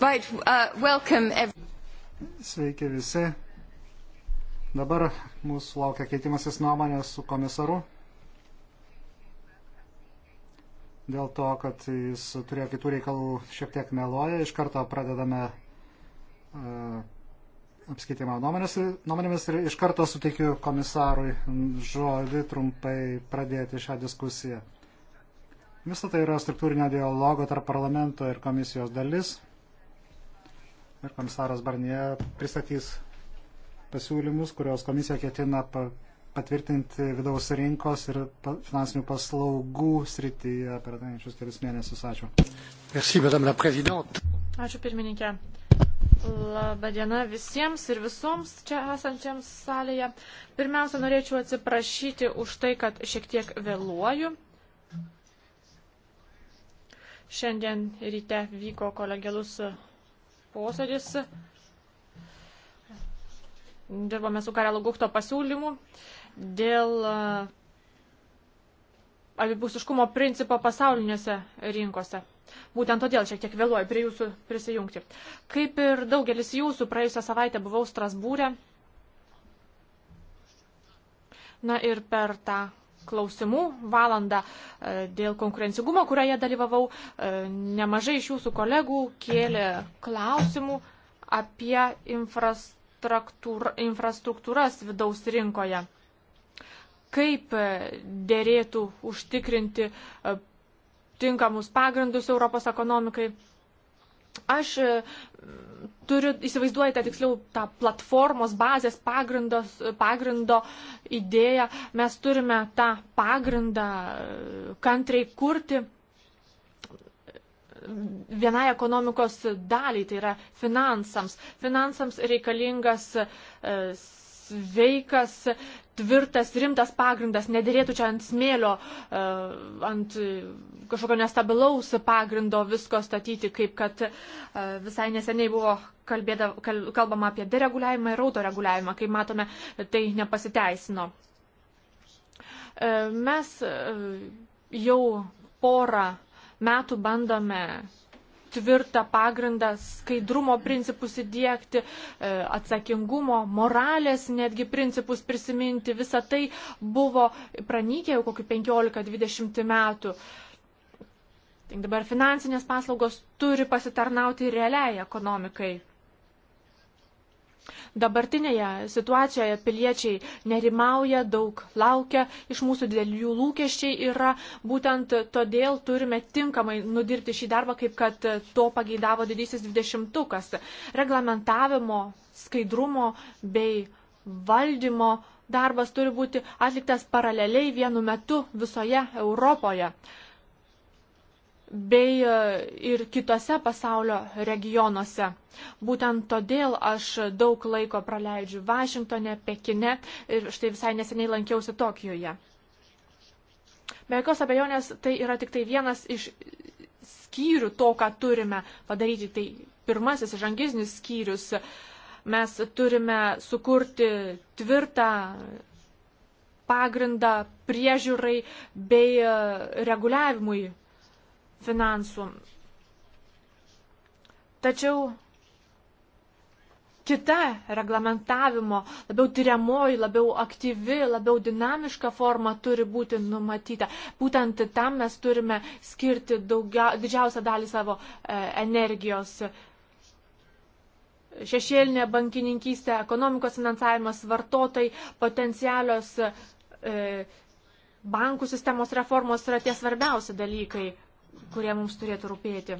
Right, uh, welcome Sveiki visi. Dabar mūsų laukia keitimasis nuomonės su komisaru. Dėl to, kad jis turėjo kitų reikalų šiek tiek meloja, iš karto pradedame uh, apskaitimą nuomonėmis ir iš karto suteikiu komisarui žodį trumpai pradėti šią diskusiją. Visą tai yra struktūrinio dialogo tarp parlamento ir komisijos dalis. Ir komisaras Barnie pristatys pasiūlymus, kurios komisija ketina patvirtinti vidaus rinkos ir finansinių paslaugų srityje per ateinančius kelius mėnesius. Ačiū. Merci, madame la présidente. Ačiū pirmininkė. Labadiena visiems ir visoms čia esančiams salėje. Pirmiausia, norėčiau atsiprašyti už tai, kad šiek tiek vėluoju. Šiandien ryte vyko kolegialus posėdis. Dirbome su Karelu Gukto pasiūlymu dėl e, abipusiškumo principo pasaulinėse rinkose. Būtent todėl šiek tiek vėluoju prie jūsų prisijungti. Kaip ir daugelis jūsų, praėjusią savaitę buvau Strasbūrė. Na ir per tą klausimų valandą e, dėl konkurencingumo, kurioje dalyvavau. E, nemažai iš jūsų kolegų kėlė klausimų apie infrastruktūras vidaus rinkoje. Kaip dėrėtų užtikrinti e, tinkamus pagrindus Europos ekonomikai Aš e, turiu, įsivaizduojate tiksliau tą platformos bazės pagrindos, pagrindo idėją. Mes turime tą pagrindą e, kantriai kurti e, vienai ekonomikos daliai, tai yra finansams. Finansams reikalingas sveikas, tvirtas, rimtas pagrindas, nedėrėtų čia ant smėlio, e, ant kažkokio nestabilaus pagrindo visko statyti, kaip kad e, visai neseniai buvo kalbėda, kal, kalbama apie dereguliavimą ir autoreguliavimą, kai matome, tai nepasiteisino. E, mes jau porą metų bandome tvirtą pagrindą skaidrumo principus įdėkti, e, atsakingumo, moralės netgi principus prisiminti. Visa tai buvo pranykę jau kokiu 15-20 metų. Tai dabar finansinės paslaugos turi pasitarnauti realiai ekonomikai. Dabartinėje situacijoje piliečiai nerimauja, daug laukia, iš mūsų didelių lūkesčiai yra, būtent todėl turime tinkamai nudirbti šį darbą, kaip kad to pageidavo didysis dvidešimtukas. Reglamentavimo, skaidrumo bei valdymo darbas turi būti atliktas paraleliai vienu metu visoje Europoje bei e, ir kitose pasaulio regionuose. Būtent todėl aš daug laiko praleidžiu Vašingtone, Pekine ir štai visai neseniai lankiausi Tokijoje. Be jokios abejonės tai yra tik tai vienas iš skyrių to, ką turime padaryti. Tai pirmasis žangiznis skyrius. Mes turime sukurti tvirtą pagrindą priežiūrai bei e, reguliavimui finansų. Tačiau kita reglamentavimo, labiau tyriamoji, labiau aktyvi, labiau dinamiška forma turi būti numatyta. Būtent tam mes turime skirti daugia, didžiausią dalį savo e, energijos. Šešėlinė bankininkystė, ekonomikos finansavimas, vartotojai, potencialios e, bankų sistemos reformos yra tie svarbiausi dalykai kurie mums turėtų rūpėti.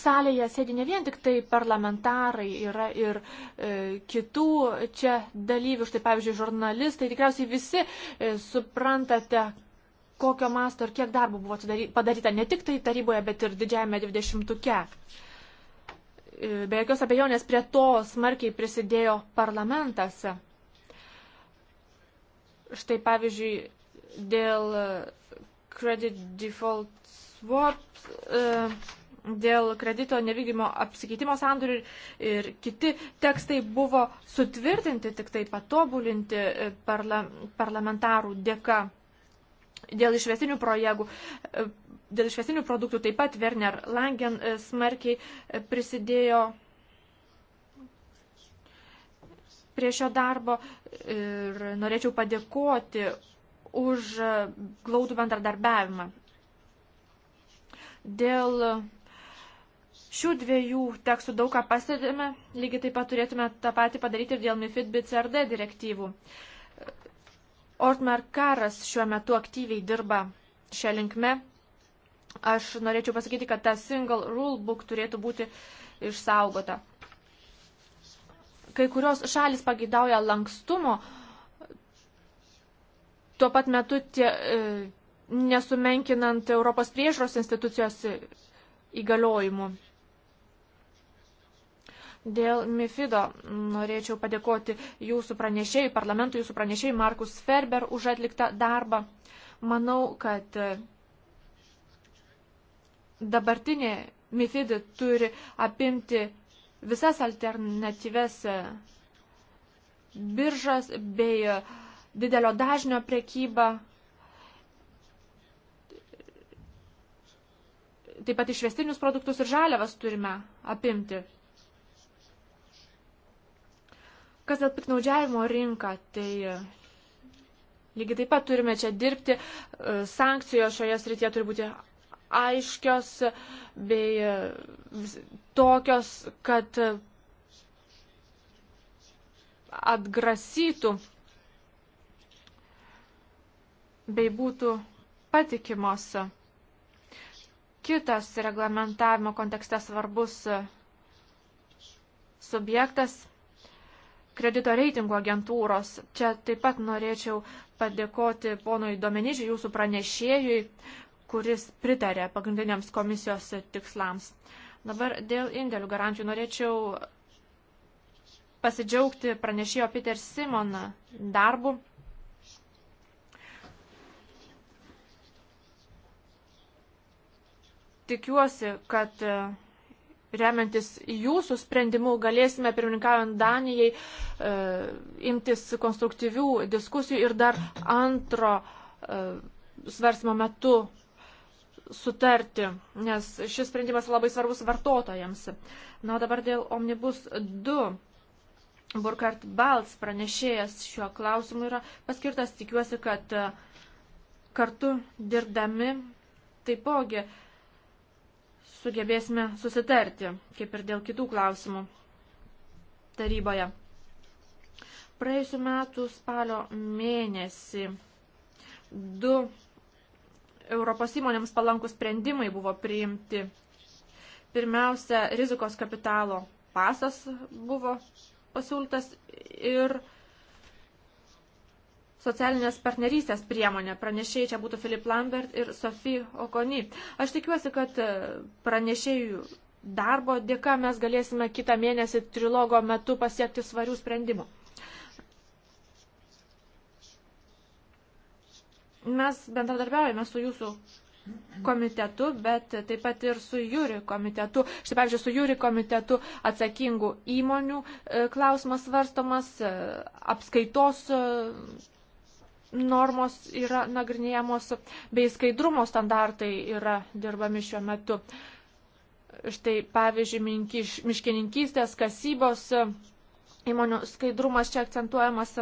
Salėje sėdi ne vien tik tai parlamentarai, yra ir e, kitų čia dalyvių, štai pavyzdžiui, žurnalistai. Tikriausiai visi e, suprantate, kokio masto ir kiek darbo buvo padaryta ne tik tai taryboje, bet ir didžiajame dvidešimtuke. E, be jokios abejonės prie to smarkiai prisidėjo parlamentas. Štai pavyzdžiui, dėl e, credit default swap, e, dėl kredito nevykdymo apsikeitimo sandorių ir kiti tekstai buvo sutvirtinti, tik tai patobulinti e, parla, parlamentarų dėka. Dėl išvestinių projėgų, dėl išvestinių produktų taip pat Werner Langen smarkiai prisidėjo prie šio darbo ir norėčiau padėkoti už glaudų bendradarbiavimą. Dėl šių dviejų tekstų daug ką pastebime, lygiai taip pat turėtume tą patį padaryti ir dėl MIFID BCRD direktyvų. Ortmar Karas šiuo metu aktyviai dirba šią linkme. Aš norėčiau pasakyti, kad ta single rule book turėtų būti išsaugota. Kai kurios šalis pagidauja lankstumo, uh, tuo pat metu tie, e, nesumenkinant Europos priežros institucijos įgaliojimų. Dėl Mifido norėčiau padėkoti jūsų pranešėjai, parlamentui jūsų pranešėjai Markus Ferber už atliktą darbą. Manau, kad e, dabartinė Mifid turi apimti visas alternatyves e, biržas bei uh, didelio dažnio prekyba, taip pat išvestinius produktus ir žaliavas turime apimti. Kas dėl piknaudžiavimo rinką, tai e, lygiai taip pat turime čia dirbti, e, sankcijos šioje srityje turi būti aiškios bei e, tokios, kad atgrasytų bei būtų patikimos. Kitas reglamentavimo kontekste svarbus subjektas - kredito reitingo agentūros. Čia taip pat norėčiau padėkoti ponui Domenižiui, jūsų pranešėjui, kuris pritarė pagrindiniams komisijos tikslams. Dabar dėl indėlių garantijų norėčiau pasidžiaugti pranešėjo Peter Simon darbu. tikiuosi, kad e, remiantis jūsų sprendimu galėsime, pirmininkaujant Danijai, e, imtis konstruktyvių diskusijų ir dar antro e, svarsmo metu sutarti, nes šis sprendimas labai svarbus vartotojams. Na, o dabar dėl Omnibus 2. Burkart Balts pranešėjas šiuo klausimu yra paskirtas, tikiuosi, kad e, kartu dirbdami taipogi uh, sugebėsime susitarti, kaip ir dėl kitų klausimų taryboje. Praėjusiu metu spalio mėnesį du Europos įmonėms palankų sprendimai buvo priimti. Pirmiausia, rizikos kapitalo pasas buvo pasiūltas ir socialinės partnerystės priemonė. Pranešėjai čia būtų Filip Lambert ir Sofija Okony. Aš tikiuosi, kad e, pranešėjų darbo dėka mes galėsime kitą mėnesį trilogo metu pasiekti svarių sprendimų. Mes bendradarbiaujame su jūsų komitetu, bet taip pat ir su jūri komitetu. Štai pavyzdžiui, su jūri komitetu atsakingų įmonių e, klausimas svarstomas, e, apskaitos normos yra nagrinėjamos, bei skaidrumo standartai yra dirbami šiuo metu. Štai pavyzdžiui, miškininkystės, kasybos įmonių skaidrumas čia akcentuojamas.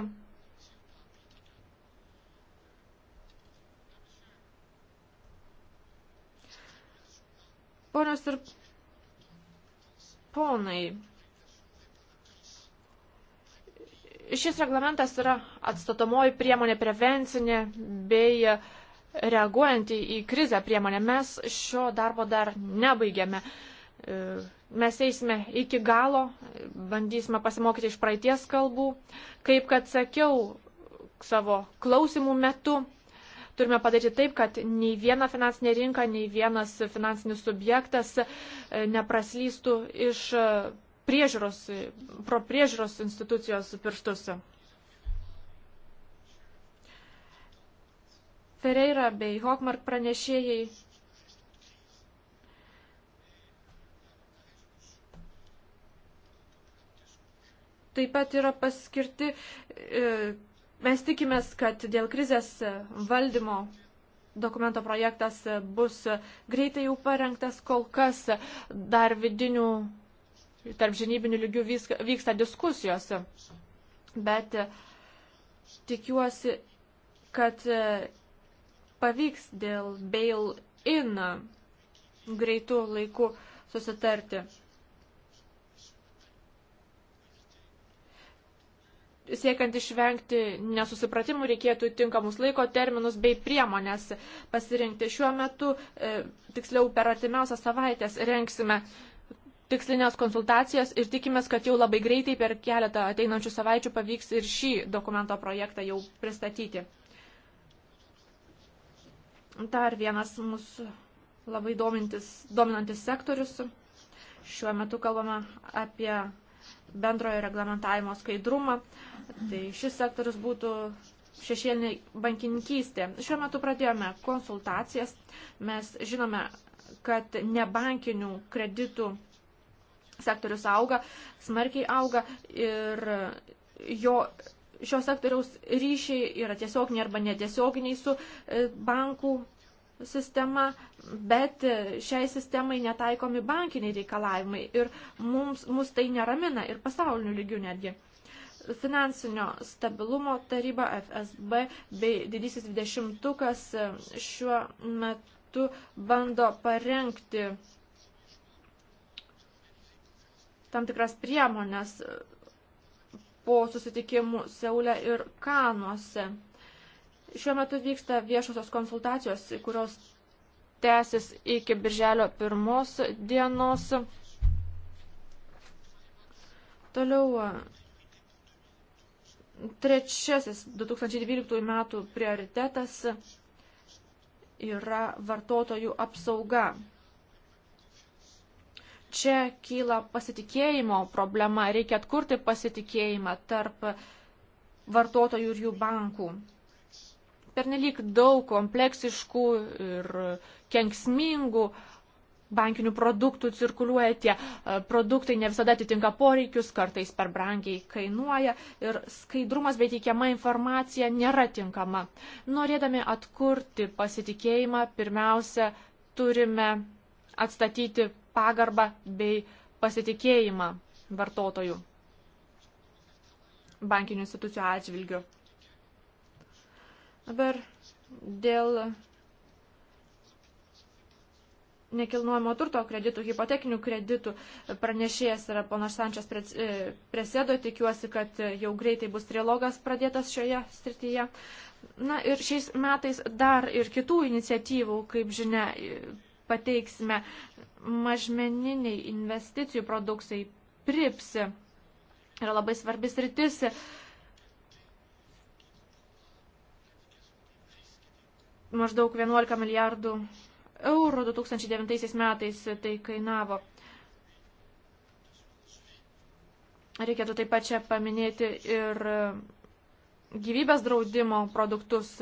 Ponios ir ponai, Šis reglamentas yra atstatomoji priemonė prevencinė bei reaguojant į krizę priemonę. Mes šio darbo dar nebaigėme. E, mes eisime iki galo, bandysime pasimokyti iš praeities kalbų. Kaip kad sakiau savo klausimų metu, turime padaryti taip, kad nei viena finansinė rinka, nei vienas finansinis subjektas e, nepraslystų iš priežiūros, pro priežiūros institucijos pirštus. Ferreira bei Hockmark pranešėjai taip pat yra paskirti. E, mes tikimės, kad dėl krizės valdymo dokumento projektas bus greitai jau parengtas, kol kas dar vidinių tarp žinybinių lygių vyksta diskusijos. Bet e, tikiuosi, kad e, pavyks dėl bail-in greitų laikų susitarti. Siekiant išvengti nesusipratimų, reikėtų tinkamus laiko terminus bei priemonės pasirinkti. Šiuo metu, e, tiksliau per artimiausias savaitės, renksime tikslinės konsultacijas ir tikimės, kad jau labai greitai per keletą ateinančių savaičių pavyks ir šį dokumento projektą jau pristatyti. Dar vienas mūsų labai dominantis sektorius. Šiuo metu kalbame apie bendrojo reglamentavimo skaidrumą. Tai šis sektorius būtų šešėlinė bankininkystė. Šiuo metu pradėjome konsultacijas. Mes žinome, kad nebankinių kreditų sektorius auga, smarkiai auga ir jo, šio sektoriaus ryšiai yra tiesioginiai arba netiesioginiai su e, bankų sistema, bet e, šiai sistemai netaikomi bankiniai reikalavimai ir mums, mus tai neramina ir pasauliniu lygiu netgi. Finansinio stabilumo taryba FSB bei didysis dvidešimtukas e, šiuo metu bando parengti tam tikras priemonės po susitikimų Seule ir Kanuose. Šiuo metu vyksta viešosios konsultacijos, kurios tęsis iki birželio pirmos dienos. Toliau trečiasis 2012 metų prioritetas yra vartotojų apsauga čia kyla pasitikėjimo problema. Reikia atkurti pasitikėjimą tarp vartotojų ir jų bankų. Pernelyg daug kompleksiškų ir kenksmingų bankinių produktų cirkuliuoja tie e, produktai, ne visada atitinka poreikius, kartais per brangiai kainuoja ir skaidrumas bei teikiama informacija nėra tinkama. Norėdami atkurti pasitikėjimą, pirmiausia, turime atstatyti pagarbą bei pasitikėjimą vartotojų bankinių institucijų atžvilgių. Dabar dėl nekilnojamo turto kreditų, hipotekinių kreditų pranešėjas yra ponas Sančias e, Presėdo, tikiuosi, kad jau greitai bus trilogas pradėtas šioje srityje. Na ir šiais metais dar ir kitų iniciatyvų, kaip žinia, pateiksime mažmeniniai investicijų produktai, prips, yra labai svarbis rytis. Maždaug 11 milijardų eurų 2009 metais tai kainavo. Reikėtų taip pat čia paminėti ir gyvybės draudimo produktus,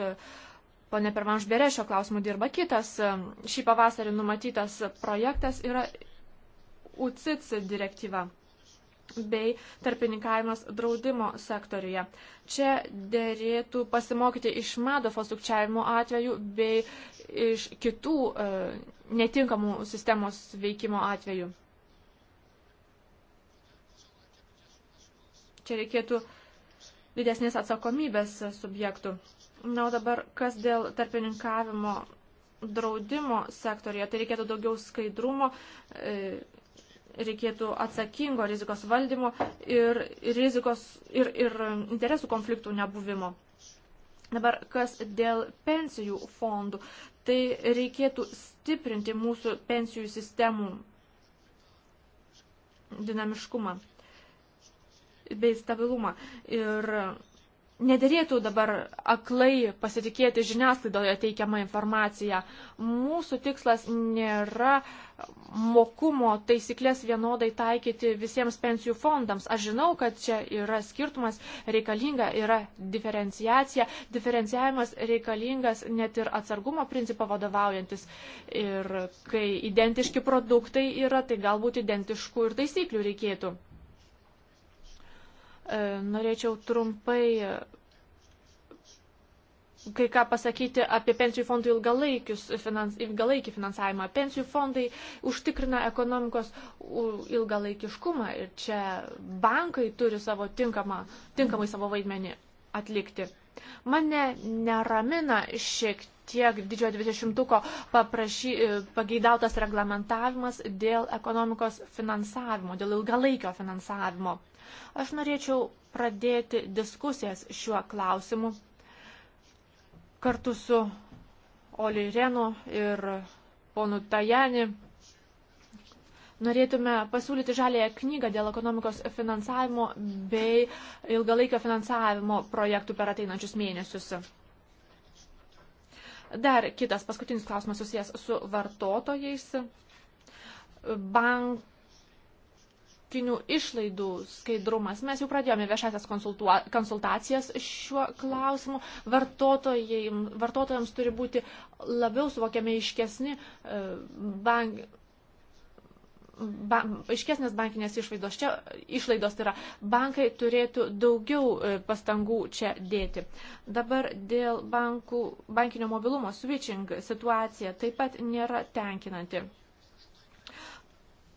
Pone Pervanš Berešio klausimų dirba kitas. E, šį pavasarį numatytas projektas yra UCITS direktyva bei tarpininkavimas draudimo sektoriuje. Čia dėrėtų pasimokyti iš Madofo sukčiavimo atvejų bei iš kitų e, netinkamų sistemos veikimo atvejų. Čia reikėtų didesnės atsakomybės subjektų. Na, o dabar kas dėl tarpininkavimo draudimo sektorija, tai reikėtų daugiau skaidrumo, e, reikėtų atsakingo rizikos valdymo ir, rizikos, ir, ir interesų konfliktų nebuvimo. Dabar kas dėl pensijų fondų, tai reikėtų stiprinti mūsų pensijų sistemų dinamiškumą bei stabilumą. Ir Nederėtų dabar aklai pasitikėti žiniasklaidoje teikiamą informaciją. Mūsų tikslas nėra mokumo taisyklės vienodai taikyti visiems pensijų fondams. Aš žinau, kad čia yra skirtumas, reikalinga yra diferenciacija. Diferencijavimas reikalingas net ir atsargumo principą vadovaujantis. Ir kai identiški produktai yra, tai galbūt identiškų ir taisyklių reikėtų. E, norėčiau trumpai e, kai ką pasakyti apie pensijų fondų finans, ilgalaikį finansavimą. Pensijų fondai užtikrina ekonomikos ilgalaikiškumą ir čia bankai turi savo tinkamą, tinkamai savo vaidmenį atlikti. Mane neramina šiek tiek didžiojo dvidešimtuko paprašy, e, pageidautas reglamentavimas dėl ekonomikos finansavimo, dėl ilgalaikio finansavimo. Aš norėčiau pradėti diskusijas šiuo klausimu kartu su Oli Renu ir ponu Tajani. Norėtume pasiūlyti žalėją knygą dėl ekonomikos finansavimo bei ilgalaikio finansavimo projektų per ateinančius mėnesius. Dar kitas paskutinis klausimas susijęs su vartotojais. Bank nuolatinių išlaidų skaidrumas. Mes jau pradėjome viešasias konsultacijas šiuo klausimu. Vartotojams turi būti labiau suvokiami iškesni e, bank, ba, aiškesnės bankinės išlaidos. Čia išlaidos tai yra bankai turėtų daugiau e, pastangų čia dėti. Dabar dėl bankų, bankinio mobilumo switching situacija taip pat nėra tenkinanti.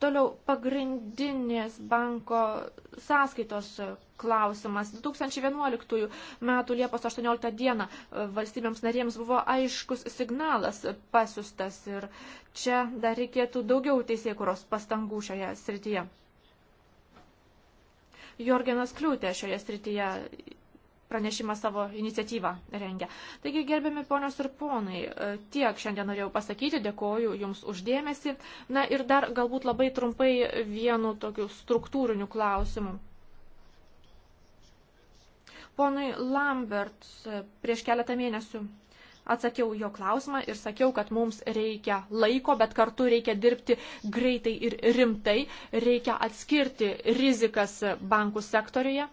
Toliau pagrindinės banko sąskaitos klausimas. 2011 m. Liepos 18 d. E, valstybėms narėms buvo aiškus signalas pasiustas ir čia dar reikėtų daugiau teisėkuros pastangų šioje srityje. Jorgenas Kliūtė šioje srityje pranešimą savo iniciatyvą rengia. Taigi, gerbiami ponios ir ponai, e, tiek šiandien norėjau pasakyti, dėkoju Jums uždėmesi. Na ir dar galbūt labai trumpai vienu tokiu struktūriniu klausimu. Ponui Lambert e, prieš keletą mėnesių atsakiau jo klausimą ir sakiau, kad mums reikia laiko, bet kartu reikia dirbti greitai ir rimtai, reikia atskirti rizikas bankų sektoriuje,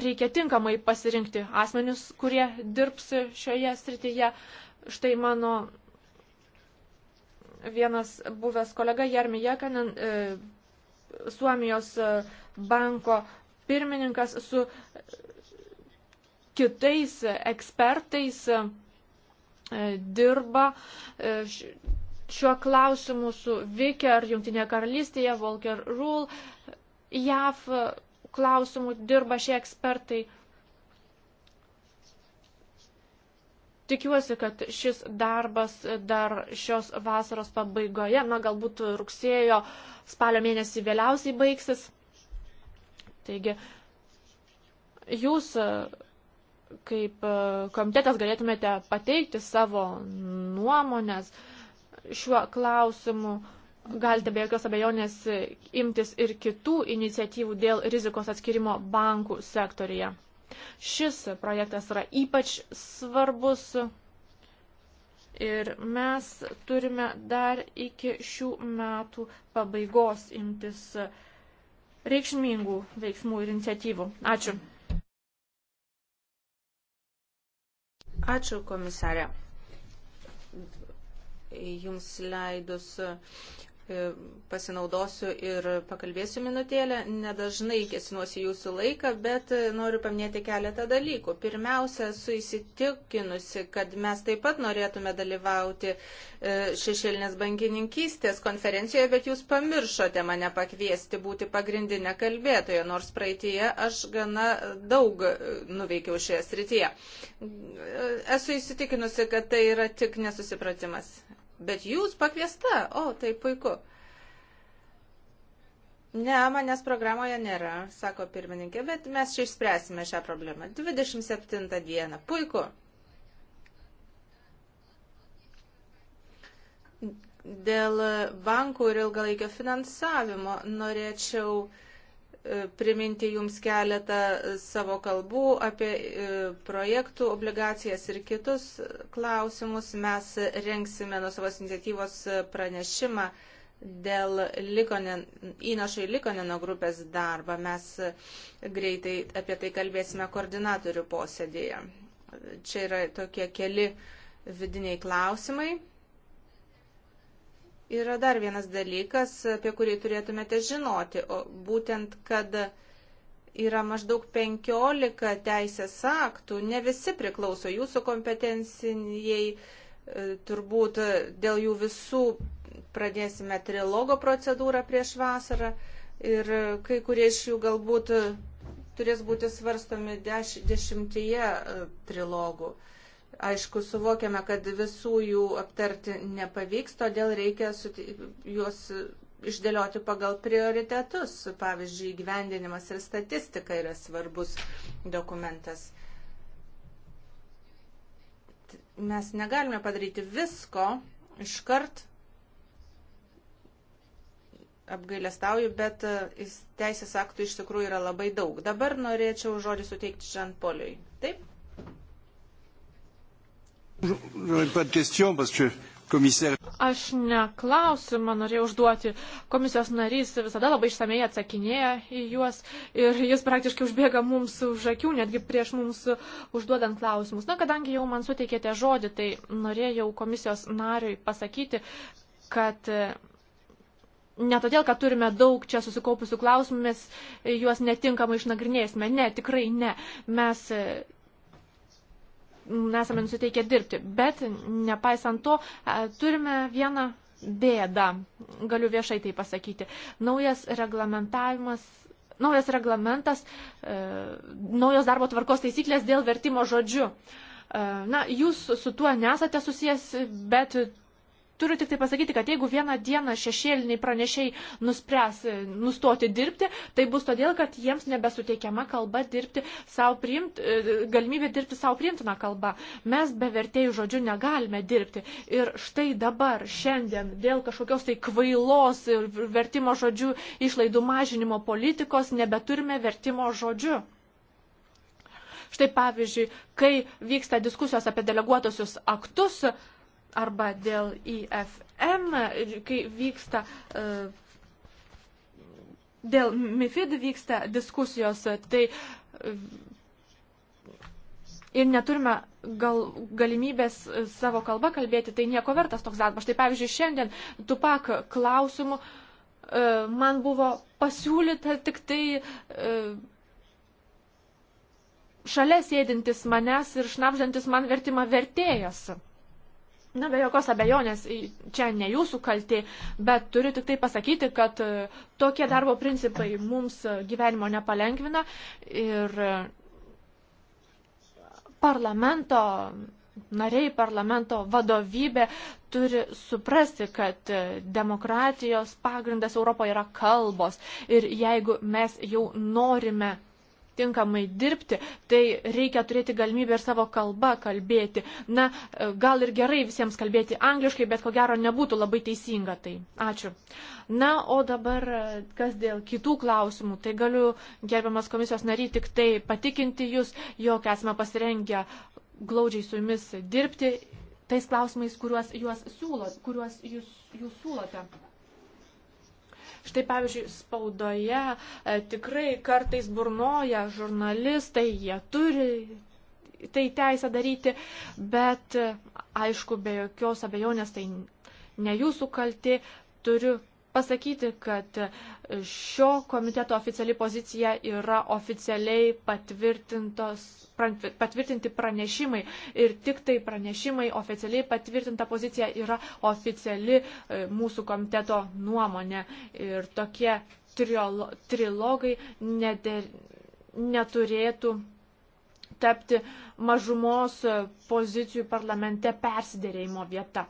reikia tinkamai pasirinkti asmenius, kurie dirbs šioje srityje. Štai mano vienas buvęs kolega Jermi Jekanen, e, Suomijos e, banko pirmininkas su kitais ekspertais e, dirba šiuo klausimu su Vicker, Jungtinėje karalystėje, Volker Rule, JAV klausimų dirba šie ekspertai. Tikiuosi, kad šis darbas dar šios vasaros pabaigoje, na galbūt rugsėjo, spalio mėnesį vėliausiai baigsis. Taigi, jūs kaip komitetas galėtumėte pateikti savo nuomonės šiuo klausimu galite be jokios abejonės imtis ir kitų iniciatyvų dėl rizikos atskirimo bankų sektorija. Šis projektas yra ypač svarbus ir mes turime dar iki šių metų pabaigos imtis reikšmingų veiksmų ir iniciatyvų. Ačiū. Ačiū, komisarė. Jums leidus E, pasinaudosiu ir pakalbėsiu minutėlę. Nedažnai kėsinuosi jūsų laiką, bet e, noriu paminėti keletą dalykų. Pirmiausia, esu įsitikinusi, kad mes taip pat norėtume dalyvauti e, šešėlinės bankininkystės konferencijoje, bet jūs pamiršote mane pakviesti būti pagrindinę kalbėtoją, nors praeitie aš gana daug nuveikiau šioje srityje. Esu įsitikinusi, kad tai yra tik nesusipratimas bet jūs pakviesta. O, tai puiku. Ne, manęs programoje nėra, sako pirmininkė, bet mes čia išspręsime šią problemą. 27 dieną. Puiku. Dėl bankų ir ilgalaikio finansavimo norėčiau uh, E, priminti jums keletą savo kalbų apie e, projektų, obligacijas ir kitus klausimus. Mes rengsime nuo savos iniciatyvos pranešimą dėl Likonen, įnašai Likoneno grupės darbą. Mes greitai apie tai kalbėsime koordinatorių posėdėje. Čia yra tokie keli vidiniai klausimai. Yra dar vienas dalykas, apie kurį turėtumėte žinoti, o būtent, kad yra maždaug 15 teisės aktų, ne visi priklauso jūsų kompetencijai, e, turbūt dėl jų visų pradėsime trilogo procedūrą prieš vasarą ir kai kurie iš jų galbūt turės būti svarstomi deš, dešimtyje e, trilogų. Aišku, suvokiame, kad visų jų aptarti nepavyks, todėl reikia juos išdėlioti pagal prioritetus. Pavyzdžiui, gyvendinimas ir statistika yra svarbus dokumentas. Mes negalime padaryti visko iškart, apgailestauju, bet teisės aktų iš tikrųjų yra labai daug. Dabar norėčiau žodį suteikti Žan Poliui. Taip? Aš neklausimą norėjau užduoti. Komisijos narys visada labai išsamei atsakinėja į juos ir jis praktiškai užbėga mums už akių, netgi prieš mums užduodant klausimus. Na, kadangi jau man suteikėte žodį, tai norėjau komisijos nariui pasakyti, kad e, ne todėl, kad turime daug čia susikaupusių klausimų, mes juos netinkamai išnagrinėsime. Ne, tikrai ne. Mes e, nesame nusiteikę dirbti. Bet nepaisant to, e, turime vieną bėdą, galiu viešai tai pasakyti. Naujas reglamentavimas. Naujas reglamentas, e, naujos darbo tvarkos taisyklės dėl vertimo žodžiu. E, na, jūs su tuo nesate susijęs, bet turiu tik tai pasakyti, kad jeigu vieną dieną šešėliniai pranešiai nuspręs e, nustoti dirbti, tai bus todėl, kad jiems nebesuteikiama kalba dirbti savo priimt, e, galimybė dirbti savo priimtiną kalbą. Mes be vertėjų žodžių negalime dirbti. Ir štai dabar, šiandien, dėl kažkokios tai kvailos vertimo žodžių išlaidų mažinimo politikos nebeturime vertimo žodžių. Štai pavyzdžiui, kai vyksta diskusijos apie deleguotusius aktus, arba dėl IFM, kai vyksta. E, dėl MIFID vyksta diskusijos, tai e, ir neturime gal, galimybės savo kalbą kalbėti, tai nieko vertas toks darbas. Štai pavyzdžiui, šiandien tupak klausimų e, man buvo pasiūlyta tik tai e, šalia sėdintis manęs ir šnapždantis man vertimą vertėjas. Na, be jokios abejonės, čia ne jūsų kalti, bet turiu tik tai pasakyti, kad e, tokie darbo principai mums e, gyvenimo nepalengvina ir e, parlamento nariai, parlamento vadovybė turi suprasti, kad demokratijos pagrindas Europoje yra kalbos ir jeigu mes jau norime tinkamai dirbti, tai reikia turėti galimybę ir savo kalbą kalbėti. Na, gal ir gerai visiems kalbėti angliškai, bet ko gero nebūtų labai teisinga tai. Ačiū. Na, o dabar kas dėl kitų klausimų, tai galiu, gerbiamas komisijos nary, tik tai patikinti jūs, jog esame pasirengę glaudžiai su jumis dirbti tais klausimais, kuriuos, siūlo, kuriuos jūs, jūs siūlote. Štai pavyzdžiui, spaudoje e, tikrai kartais burnoja žurnalistai, jie turi tai teisę daryti, bet e, aišku, be jokios abejonės tai ne jūsų kalti. Turiu pasakyti, kad šio komiteto oficiali pozicija yra oficialiai patvirtinti pranešimai ir tik tai pranešimai oficialiai patvirtinta pozicija yra oficiali e, mūsų komiteto nuomonė. Ir tokie trilogai neder, neturėtų tapti mažumos pozicijų parlamente persiderėjimo vieta.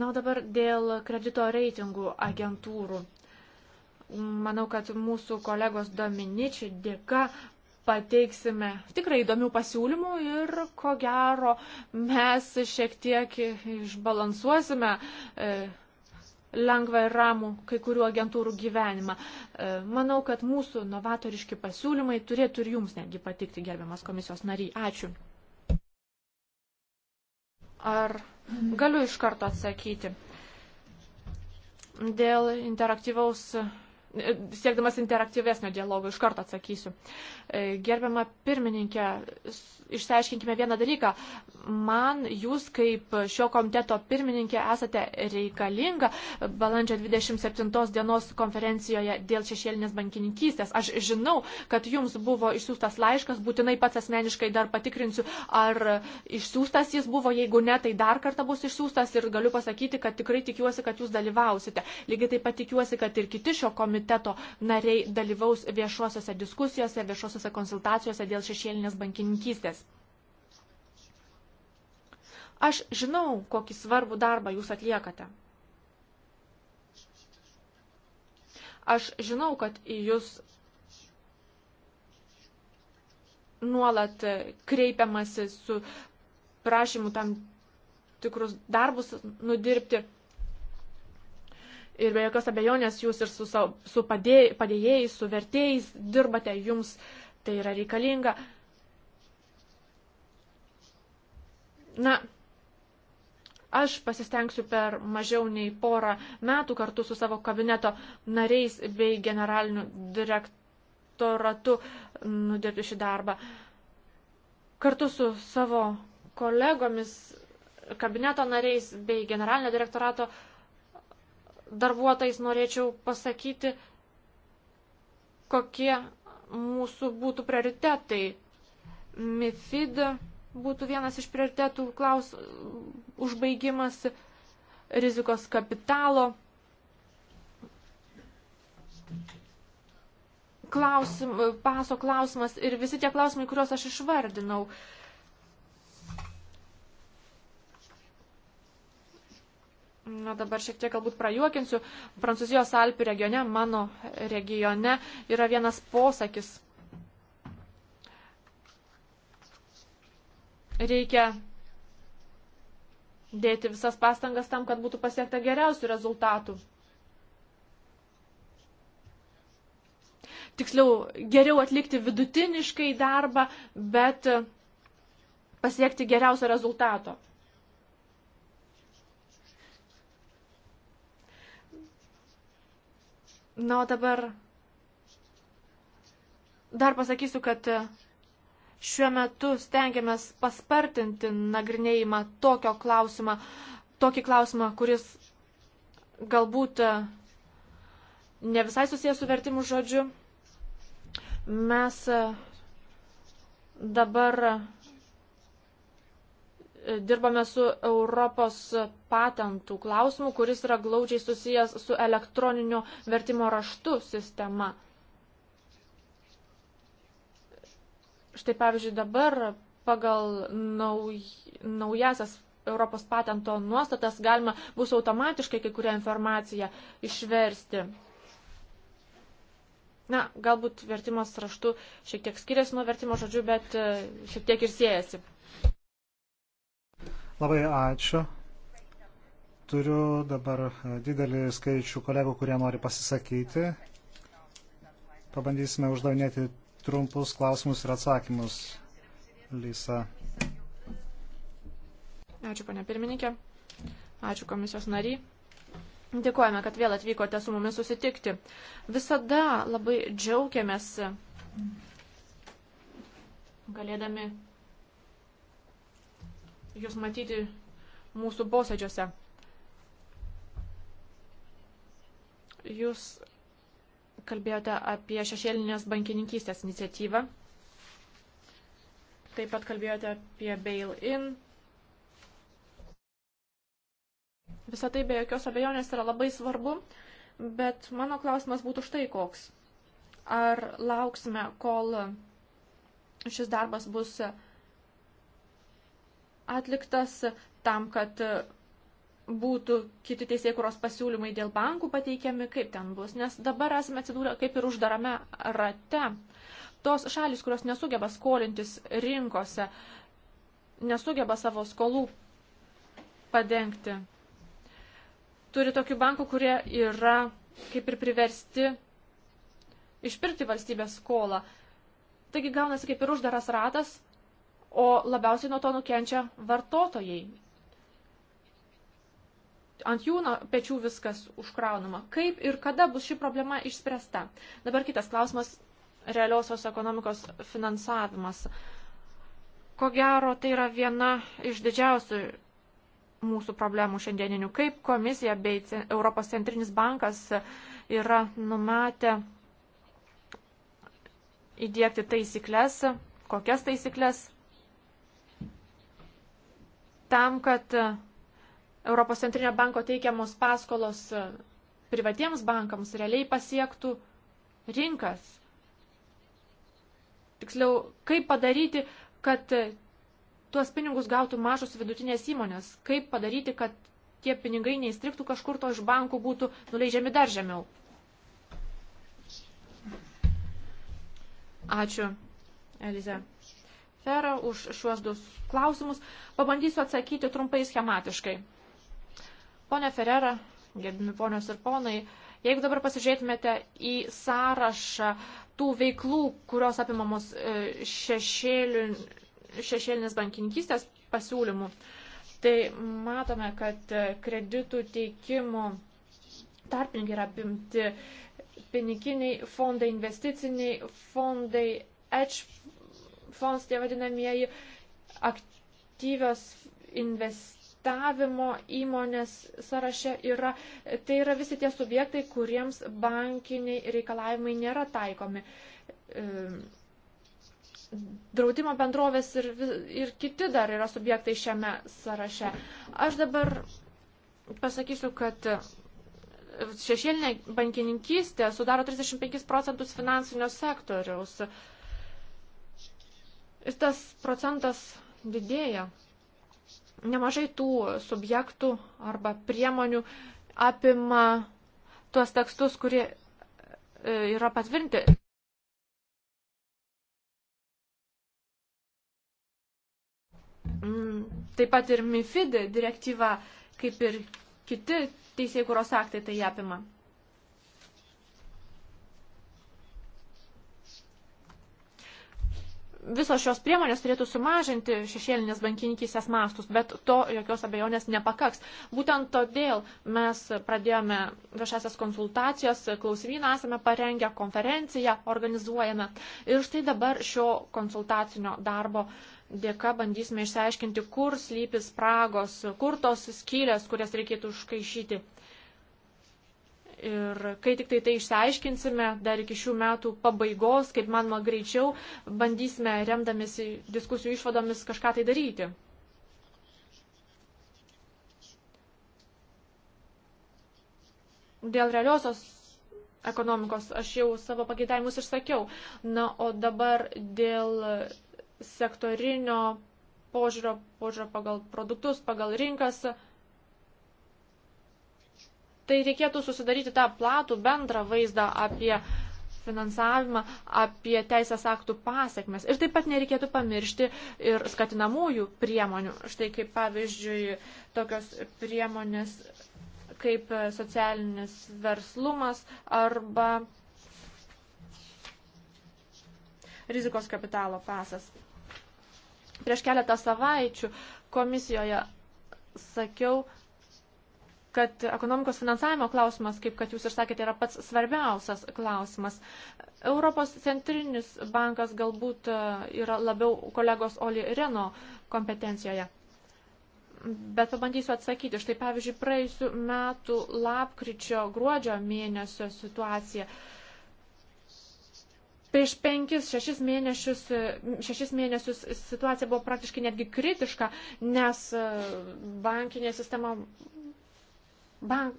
Na, o dabar dėl kredito reitingų agentūrų. Manau, kad mūsų kolegos Dominičiai dėka pateiksime tikrai įdomių pasiūlymų ir ko gero mes šiek tiek išbalansuosime e, lengvą ir ramų kai kurių agentūrų gyvenimą. E, manau, kad mūsų novatoriški pasiūlymai turėtų ir jums netgi patikti, gerbiamas komisijos nariai. Ačiū. Ar galiu iš karto atsakyti? Dėl interaktyvaus siekdamas interaktyvesnio dialogo, iš karto atsakysiu. E, gerbiama pirmininkė, išsiaiškinkime vieną dalyką. Man jūs kaip šio komiteto pirmininkė esate reikalinga balandžio 27 dienos konferencijoje dėl šešėlinės bankininkystės. Aš žinau, kad jums buvo išsiųstas laiškas, būtinai pats asmeniškai dar patikrinsiu, ar išsiųstas jis buvo, jeigu ne, tai dar kartą bus išsiųstas ir galiu pasakyti, kad tikrai tikiuosi, kad jūs dalyvausite. Lygiai taip pat tikiuosi, kad ir kiti šio komiteto komiteto nariai dalyvaus viešuosiuose diskusijose, viešuosiuose konsultacijose dėl šešėlinės bankininkystės. Aš žinau, kokį svarbų darbą jūs atliekate. Aš žinau, kad į jūs nuolat kreipiamasi su prašymu tam tikrus darbus nudirbti ir be jokios abejonės jūs ir su, savo, su padėjėjais, su vertėjais dirbate, jums tai yra reikalinga. Na, aš pasistengsiu per mažiau nei porą metų kartu su savo kabineto nariais bei generaliniu direktoratu nudirbti šį darbą. Kartu su savo kolegomis, kabineto nariais bei generalinio direktorato uh, darbuotojais norėčiau pasakyti, kokie mūsų būtų prioritetai. MIFID būtų vienas iš prioritetų klaus, užbaigimas rizikos kapitalo klausim, paso klausimas ir visi tie klausimai, kuriuos aš išvardinau. Uh, Na dabar šiek tiek galbūt prajuokinsiu. Prancūzijos Alpių regione, mano regione, yra vienas posakis. Reikia dėti visas pastangas tam, kad būtų pasiekta geriausių rezultatų. Tiksliau, geriau atlikti vidutiniškai darbą, bet pasiekti geriausio rezultato. Na, o dabar dar pasakysiu, kad šiuo metu stengiamės paspartinti nagrinėjimą tokio klausimą, tokį klausimą, kuris galbūt ne visai susijęs su vertimu žodžiu. Mes dabar dirbame su Europos patentų klausimu, kuris yra glaudžiai susijęs su elektroninio vertimo raštu sistema. Štai pavyzdžiui, dabar pagal nauj, naujasias Europos patento nuostatas galima bus automatiškai kai kurią informaciją išversti. Na, galbūt vertimas raštu šiek tiek skiriasi nuo vertimo žodžiu, bet e, šiek tiek ir siejasi. Labai ačiū. Turiu dabar e, didelį skaičių kolegų, kurie nori pasisakyti. Pabandysime uždavinėti trumpus klausimus ir atsakymus. Lisa. Ačiū, ponė pirmininkė. Ačiū komisijos nariai. Dėkojame, kad vėl atvykote su mumis susitikti. Visada labai džiaugiamės galėdami jūs matyti mūsų posėdžiuose. Jūs kalbėjote apie šešėlinės bankininkystės iniciatyvą. Taip pat kalbėjote apie bail-in. Visą tai be jokios abejonės yra labai svarbu, bet mano klausimas būtų štai koks. Ar lauksime, kol šis darbas bus atliktas? atliktas tam, kad būtų kiti teisėkuros pasiūlymai dėl bankų pateikiami, kaip ten bus, nes dabar esame atsidūrę kaip ir uždarame rate. Tos šalis, kurios nesugeba skolintis rinkose, nesugeba savo skolų padengti. Turi tokių bankų, kurie yra kaip ir priversti išpirkti valstybės skolą. Taigi gaunasi kaip ir uždaras ratas, o labiausiai nuo to nukenčia vartotojai. Ant jų pečių viskas užkraunama. Kaip ir kada bus ši problema išspręsta? Dabar kitas klausimas - realiosios ekonomikos finansavimas. Ko gero, tai yra viena iš didžiausių mūsų problemų šiandieninių. Kaip komisija bei Europos centrinis bankas yra numatę įdėkti taisyklės, kokias taisyklės tam, kad e, Europos centrinio banko teikiamos paskolos e, privatiems bankams realiai pasiektų rinkas. Tiksliau, kaip padaryti, kad e, tuos pinigus gautų mažos vidutinės įmonės, kaip padaryti, kad tie pinigai neįstriktų kažkur to iš bankų būtų nuleidžiami dar žemiau. Ačiū, Elize. Ferą už šiuos du klausimus. Pabandysiu atsakyti trumpai schematiškai. Pone Ferrera, gerbimi ponios ir ponai, jeigu dabar pasižiūrėtumėte į sąrašą tų veiklų, kurios apimamos e, šešėlių, šešėlinės bankininkystės pasiūlymų, tai matome, kad e, kreditų teikimo tarpininkai yra apimti piniginiai fondai, investiciniai fondai, edge fonds, tie vadinamieji aktyvios investavimo įmonės sąraše yra, tai yra visi tie subjektai, kuriems bankiniai reikalavimai nėra taikomi. Ehm, draudimo bendrovės ir, ir kiti dar yra subjektai šiame sąraše. Aš dabar pasakysiu, kad šešėlinė bankininkystė sudaro 35 procentus finansinio sektoriaus ir tas procentas didėja. Nemažai tų subjektų arba priemonių apima tuos tekstus, kurie e, yra patvirtinti. Mm, taip pat ir MIFID direktyva, kaip ir kiti teisėjų kuros aktai tai apima. visos šios priemonės turėtų sumažinti šešėlinės bankininkysės mastus, bet to jokios abejonės nepakaks. Būtent todėl mes pradėjome viešasias konsultacijas, klausimyną esame parengę, konferenciją organizuojame ir štai dabar šio konsultacinio darbo dėka bandysime išsiaiškinti, kur slypi spragos, kur tos skylės, kurias reikėtų užkaišyti. Ir kai tik tai tai išsiaiškinsime, dar iki šių metų pabaigos, kaip manoma greičiau, bandysime remdamėsi diskusijų išvadomis kažką tai daryti. Dėl realiosios ekonomikos aš jau savo pageidavimus išsakiau. Na, o dabar dėl sektorinio požiūrio, požiūrio pagal produktus, pagal rinkas. Tai reikėtų susidaryti tą platų bendrą vaizdą apie finansavimą, apie teisės aktų pasiekmes. Ir taip pat nereikėtų pamiršti ir skatinamųjų priemonių. Štai kaip pavyzdžiui tokios priemonės kaip socialinis verslumas arba rizikos kapitalo pasas. Prieš keletą savaičių komisijoje sakiau, kad ekonomikos finansavimo klausimas, kaip kad jūs ir sakėte, yra pats svarbiausias klausimas. Europos centrinis bankas galbūt e, yra labiau kolegos Oli Reno kompetencijoje. Bet pabandysiu atsakyti. Štai pavyzdžiui, praėjusiu metu lapkričio gruodžio mėnesio situacija. Prieš penkis, šešis mėnesius, šešis mėnesius situacija buvo praktiškai netgi kritiška, nes e, bankinė sistema bank,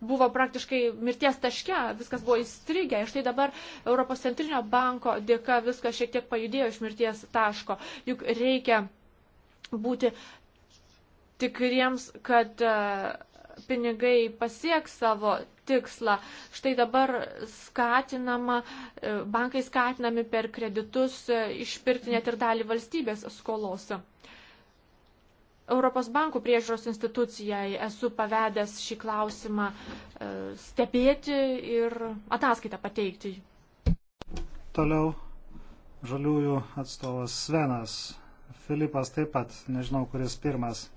buvo praktiškai mirties taške, viskas buvo įstrigę. Ir štai dabar Europos centrinio banko dėka viskas šiek tiek pajudėjo iš mirties taško. Juk reikia būti tikriems, kad e, pinigai pasieks savo tikslą. Štai dabar skatinama, e, bankai skatinami per kreditus e, išpirkti net ir dalį valstybės skolos. Europos bankų priežiūros institucijai esu pavedęs šį klausimą e, stebėti ir ataskaitą pateikti. Toliau žaliųjų atstovas Svenas. Filipas taip pat, nežinau, kuris pirmas.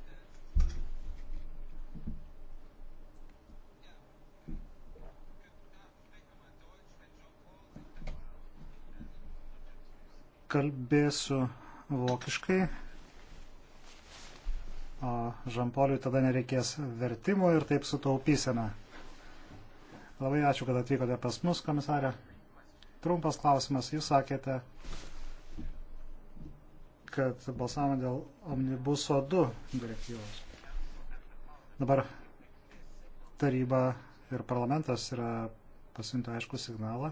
Kalbėsiu vokiškai. Žampoliui tada nereikės vertimo ir taip sutaupysime. Labai ačiū, kad atvykote pas mus, komisarė. Trumpas klausimas. Jūs sakėte, kad balsavome dėl omnibuso 2 direktyvos. Dabar taryba ir parlamentas yra pasiuntę aišku signalą,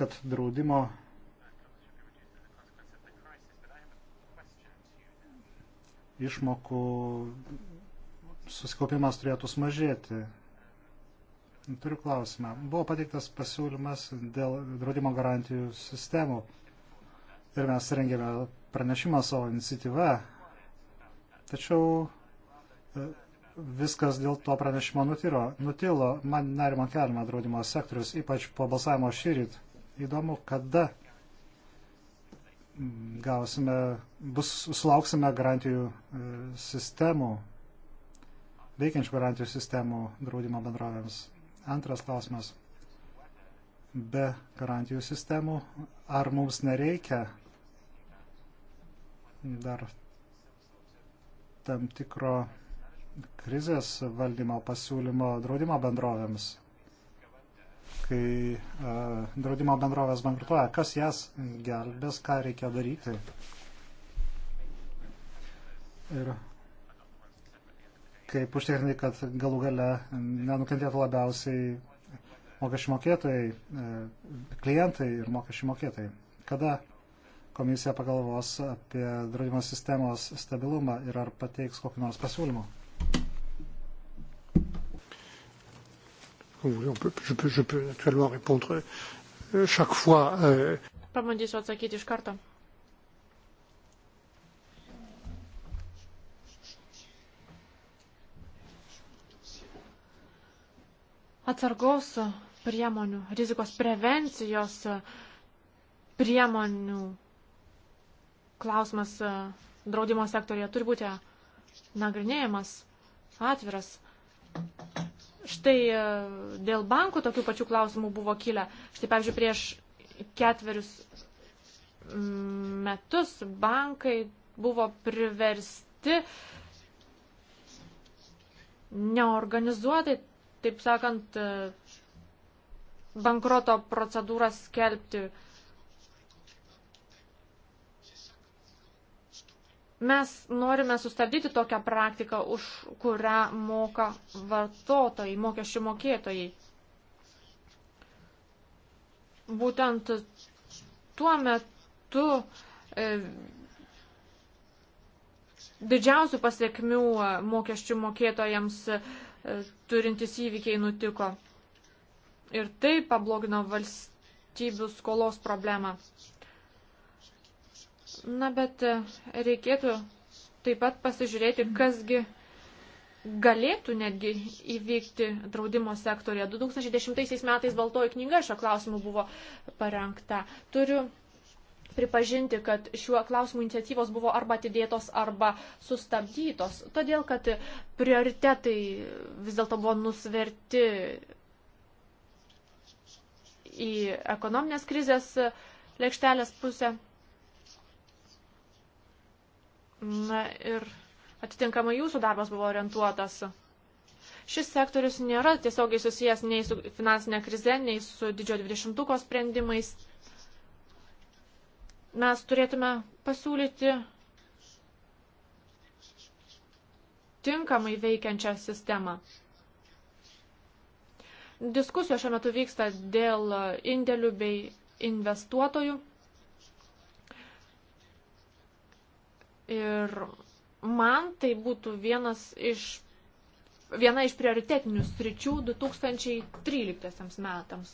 kad draudimo išmokų susikaupimas turėtų sumažėti. Turiu klausimą. Buvo pateiktas pasiūlymas dėl draudimo garantijų sistemų. Ir mes rengėme pranešimą savo iniciatyvą. Tačiau e, viskas dėl to pranešimo nutiro. nutilo. Man nerimo keliama draudimo sektorius, ypač po balsavimo šyryt. Įdomu, kada gausime, bus, sulauksime garantijų e, sistemų, veikiančių garantijų sistemų draudimo bendrovėms. Antras klausimas. Be garantijų sistemų, ar mums nereikia dar tam tikro krizės valdymo pasiūlymo draudimo bendrovėms? kai a, draudimo bendrovės bankrutuoja, kas jas gelbės, ką reikia daryti. Ir kaip užtikrinti, kad galų gale nenukentėtų labiausiai mokesčių mokėtojai, e, klientai ir mokesčių mokėtojai. Kada komisija pagalvos apie draudimo sistemos stabilumą ir ar pateiks kokį nors pasiūlymą? Vous voulez, on peut, je, peux, je peux naturellement répondre euh, chaque fois. Euh... Pabandysiu atsakyti iš karto. Atsargos priemonių, rizikos prevencijos priemonių klausimas e, draudimo sektorija turi būti nagrinėjimas atviras. Štai e, dėl bankų tokių pačių klausimų buvo kilę. Štai, pavyzdžiui, prieš ketverius mm, metus bankai buvo priversti neorganizuotai, taip sakant, e, bankroto procedūras skelbti Mes norime sustabdyti tokią praktiką, už kurią moka vartotojai, mokesčių mokėtojai. Būtent tuo metu e, didžiausių pasiekmių e, mokesčių mokėtojams e, turintys įvykiai nutiko. Ir tai pablogino valstybių skolos problemą. Na, bet e, reikėtų taip pat pasižiūrėti, kasgi galėtų netgi įvykti draudimo sektorija. 2010 metais Baltoji knyga šio klausimu buvo parengta. Turiu pripažinti, kad šiuo klausimu iniciatyvos buvo arba atidėtos, arba sustabdytos, todėl kad prioritetai vis dėlto buvo nusverti į ekonominės krizės lėkštelės pusę. Na ir atitinkamai jūsų darbas buvo orientuotas. Šis sektorius nėra tiesiogiai susijęs nei su finansinė krize, nei su didžio 20-ko sprendimais. Mes turėtume pasiūlyti tinkamai veikiančią sistemą. Diskusijos šiuo metu vyksta dėl indėlių bei investuotojų. Ir man tai būtų vienas iš, viena iš prioritetinių sričių 2013 metams.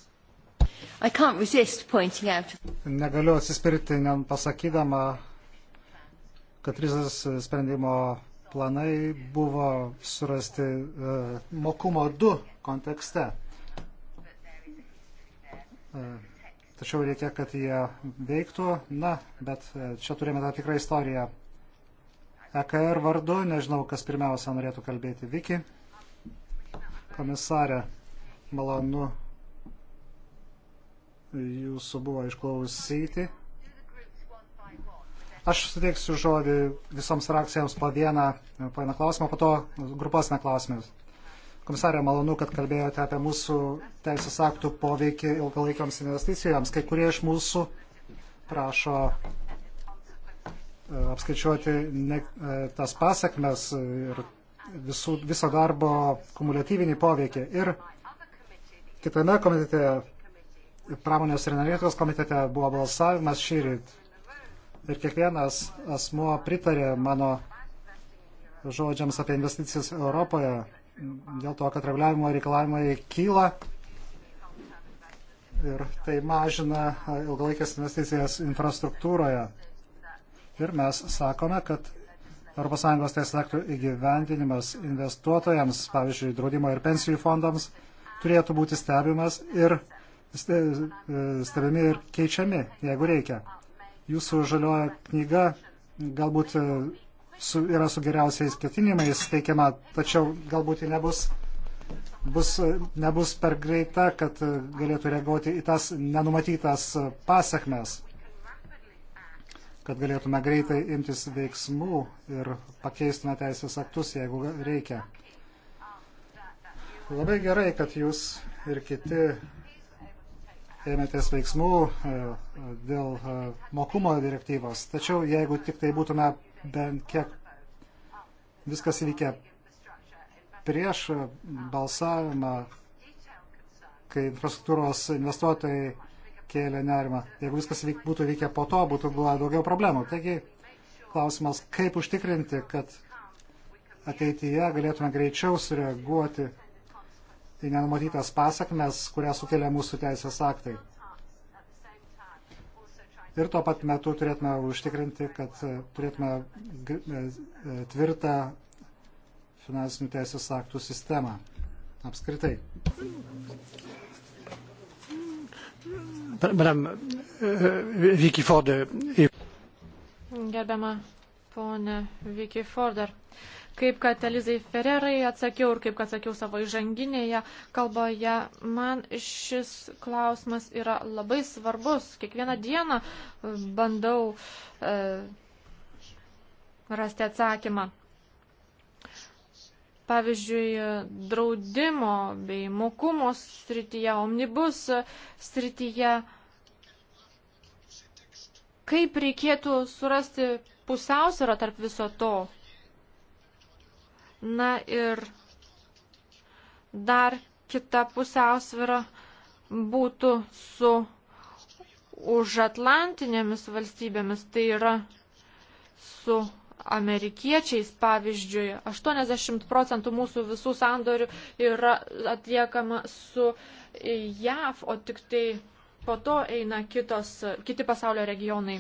Negaliu atsispirti, pasakydama, kad krizės sprendimo planai buvo surasti uh, mokumo 2 kontekste. Uh, tačiau reikia, kad jie veiktų. Na, bet e, čia turime tą tikrą istoriją. EKR er vardu, nežinau, kas pirmiausia norėtų kalbėti. Viki, komisarė, malonu jūsų buvo išklausyti. Aš suteiksiu žodį visoms frakcijams po vieną, po vieną klausimą, po to grupos neklausimus. Komisarė, malonu, kad kalbėjote apie mūsų teisės aktų poveikį ilgalaikiams investicijoms. Kai kurie iš mūsų prašo E, apskaičiuoti ne, e, tas pasiekmes ir visų, viso darbo kumuliatyvinį poveikį. Ir kitame komitete, pramonės ir energetikos komitete, buvo balsavimas šį rytą. Ir kiekvienas asmuo pritarė mano žodžiams apie investicijas Europoje dėl to, kad reguliavimo reikalavimai kyla ir tai mažina ilgalaikės investicijas infrastruktūroje. Ir mes sakome, kad ES teisės aktų įgyvendinimas investuotojams, pavyzdžiui, draudimo ir pensijų fondams, turėtų būti stebimas ir e, stebimi ir keičiami, jeigu reikia. Jūsų žalioja knyga galbūt e, su, yra su geriausiais ketinimais teikiama, tačiau galbūt ji nebus, bus, e, nebus per greita, kad galėtų reaguoti į tas nenumatytas pasiekmes kad galėtume greitai imtis veiksmų ir pakeistume teisės aktus, jeigu reikia. Labai gerai, kad jūs ir kiti ėmėtės veiksmų e, dėl e, mokumo direktyvos. Tačiau jeigu tik tai būtume bent kiek viskas įvykę prieš balsavimą, kai infrastruktūros investuotojai kėlė nerimą. Jeigu viskas vyk, būtų vykę po to, būtų buvę daugiau problemų. Taigi, klausimas, kaip užtikrinti, kad ateityje galėtume greičiau sureaguoti į nenumatytas pasakmes, kurią sukelia mūsų teisės aktai. Ir tuo pat metu turėtume užtikrinti, kad e, turėtume e, tvirtą finansinių teisės aktų sistemą apskritai. Madame euh, Vicky Ford. Gerbiama ponė Vicky Forder. Kaip kad Elizai Ferrerai atsakiau ir kaip kad sakiau savo įžanginėje kalboje, man šis klausimas yra labai svarbus. Kiekvieną dieną bandau e, rasti atsakymą pavyzdžiui, draudimo bei mokumos srityje, omnibus srityje. Kaip reikėtų surasti pusiausvyrą tarp viso to? Na ir dar kita pusiausvyrą būtų su už Atlantinėmis valstybėmis, tai yra su amerikiečiais, pavyzdžiui, 80 procentų mūsų visų sandorių yra atliekama su JAV, o tik tai po to eina kitos, kiti pasaulio regionai.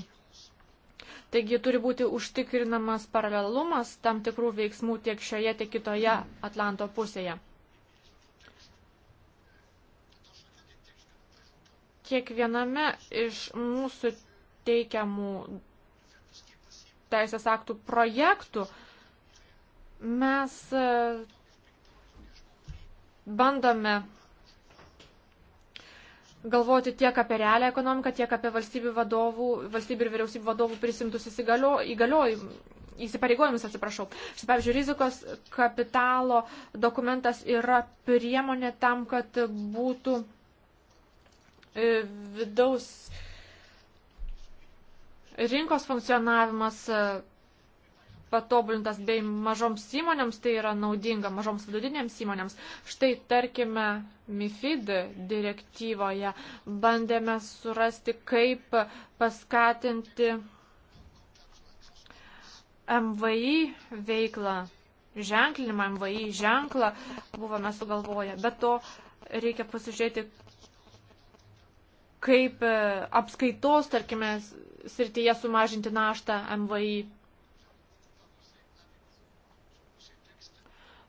Taigi turi būti užtikrinamas paralelumas tam tikrų veiksmų tiek šioje, tiek kitoje Atlanto pusėje. Kiekviename iš mūsų teikiamų teisės aktų projektų, mes e, bandome galvoti tiek apie realią ekonomiką, tiek apie valstybių, vadovų, valstybių ir vyriausybių vadovų prisimtus įsipareigojimus. Atsiprašau. Štai, pavyzdžiui, rizikos kapitalo dokumentas yra priemonė tam, kad būtų e, vidaus Rinkos funkcionavimas e, patobulintas bei mažoms įmonėms tai yra naudinga, mažoms vidutinėms įmonėms. Štai tarkime, MIFID direktyvoje bandėme surasti, kaip paskatinti MVI veiklą, ženklinimą MVI ženklą, buvome sugalvoję. Bet to reikia pasižiūrėti, kaip e, apskaitos, tarkime, srityje sumažinti naštą MVI.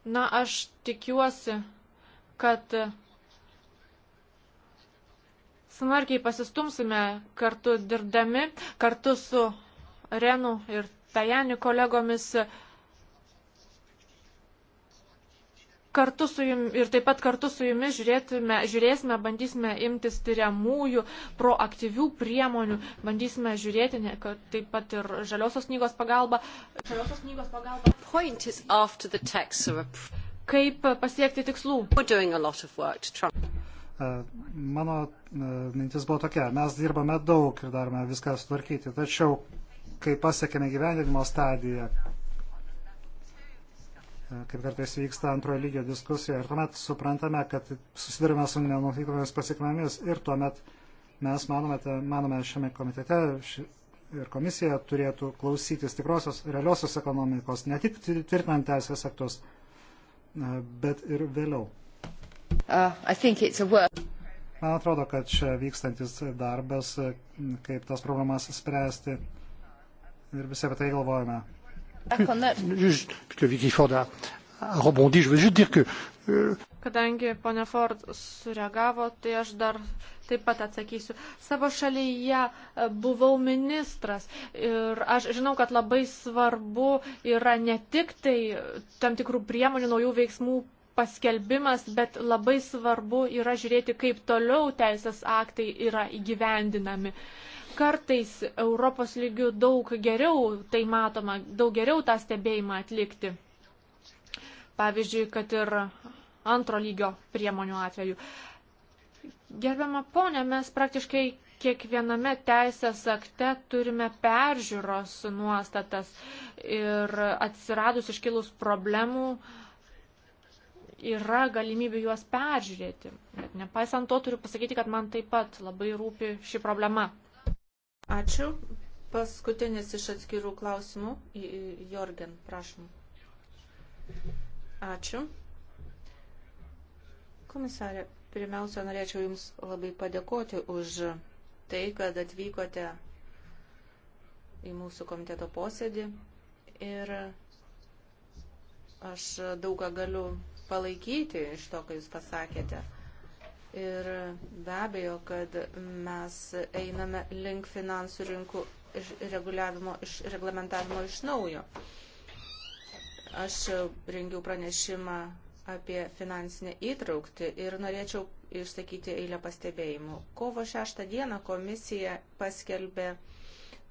Na, aš tikiuosi, kad smarkiai pasistumsime kartu dirbdami, kartu su Renu ir Tajani kolegomis kartu su jum ir taip pat kartu su jumis žiūrėtume, žiūrėsime, bandysime imtis tyriamųjų, proaktyvių priemonių, bandysime žiūrėti, ne, kad taip pat ir žaliosios knygos pagalba. Žaliosios knygos pagalba. Kaip pasiekti tikslų? E, mano e, mintis buvo tokia, mes dirbame daug ir darome viską sutvarkyti, tačiau kai pasiekėme gyvenimo stadiją, E, kaip kartais vyksta antrojo lygio diskusija. Ir tuomet suprantame, kad susidurime su nenumatytomis pasiekmėmis ir tuomet mes manome, manome šiame komitete ši, ir komisija turėtų klausytis tikrosios realiosios ekonomikos, ne tik tvirtinant teisės aktus, e, bet ir vėliau. Uh, Man atrodo, kad čia vykstantis darbas, e, kaip tas problemas spręsti ir visi apie tai galvojame. Euh, Kadangi ponia Ford sureagavo, tai aš dar taip pat atsakysiu. Savo šalyje e, buvau ministras ir aš žinau, kad labai svarbu yra ne tik tai tam tikrų priemonių, naujų veiksmų paskelbimas, bet labai svarbu yra žiūrėti, kaip toliau teisės aktai yra įgyvendinami. Uh, kartais Europos lygių daug geriau tai matoma, daug geriau tą stebėjimą atlikti. Pavyzdžiui, kad ir antro lygio priemonių atveju. Gerbiama ponė, mes praktiškai kiekviename teisės akte turime peržiūros nuostatas ir atsiradus iškilus problemų yra galimybė juos peržiūrėti. Bet nepaisant to turiu pasakyti, kad man taip pat labai rūpi ši problema. Ačiū. Paskutinis iš atskirų klausimų. Jorgen, prašom. Ačiū. Komisarė, pirmiausia, norėčiau Jums labai padėkoti už tai, kad atvykote į mūsų komiteto posėdį. Ir aš daugą galiu palaikyti iš to, ką Jūs pasakėte. Ir be abejo, kad mes einame link finansų rinkų iš reguliavimo, iš reglamentavimo iš naujo. Aš rengiau pranešimą apie finansinę įtraukti ir norėčiau išsakyti eilę pastebėjimų. Kovo 6 dieną komisija paskelbė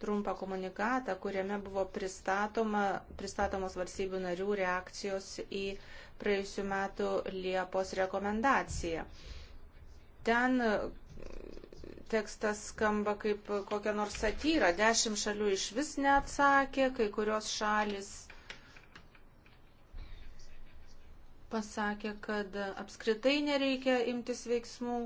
trumpą komunikatą, kuriame buvo pristatoma, pristatomos valstybių narių reakcijos į praėjusiu metu Liepos rekomendaciją ten e, tekstas skamba kaip kokia nors satyra. Dešimt šalių iš vis neatsakė, kai kurios šalis pasakė, kad apskritai nereikia imtis veiksmų.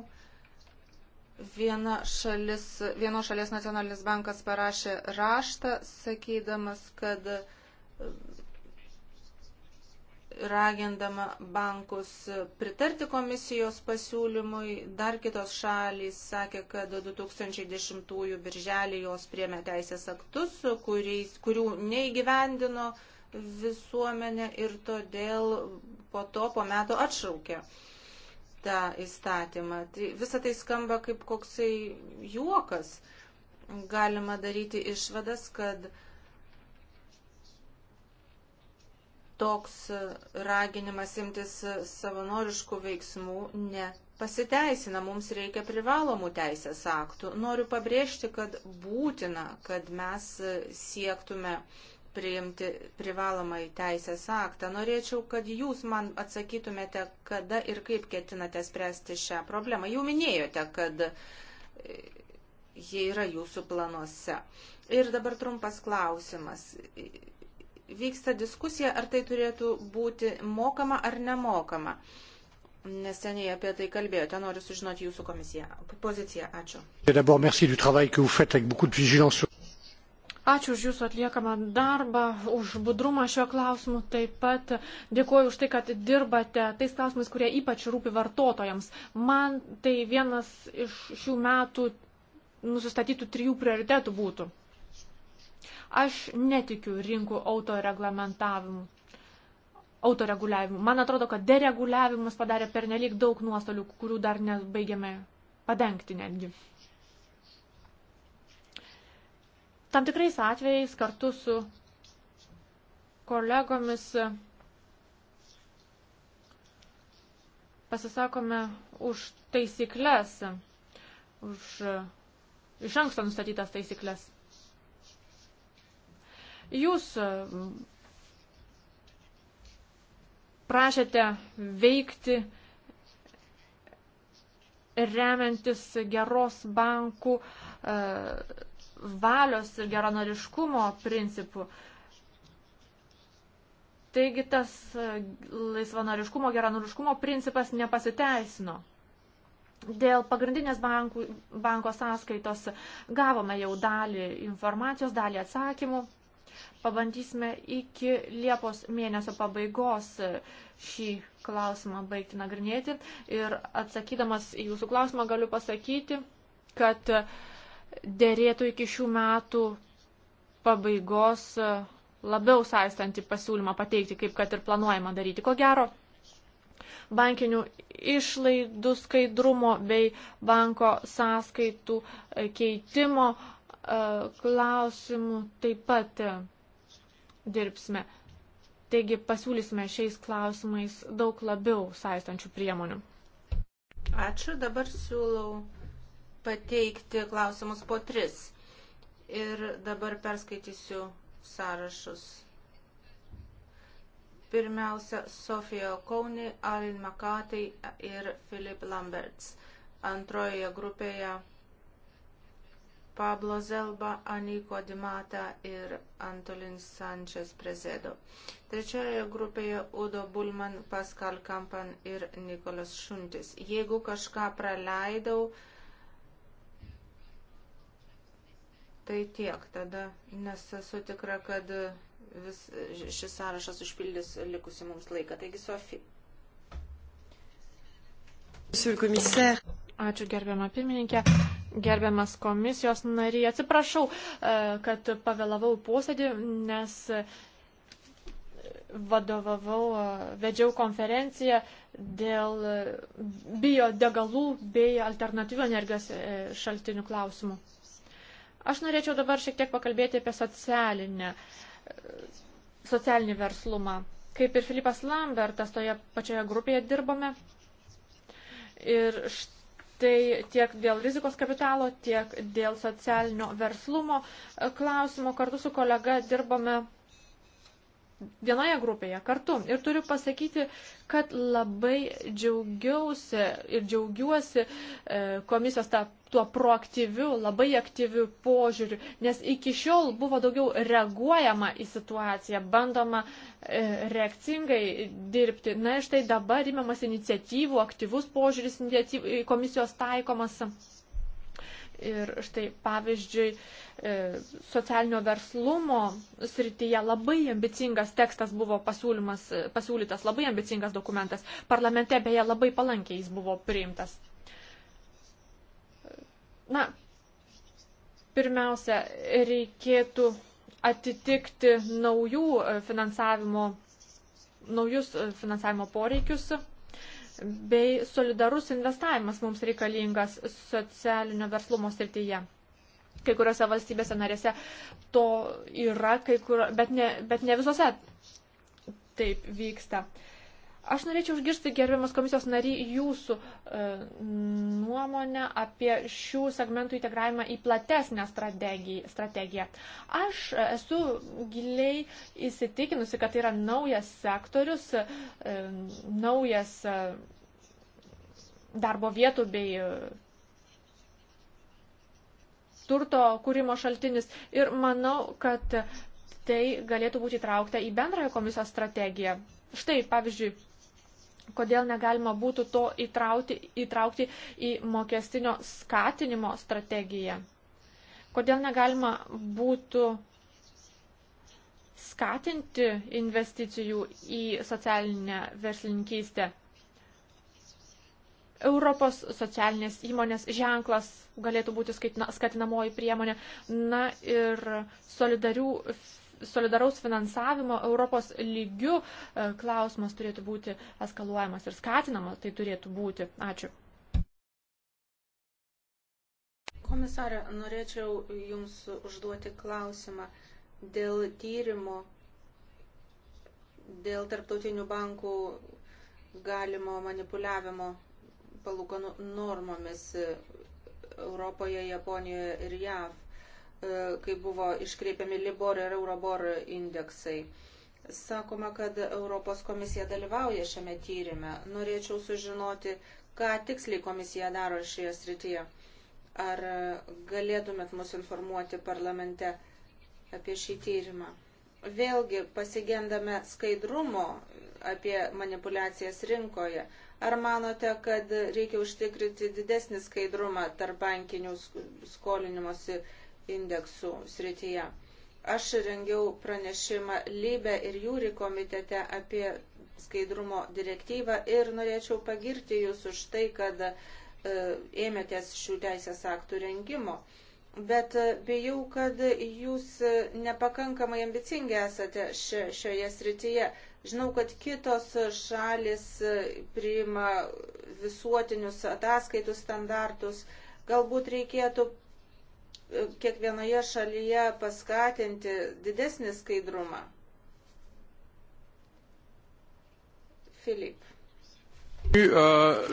Viena šalis, vienos šalies nacionalinis bankas parašė raštą, sakydamas, kad ragindama bankus pritarti komisijos pasiūlymui. Dar kitos šalys sakė, kad 2010 birželį jos priemė teisės aktus, kuriais, kurių neįgyvendino visuomenė ir todėl po to po metų atšaukė tą įstatymą. Tai visą tai skamba kaip koksai juokas. Galima daryti išvadas, kad toks raginimas imtis savanoriškų veiksmų nepasiteisina. Mums reikia privalomų teisės aktų. Noriu pabrėžti, kad būtina, kad mes siektume priimti privalomai teisės aktą. Norėčiau, kad jūs man atsakytumėte, kada ir kaip ketinate spręsti šią problemą. Jau minėjote, kad jie yra jūsų planuose. Ir dabar trumpas klausimas vyksta diskusija, ar tai turėtų būti mokama ar nemokama. Neseniai apie tai kalbėjote, noriu sužinoti jūsų komisiją. poziciją. Ačiū. Ačiū už Jūsų atliekamą darbą, už budrumą šio klausimu. Taip pat dėkuoju už tai, kad dirbate tais klausimais, kurie ypač rūpi vartotojams. Man tai vienas iš šių metų nusistatytų trijų prioritetų būtų. Aš netikiu rinkų autoreglamentavimu. Autoreguliavimu. Man atrodo, kad dereguliavimas padarė pernelyg daug nuostolių, kurių dar nebaigėme padengti netgi. Tam tikrais atvejais kartu su kolegomis pasisakome už taisyklės, už iš anksto nustatytas taisyklės. Jūs e, prašėte veikti remiantis geros bankų e, valios ir geranoriškumo principų. Taigi tas e, laisvanoriškumo, geranoriškumo principas nepasiteisino. Dėl pagrindinės bankų, banko sąskaitos gavome jau dalį informacijos, dalį atsakymų. Pabandysime iki Liepos mėnesio pabaigos e, šį klausimą baigti nagrinėti. Ir atsakydamas į jūsų klausimą galiu pasakyti, kad dėrėtų iki šių metų pabaigos e, labiau saistantį pasiūlymą pateikti, kaip kad ir planuojama daryti. Ko gero, bankinių išlaidų skaidrumo bei banko sąskaitų e, keitimo uh, klausimų taip pat dirbsime. Taigi pasiūlysime šiais klausimais daug labiau saistančių priemonių. Ačiū, dabar siūlau pateikti klausimus po tris. Ir dabar perskaitysiu sąrašus. Pirmiausia, Sofija Kauni, Alin Makatai ir Filip Lamberts. Antrojoje grupėje Pablo Zelba, Aniko Dimata ir Antolin Sanchez Prezedo. Trečiojoje grupėje Udo Bulman, Pascal Kampan ir Nikolas Šuntis. Jeigu kažką praleidau, tai tiek, tada, nes esu tikra, kad vis, šis sąrašas užpildys likusi mums laiką. Taigi, Sofija. Ačiū gerbiamą pirmininkę. Gerbiamas komisijos nariai, atsiprašau, e, kad pavėlavau posėdį, nes vadovavau, e, vedžiau konferenciją dėl biodegalų bei alternatyvių energijos e, šaltinių klausimų. Aš norėčiau dabar šiek tiek pakalbėti apie socialinę, socialinį verslumą. Kaip ir Filipas Lambertas toje pačioje grupėje dirbome. Ir št tai tiek dėl rizikos kapitalo, tiek dėl socialinio verslumo e, klausimo. Kartu su kolega dirbame vienoje grupėje kartu. Ir turiu pasakyti, kad labai džiaugiausi ir džiaugiuosi e, komisijos tą, tuo proaktyviu, labai aktyviu požiūriu, nes iki šiol buvo daugiau reaguojama į situaciją, bandoma e, reakcingai dirbti. Na ir štai dabar imamas iniciatyvų, aktyvus požiūris komisijos taikomas. Ir štai pavyzdžiui, e, socialinio verslumo srityje labai ambicingas tekstas buvo e, pasiūlytas, labai ambicingas dokumentas. Parlamente beje labai palankiai jis buvo priimtas. Na, pirmiausia, reikėtų atitikti naujų e, finansavimo, naujus finansavimo poreikius bei solidarus investavimas mums reikalingas socialinio verslumo srityje. Kai kuriuose valstybėse narėse to yra, kur, bet, ne, bet ne visose taip vyksta. Uh, Aš norėčiau užgirsti, gerbiamas komisijos nary, jūsų e, nuomonę apie šių segmentų integravimą į platesnę strategiją. Aš esu giliai įsitikinusi, kad tai yra naujas sektorius, e, naujas e, darbo vietų bei e, turto kūrimo šaltinis. Ir manau, kad tai galėtų būti įtraukta į bendrąją komisijos strategiją. Štai, pavyzdžiui, kodėl negalima būtų to įtraukti, įtraukti į mokestinio skatinimo strategiją. Kodėl negalima būtų skatinti investicijų į socialinę verslininkystę. Europos socialinės įmonės ženklas galėtų būti skatinamoji priemonė. Na ir solidarių solidaraus finansavimo Europos lygių e, klausimas turėtų būti eskaluojamas ir skatinamas, tai turėtų būti. Ačiū. Komisarė, norėčiau Jums užduoti klausimą dėl tyrimo, dėl tarptautinių bankų galimo manipuliavimo palūkanų normomis Europoje, Japonijoje ir JAV. E, kai buvo iškreipiami Libor ir Eurobor indeksai. Sakoma, kad Europos komisija dalyvauja šiame tyrimė. Norėčiau sužinoti, ką tiksliai komisija daro šioje srityje. Ar galėtumėt mus informuoti parlamente apie šį tyrimą? Vėlgi pasigendame skaidrumo apie manipulacijas rinkoje. Ar manote, kad reikia užtikrinti didesnį skaidrumą tarp bankinių skolinimuose indeksų srityje. Aš rengiau pranešimą Lybe ir Jūri komitete apie skaidrumo direktyvą ir norėčiau pagirti Jūs už tai, kad e, ėmėtės šių teisės aktų rengimo. Bet e, bijau, kad Jūs e, nepakankamai ambicingi esate šioje srityje. Žinau, kad kitos šalis e, priima visuotinius ataskaitų standartus. Galbūt reikėtų kiekvienoje šalyje paskatinti didesnį skaidrumą? Filip. Euh,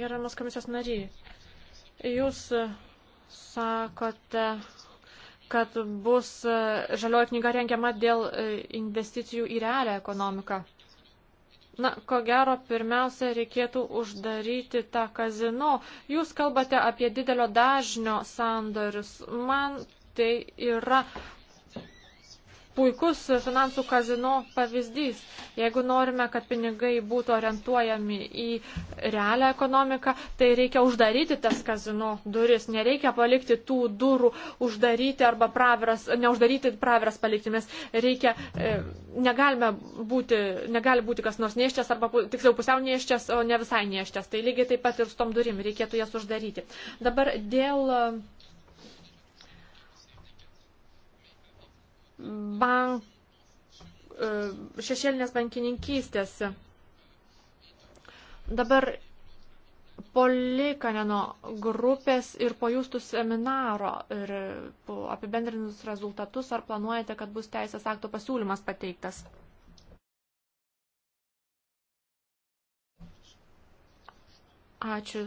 Gerbiamas komisijos nariai, jūs e, sakote, kad bus e, žalioji knyga rengiama dėl e, investicijų į realią ekonomiką. Na, ko gero, pirmiausia, reikėtų uždaryti tą kazino. Jūs kalbate apie didelio dažnio sandorius. Man tai yra puikus finansų kazino pavyzdys. Jeigu norime, kad pinigai būtų orientuojami į realią ekonomiką, tai reikia uždaryti tas kazino duris. Nereikia palikti tų durų uždaryti arba praviras, neuždaryti praviras palikti, nes reikia, e, negalime būti, negali būti kas nors nieščias arba tiksliau pusiau nieščias, o ne visai nieščias. Tai lygiai taip pat ir su tom durim reikėtų jas uždaryti. Dabar dėl bank, e, šešėlinės bankininkystės. Dabar Polikaneno grupės ir po jūsų seminaro ir apibendrinus rezultatus, ar planuojate, kad bus teisės akto pasiūlymas pateiktas? Ačiū,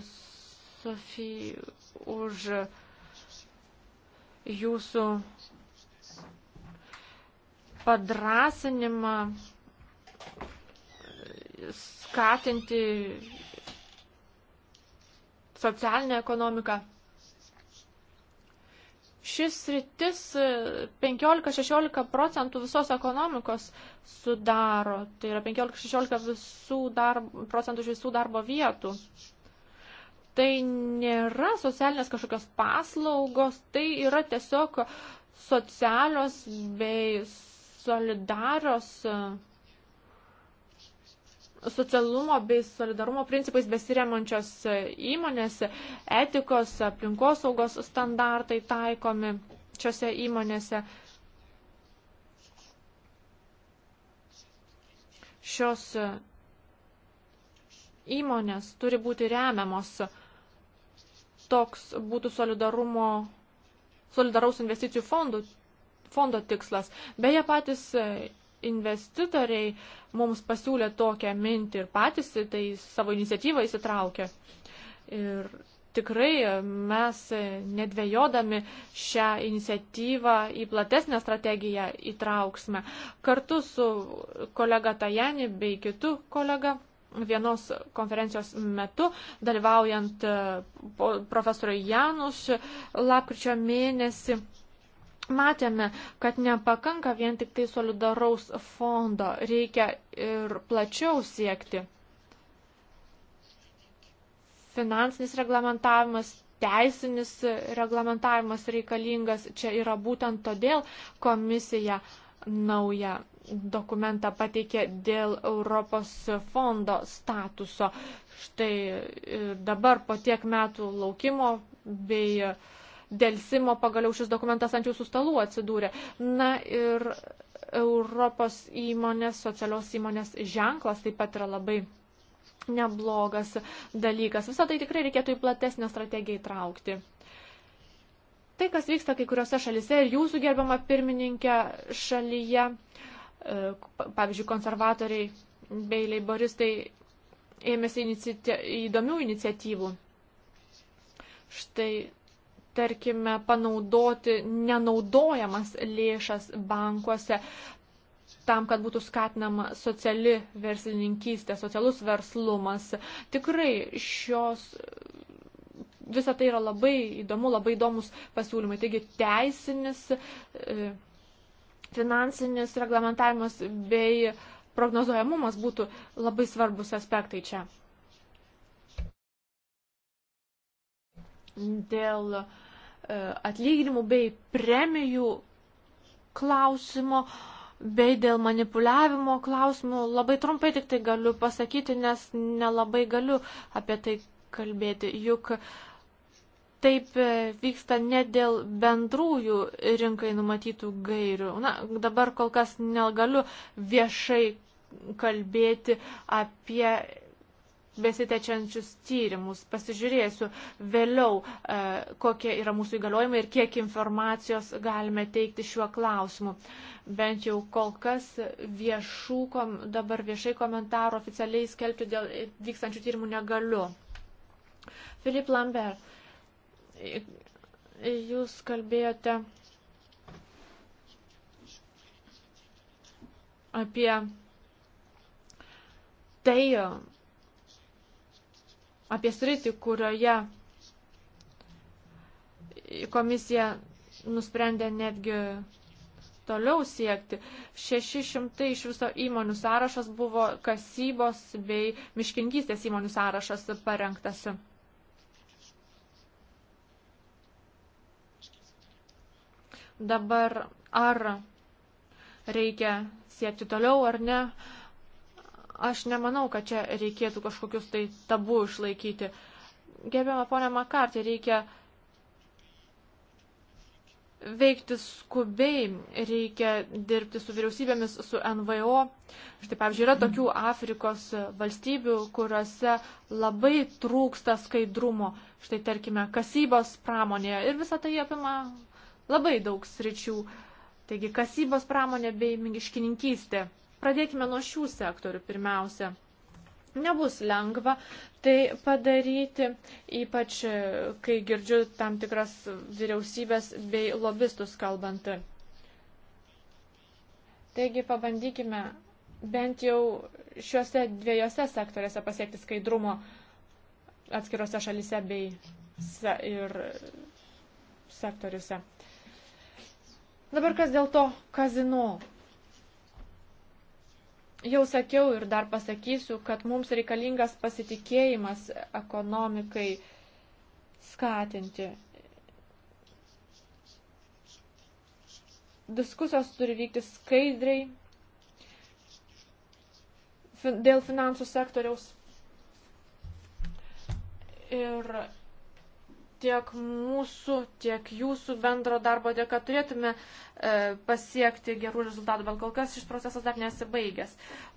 Sofija, už jūsų padrasinimą skatinti socialinę ekonomiką. Šis rytis 15-16 procentų visos ekonomikos sudaro, tai yra 15-16 visų darbo, procentų iš visų darbo vietų. Tai nėra socialinės kažkokios paslaugos, tai yra tiesiog socialios bei solidarios e, socialumo bei solidarumo principais besiremančios e, įmonės, etikos, aplinkosaugos standartai taikomi šiuose įmonėse. Šios e, įmonės turi būti remiamos. Toks būtų solidarumo, solidaraus investicijų fondų fondo tikslas. Beje, patys e, investitoriai mums pasiūlė tokią mintį ir patys tai savo iniciatyvą įsitraukė. Ir tikrai e, mes e, nedvėjodami šią iniciatyvą į platesnę strategiją įtrauksime. Kartu su kolega Tajani bei kitu kolega vienos konferencijos metu, dalyvaujant profesoriui Janus lapkričio mėnesį Matėme, kad nepakanka vien tik tai solidaraus fondo, reikia ir plačiau siekti. Finansinis reglamentavimas, teisinis reglamentavimas reikalingas, čia yra būtent todėl komisija naują dokumentą pateikė dėl Europos fondo statuso. Štai e, dabar po tiek metų laukimo bei uh, dėlsimo pagaliau šis dokumentas ant jūsų stalų atsidūrė. Na ir Europos įmonės, socialios įmonės ženklas taip pat yra labai neblogas dalykas. Visą tai tikrai reikėtų į platesnę strategiją įtraukti. Tai, kas vyksta kai kuriuose šalise ir jūsų gerbiama pirmininkė šalyje, e, pavyzdžiui, konservatoriai bei leiboristai ėmėsi inicia įdomių iniciatyvų. Štai tarkime, panaudoti nenaudojamas lėšas bankuose tam, kad būtų skatinama sociali verslininkystė, socialus verslumas. Tikrai šios, visa tai yra labai įdomu, labai įdomus pasiūlymai. Taigi teisinis, e, finansinis reglamentavimas bei prognozuojamumas būtų labai svarbus aspektai čia. Dėl uh, atlyginimų bei premijų klausimo, bei dėl manipuliavimo klausimų. Labai trumpai tik tai galiu pasakyti, nes nelabai galiu apie tai kalbėti, juk taip e, vyksta ne dėl bendrųjų rinkai numatytų gairių. Na, dabar kol kas negaliu viešai kalbėti apie besitečiančius tyrimus. Pasižiūrėsiu vėliau, e, kokie yra mūsų įgaliojimai ir kiek informacijos galime teikti šiuo klausimu. Bent jau kol kas viešų, dabar viešai komentarų oficialiai skelbti dėl vykstančių tyrimų negaliu. Filip Lambert, jūs kalbėjote apie tai, apie sritį, kurioje komisija nusprendė netgi toliau siekti. 600 iš viso įmonių sąrašas buvo kasybos bei miškingystės įmonių sąrašas parengtas. Dabar ar reikia siekti toliau ar ne, Aš nemanau, kad čia reikėtų kažkokius tai tabu išlaikyti. Gerbiama ponia Makartė, reikia veikti skubiai, reikia dirbti su vyriausybėmis, su NVO. Štai, pavyzdžiui, yra tokių Afrikos valstybių, kuriuose labai trūksta skaidrumo. Štai, tarkime, kasybos pramonėje ir visą tai apima labai daug sričių. Taigi, kasybos pramonė bei mingiškininkystė. Pradėkime nuo šių sektorių pirmiausia. Nebus lengva tai padaryti, ypač e, kai girdžiu tam tikras vyriausybės bei lobistus kalbant. Taigi pabandykime bent jau šiuose dviejose sektoriuose pasiekti skaidrumo atskiruose šalise bei se ir sektoriuose. Dabar kas dėl to kazino Jau sakiau ir dar pasakysiu, kad mums reikalingas pasitikėjimas ekonomikai skatinti. Diskusijos turi vykti skaidriai fin, dėl finansų sektoriaus. Ir tiek mūsų, tiek jūsų bendro darbo dėka turėtume e, pasiekti gerų rezultatų, bet kol kas šis procesas dar nesibaigęs.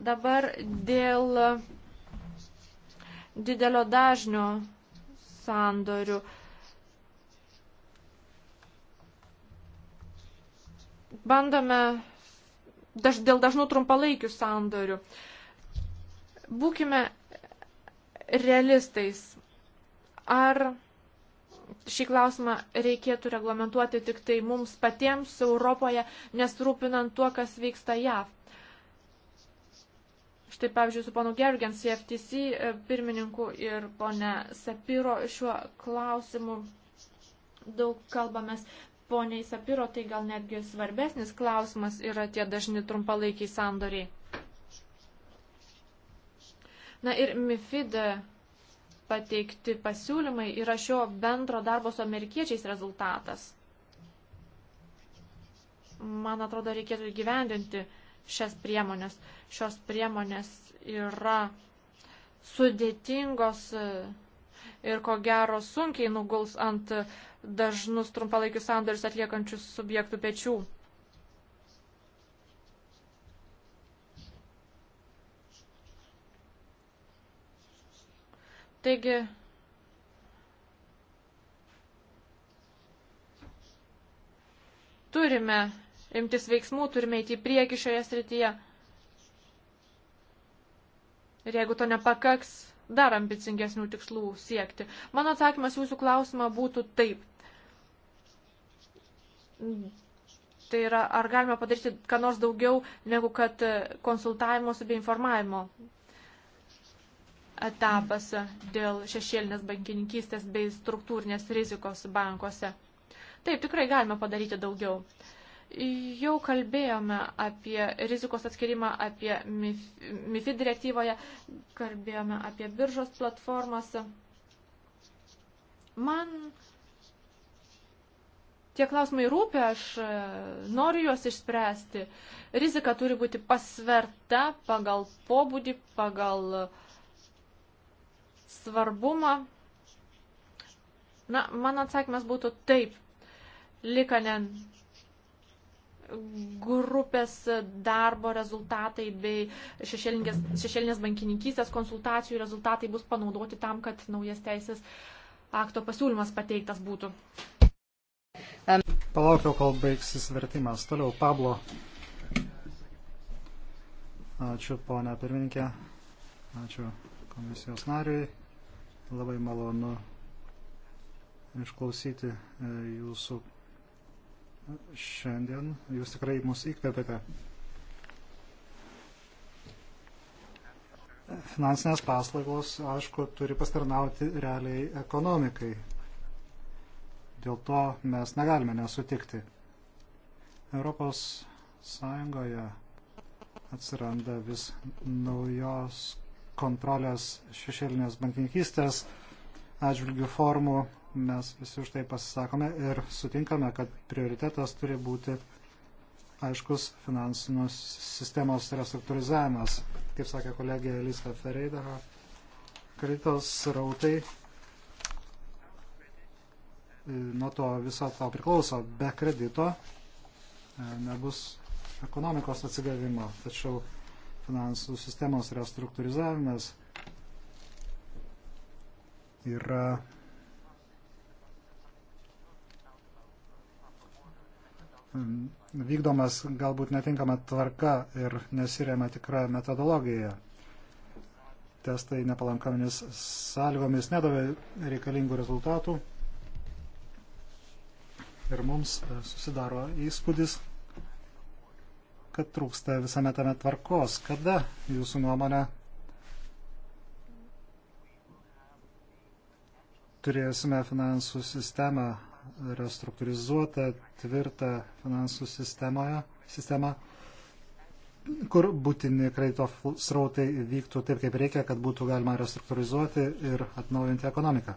Dabar dėl didelio dažnio sandorių. Bandome daž, dėl dažnų trumpalaikių sandorių. Būkime realistais. Ar šį klausimą reikėtų reglamentuoti tik tai mums patiems Europoje, nesrūpinant tuo, kas vyksta JAV. Štai pavyzdžiui, su ponu Gergens, CFTC e, pirmininku ir pone Sapiro šiuo klausimu daug kalbamės. Poniai Sapiro tai gal netgi svarbesnis klausimas yra tie dažni trumpalaikiai sandoriai. Na ir MIFID pateikti pasiūlymai yra šio bendro darbo su amerikiečiais rezultatas. Man atrodo, reikėtų įgyvendinti šias priemonės. Šios priemonės yra sudėtingos ir ko gero sunkiai nuguls ant dažnus trumpalaikius sandorius atliekančius subjektų pečių. Taigi, turime imtis veiksmų, turime įti į priekį šioje srityje. Ir jeigu to nepakaks, dar ambicingesnių tikslų siekti. Mano atsakymas jūsų klausimą būtų taip. Tai yra, ar galime padaryti ką nors daugiau negu kad konsultavimuose bei informavimo etapas dėl šešėlinės bankininkystės bei struktūrinės rizikos bankuose. Taip, tikrai galime padaryti daugiau. Jau kalbėjome apie rizikos atskirimą, apie MIF, MIFI direktyvoje, kalbėjome apie biržos platformas. Man tie klausimai rūpi, aš e, noriu juos išspręsti. Rizika turi būti pasverta pagal pobūdį, pagal uh, svarbumą? Na, mano atsakymas būtų taip. Likanen grupės darbo rezultatai bei šešėlinės bankininkystės konsultacijų rezultatai bus panaudoti tam, kad naujas teisės akto pasiūlymas pateiktas būtų. Palaukiau, kol baigsis vertimas. Toliau, Pablo. Ačiū, ponia pirmininkė. Ačiū komisijos nariui. Labai malonu išklausyti e, jūsų šiandien. Jūs tikrai mus įkvėpėte. Finansinės paslaugos, aišku, turi pastarnauti realiai ekonomikai. Dėl to mes negalime nesutikti. Europos Sąjungoje atsiranda vis naujos kontrolės šešėlinės bankininkystės atžvilgių formų. Mes visi už tai pasisakome ir sutinkame, kad prioritetas turi būti aiškus finansinės sistemos restruktūrizavimas. Kaip sakė kolegė Eliska Ferreidaha, kreditos rautai e, nuo to viso to priklauso. Be kredito e, nebus ekonomikos atsigavimo. Tačiau finansų sistemos restruktūrizavimas yra vykdomas galbūt netinkama tvarka ir nesiriama tikra metodologija. Testai nepalankomis sąlygomis nedavė reikalingų rezultatų ir mums susidaro įspūdis, kad trūksta visame tame tvarkos. Kada, jūsų nuomonė, turėsime finansų sistemą restruktūrizuotą, tvirtą finansų sistemoje, sistemą, kur būtini kredito srautai vyktų taip, kaip reikia, kad būtų galima restruktūrizuoti ir atnaujinti ekonomiką.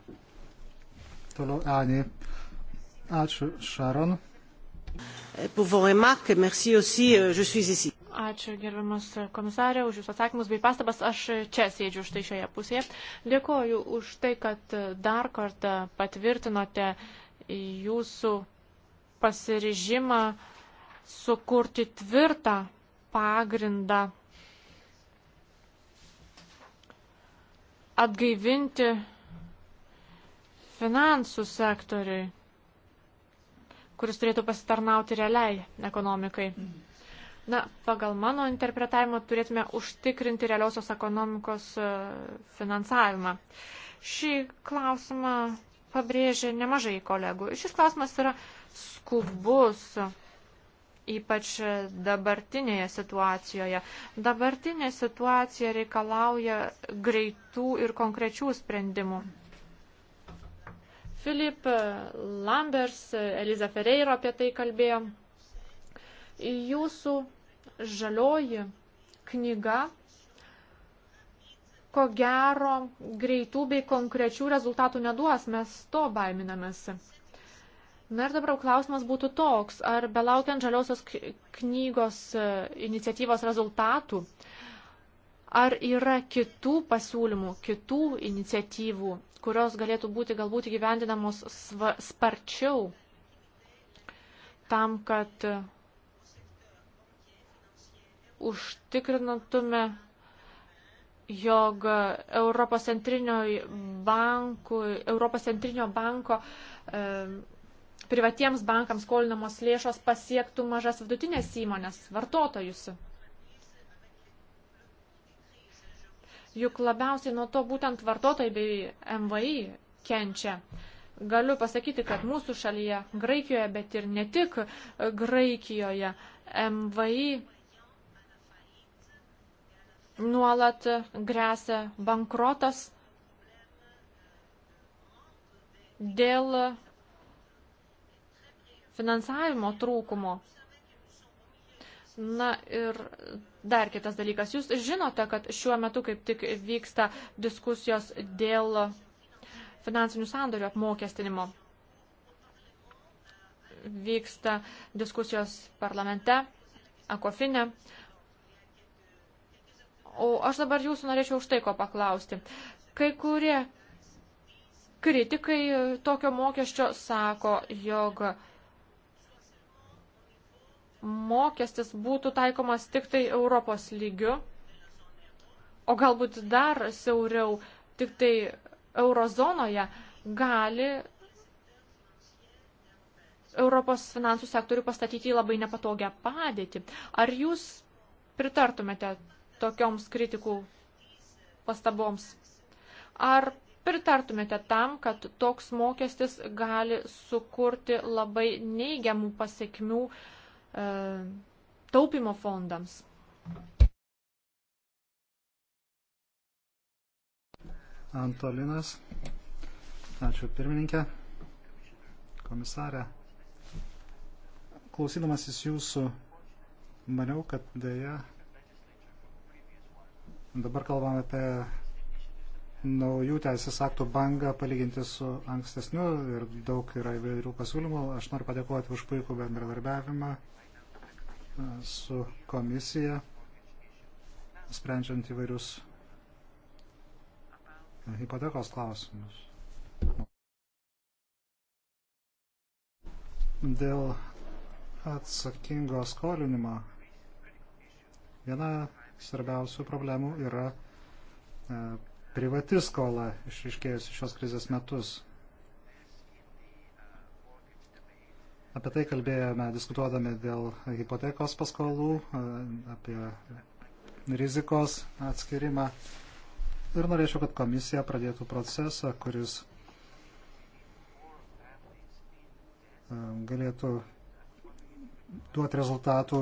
Toliau Ani. Ačiū, Sharon. Euh, Ačiū gerbiamas komisarė už Jūsų atsakymus bei pastabas. Aš čia sėdžiu štai šioje pusėje. Dėkoju už tai, kad dar kartą patvirtinote Jūsų pasiryžimą sukurti tvirtą pagrindą, atgaivinti finansų sektoriui kuris turėtų pasitarnauti realiai ekonomikai. Na, pagal mano interpretavimą turėtume užtikrinti realiosios ekonomikos e, finansavimą. Šį klausimą pabrėžė nemažai kolegų. Šis klausimas yra skubus, ypač dabartinėje situacijoje. Dabartinė situacija reikalauja greitų ir konkrečių sprendimų. Mm. Filip Lambers, Eliza Ferreira apie tai kalbėjo. Jūsų žalioji knyga ko gero greitų bei konkrečių rezultatų neduos, mes to baiminamės. Na ir dabar klausimas būtų toks, ar belaukiant žaliosios knygos e, iniciatyvos rezultatų, uh, Ar yra kitų pasiūlymų, kitų iniciatyvų, kurios galėtų būti galbūt gyvendinamos sparčiau tam, kad užtikrintume, jog Europos centrinio, bankų, Europos centrinio banko e, privatiems bankams skolinamos lėšos pasiektų mažas vidutinės įmonės, vartotojus. juk labiausiai nuo to būtent vartotojai bei MVI kenčia. Galiu pasakyti, kad mūsų šalyje, Graikijoje, bet ir ne tik e, Graikijoje, MVI nuolat grėsia bankrotas dėl finansavimo trūkumo. Na ir dar kitas dalykas. Jūs žinote, kad šiuo metu kaip tik vyksta diskusijos dėl finansinių sandorių apmokestinimo. Vyksta diskusijos parlamente, akofinė. O aš dabar jūsų norėčiau už tai ko paklausti. Kai kurie kritikai tokio mokesčio sako, jog mokestis būtų taikomas tik tai Europos lygiu, o galbūt dar siauriau, tik tai eurozonoje gali Europos finansų sektorių pastatyti į labai nepatogią padėtį. Ar jūs pritartumėte tokioms kritikų pastaboms? Ar pritartumėte tam, kad toks mokestis gali sukurti labai neigiamų pasiekmių uh, E, taupimo fondams. Antolinas. Ačiū pirmininkė. Komisarė. Klausydamasis jūsų, maniau, kad dėja dabar kalbame apie naujų teisės aktų bangą palyginti su ankstesniu ir daug yra įvairių pasiūlymų. Aš noriu padėkoti už puikų bendradarbiavimą su komisija, sprendžiant įvairius e, hipotekos klausimus. Dėl atsakingo skolinimo viena svarbiausių problemų yra e, privati skola išiškėjusi šios krizės metus. Apie tai kalbėjome diskutuodami dėl hipotekos paskolų, apie rizikos atskirimą. Ir norėčiau, kad komisija pradėtų procesą, kuris e, galėtų duoti rezultatų,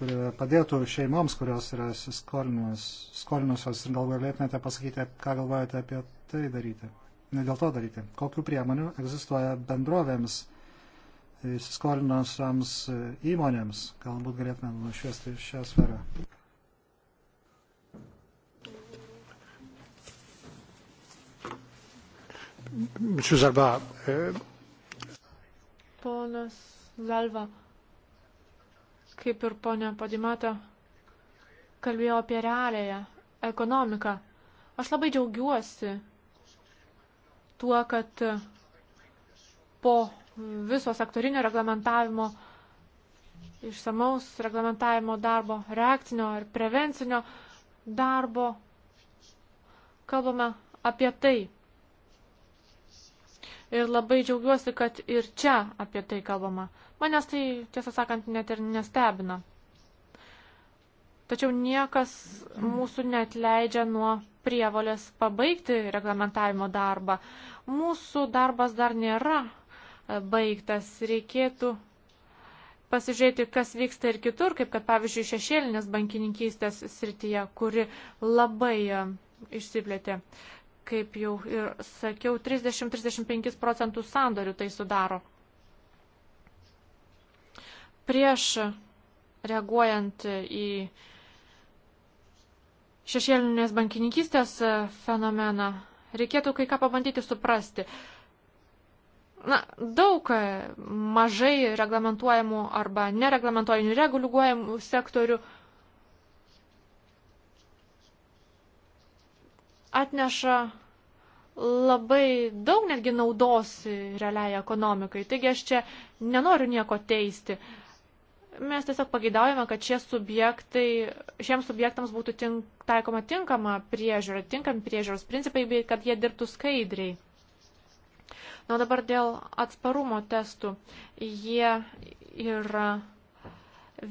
kurie padėtų šeimoms, kurios yra skolinusios. Ir gal galėtumėte pasakyti, ką galvojate apie tai daryti. Ne dėl to daryti. Kokiu priemonių egzistuoja bendrovėms įsiskolinusams įmonėms. Galbūt galėtume nušviesti šią sferą. Monsieur Zalba. Eh, Ponas Zalba, kaip ir ponė Padimata, kalbėjo apie realiąją ekonomiką. Aš labai džiaugiuosi tuo, kad po viso sektorinio reglamentavimo, išsamaus reglamentavimo darbo, reakcinio ir prevencinio darbo. Kalbame apie tai. Ir labai džiaugiuosi, kad ir čia apie tai kalbama. Manęs tai, tiesą sakant, net ir nestebina. Tačiau niekas mūsų net leidžia nuo prievolės pabaigti reglamentavimo darbą. Mūsų darbas dar nėra baigtas. Reikėtų pasižiūrėti, kas vyksta ir kitur, kaip kad pavyzdžiui šešėlinės bankininkystės srityje, kuri labai e, išsiplėtė. Kaip jau ir sakiau, 30-35 procentų sandorių tai sudaro. Prieš reaguojant į šešėlinės bankininkystės fenomeną, reikėtų kai ką pabandyti suprasti. Uh, na, daug e, mažai reglamentuojamų arba nereglamentuojamų, reguliuojamų sektorių atneša labai daug netgi naudos realiai ekonomikai. Taigi aš čia nenoriu nieko teisti. Mes tiesiog pageidaujame, kad šie subjektai, šiems subjektams būtų tink, taikoma tinkama priežiūra, tinkami priežiūros principai, bei kad jie dirbtų skaidriai. Na dabar dėl atsparumo testų. Jie yra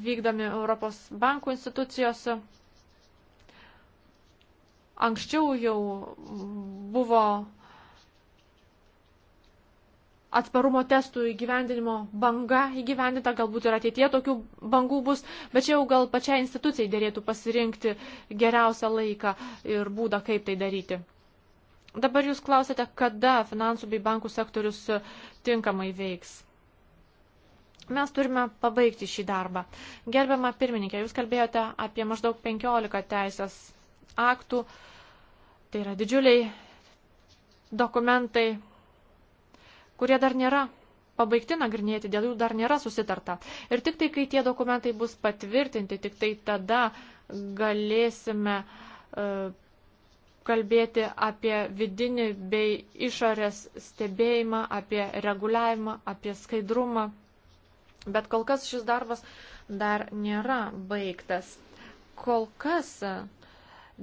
vykdomi Europos bankų institucijose. Anksčiau jau buvo atsparumo testų įgyvendinimo banga įgyvendinta, galbūt ir ateitie tokių bangų bus, bet čia jau gal pačiai institucijai dėlėtų pasirinkti geriausią laiką ir būdą, kaip tai daryti. Dabar jūs klausėte, kada finansų bei bankų sektorius e, tinkamai veiks. Mes turime pabaigti šį darbą. Gerbiama pirmininkė, jūs kalbėjote apie maždaug 15 teisės aktų. Tai yra didžiuliai dokumentai, kurie dar nėra pabaigti nagrinėti, dėl jų dar nėra susitarta. Ir tik tai, kai tie dokumentai bus patvirtinti, tik tai tada galėsime uh, kalbėti apie vidinį bei išorės stebėjimą, apie reguliavimą, apie skaidrumą. Bet kol kas šis darbas dar nėra baigtas. Kol kas e,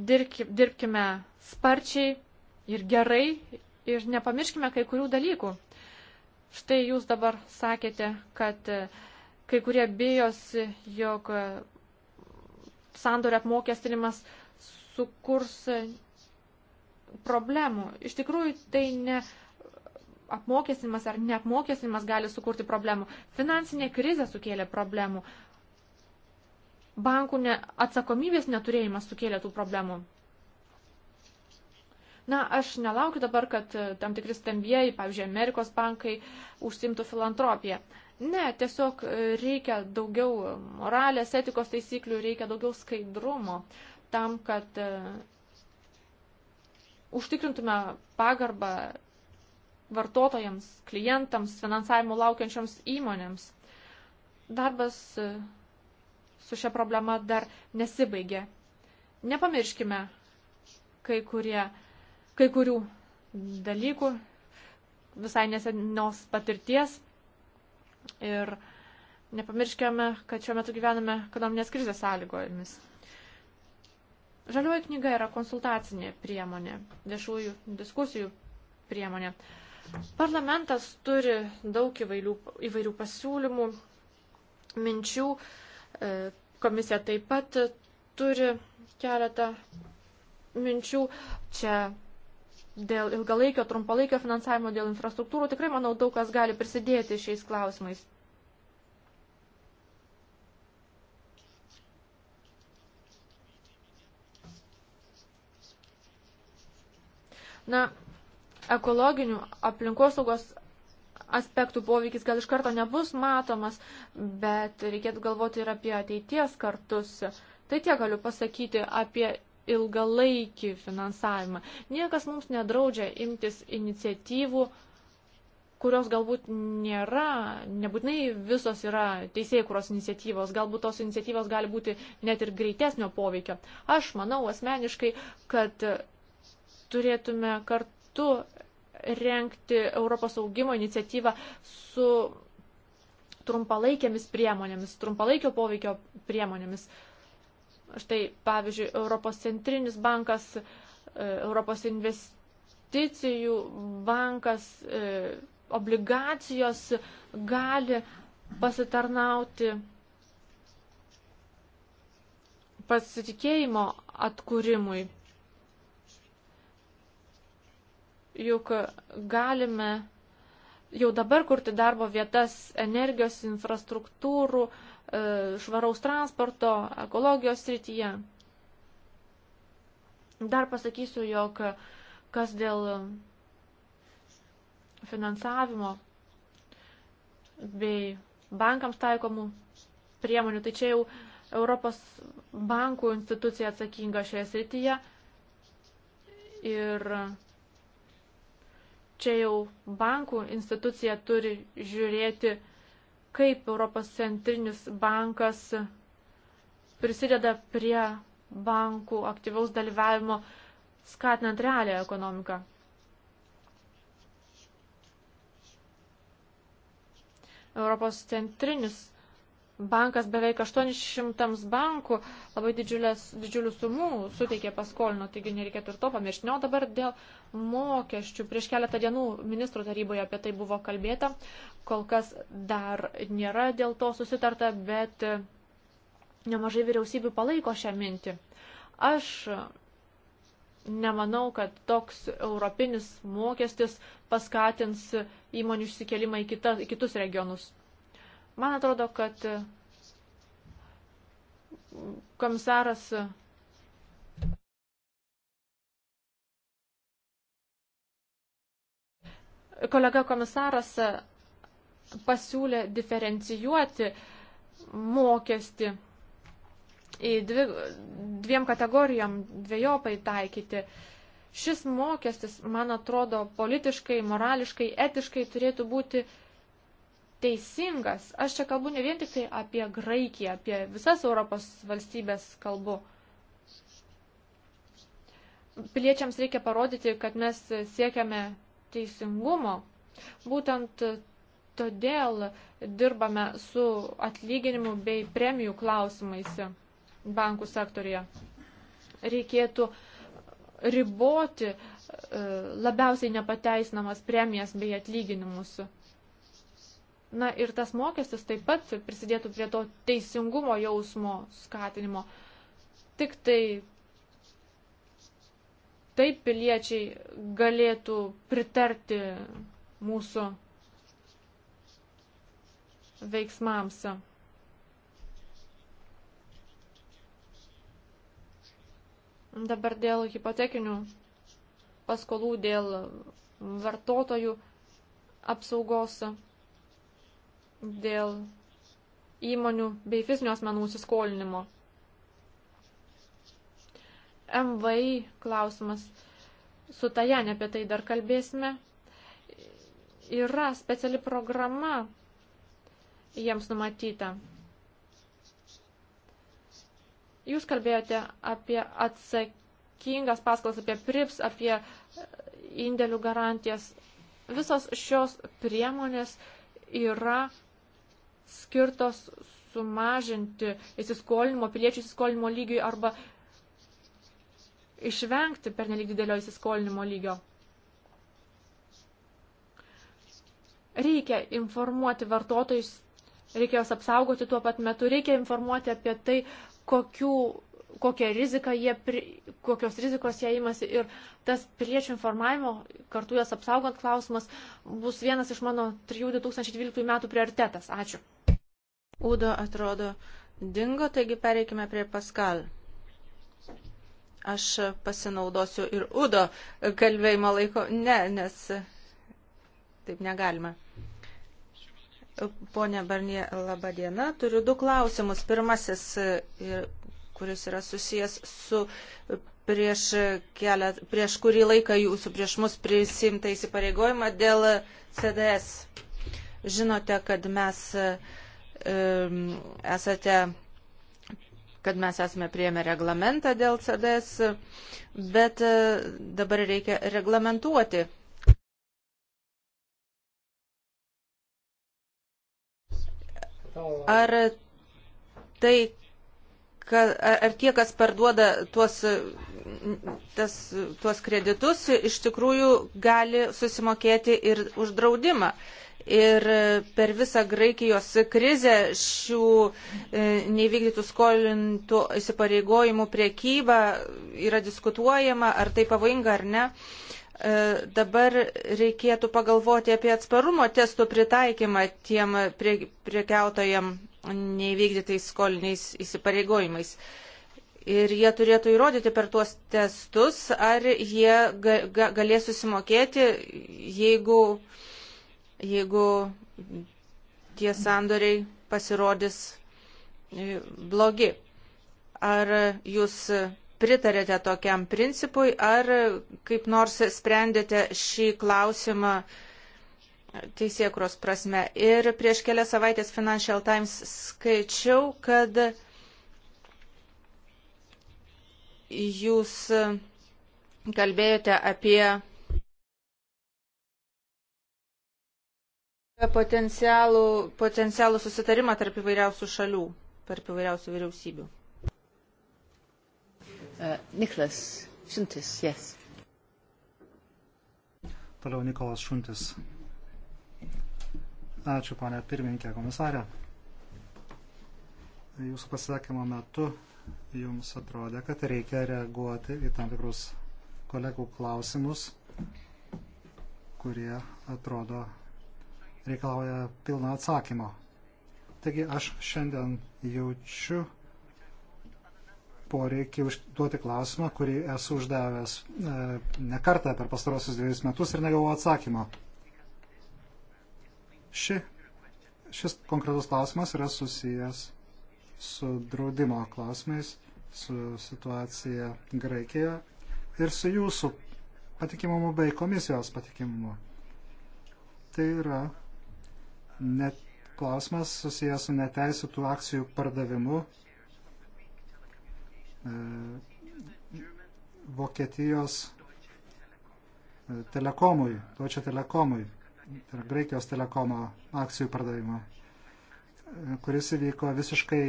dirbkime sparčiai ir gerai ir nepamirškime kai kurių dalykų. Štai jūs dabar sakėte, kad e, kai kurie bijosi, jog e, sandorio apmokestinimas sukurs problemų. Iš tikrųjų, tai ne apmokestinimas ar neapmokestinimas gali sukurti problemų. Finansinė krizė sukėlė problemų. Bankų ne, atsakomybės neturėjimas sukėlė tų problemų. Na, aš nelaukiu dabar, kad e, tam tikri stambieji, pavyzdžiui, Amerikos bankai užsimtų filantropiją. Ne, tiesiog e, reikia daugiau moralės, etikos taisyklių, reikia daugiau skaidrumo tam, kad e, užtikrintume pagarbą vartotojams, klientams, finansavimo laukiančioms įmonėms. Darbas e, su šia problema dar nesibaigė. Nepamirškime kai, kurie, kai kurių dalykų, visai nesenios patirties ir nepamirškime, kad šiuo metu gyvename ekonominės krizės sąlygojomis. Žalioji knyga yra konsultacinė priemonė, viešųjų diskusijų priemonė. Parlamentas turi daug įvairių, įvairių pasiūlymų, minčių. E, komisija taip pat turi keletą minčių. Čia dėl ilgalaikio, trumpalaikio finansavimo, dėl infrastruktūrų tikrai, manau, daug kas gali prisidėti šiais klausimais. Na, ekologinių aplinkosaugos aspektų poveikis gal iš karto nebus matomas, bet reikėtų galvoti ir apie ateities kartus. Tai tiek galiu pasakyti apie ilgalaikį finansavimą. Niekas mums nedraudžia imtis iniciatyvų, kurios galbūt nėra, nebūtinai visos yra teisėjų kuros iniciatyvos, galbūt tos iniciatyvos gali būti net ir greitesnio poveikio. Aš manau asmeniškai, kad turėtume kartu renkti Europos augimo iniciatyvą su trumpalaikėmis priemonėmis, trumpalaikio poveikio priemonėmis. Štai, pavyzdžiui, Europos centrinis bankas, e, Europos investicijų bankas, e, obligacijos gali pasitarnauti pasitikėjimo atkūrimui. juk galime jau dabar kurti darbo vietas energijos infrastruktūrų, e, švaraus transporto, ekologijos srityje. Dar pasakysiu, jog kas dėl finansavimo bei bankams taikomų priemonių, tai čia jau Europos bankų institucija atsakinga šioje srityje ir Čia jau bankų institucija turi žiūrėti, kaip Europos centrinis bankas prisideda prie bankų aktyvaus dalyvavimo skatinant realią ekonomiką. Europos centrinis bankas beveik 800 bankų labai didžiulės, didžiulių sumų suteikė paskolino, taigi nereikėtų ir to pamiršti. O dabar dėl mokesčių. Prieš keletą dienų ministrų taryboje apie tai buvo kalbėta. Kol kas dar nėra dėl to susitarta, bet e, nemažai vyriausybių palaiko šią mintį. Aš nemanau, kad toks europinis mokestis paskatins įmonių išsikelimą į, kita, į kitus regionus Man atrodo, kad komisaras kolega komisaras pasiūlė diferencijuoti mokestį į dvi, dviem kategorijom dviejopai taikyti. Šis mokestis, man atrodo, politiškai, morališkai, etiškai turėtų būti uh, teisingas. Aš čia kalbu ne vien tik tai apie Graikiją, apie visas Europos valstybės kalbu. Piliečiams reikia parodyti, kad mes siekiame teisingumo. Būtent todėl dirbame su atlyginimu bei premijų klausimais bankų sektorija. Reikėtų riboti e, labiausiai nepateisinamas premijas bei atlyginimus. Na ir tas mokestis taip pat prisidėtų prie to teisingumo jausmo skatinimo. Tik tai taip piliečiai galėtų pritarti mūsų veiksmams. Dabar dėl hipotekinių paskolų, dėl vartotojų apsaugos dėl įmonių bei fizinių asmenų įsiskolinimo. MVI klausimas. Su Tajanė apie tai dar kalbėsime. Yra speciali programa jiems numatyta. Jūs kalbėjote apie atsakingas paskolas, apie prips, apie indėlių garantijas. Visos šios priemonės yra skirtos sumažinti įsiskolinimo, piliečių įsiskolinimo lygiui arba išvengti per nelik didelio įsiskolinimo lygio. Reikia informuoti vartotojus, reikia juos apsaugoti tuo pat metu, reikia informuoti apie tai, kokių, kokią riziką jie, kokios rizikos jie imasi ir tas piliečių informavimo, kartu juos apsaugant klausimas, bus vienas iš mano 3 2012 metų prioritetas. Ačiū. Udo atrodo dingo, taigi pereikime prie Paskal. Aš pasinaudosiu ir Udo kalbėjimo laiko. Ne, nes taip negalima. Pone Barnie, laba diena. Turiu du klausimus. Pirmasis, kuris yra susijęs su prieš, kelet, prieš kurį laiką jūsų prieš mus prisimta įsipareigojimą dėl CDS. Žinote, kad mes uh, esate kad mes esame prieėmę reglamentą dėl CDS, bet e, dabar reikia reglamentuoti. Ar tai, ka, ar tie, kas parduoda tuos, tas, tuos kreditus, iš tikrųjų gali susimokėti ir už draudimą? Uh, Ir per visą Graikijos krizę šių e, nevykdytų skolintų įsipareigojimų priekyba yra diskutuojama, ar tai pavojinga ar ne. E, dabar reikėtų pagalvoti apie atsparumo testų pritaikymą tiem prie, priekiautojam neįvykdytais skoliniais įsipareigojimais. Ir jie turėtų įrodyti per tuos testus, ar jie ga, ga, galės susimokėti, jeigu uh, jeigu tie sandoriai pasirodys e, blogi. Ar jūs pritarėte tokiam principui, ar kaip nors sprendėte šį klausimą teisėkros prasme? Ir prieš kelias savaitės Financial Times skaičiau, kad jūs kalbėjote apie Potencialų, potencialų susitarimą tarp įvairiausių šalių, tarp įvairiausių vyriausybių. Uh, Niklas Šuntis, yes. Toliau Nikolas Šuntis. Ačiū, ponė pirmininkė komisarė. Jūsų pasisakymo metu jums atrodė, kad reikia reaguoti į tam tikrus kolegų klausimus, kurie atrodo reikalauja pilną atsakymo. Taigi aš šiandien jaučiu poreikį užduoti klausimą, kurį esu uždavęs e, ne kartą per pastarosius dviejus metus ir negavau atsakymo. Ši, šis konkretus klausimas yra susijęs su draudimo klausimais, su situacija Graikijoje ir su jūsų patikimumu bei komisijos patikimumu. Tai yra net klausimas susijęs su neteisėtų akcijų pardavimu e, Vokietijos e, telekomui, Deutsche Telekomui, tai yra Graikijos telekomo akcijų pardavimo, e, kuris įvyko visiškai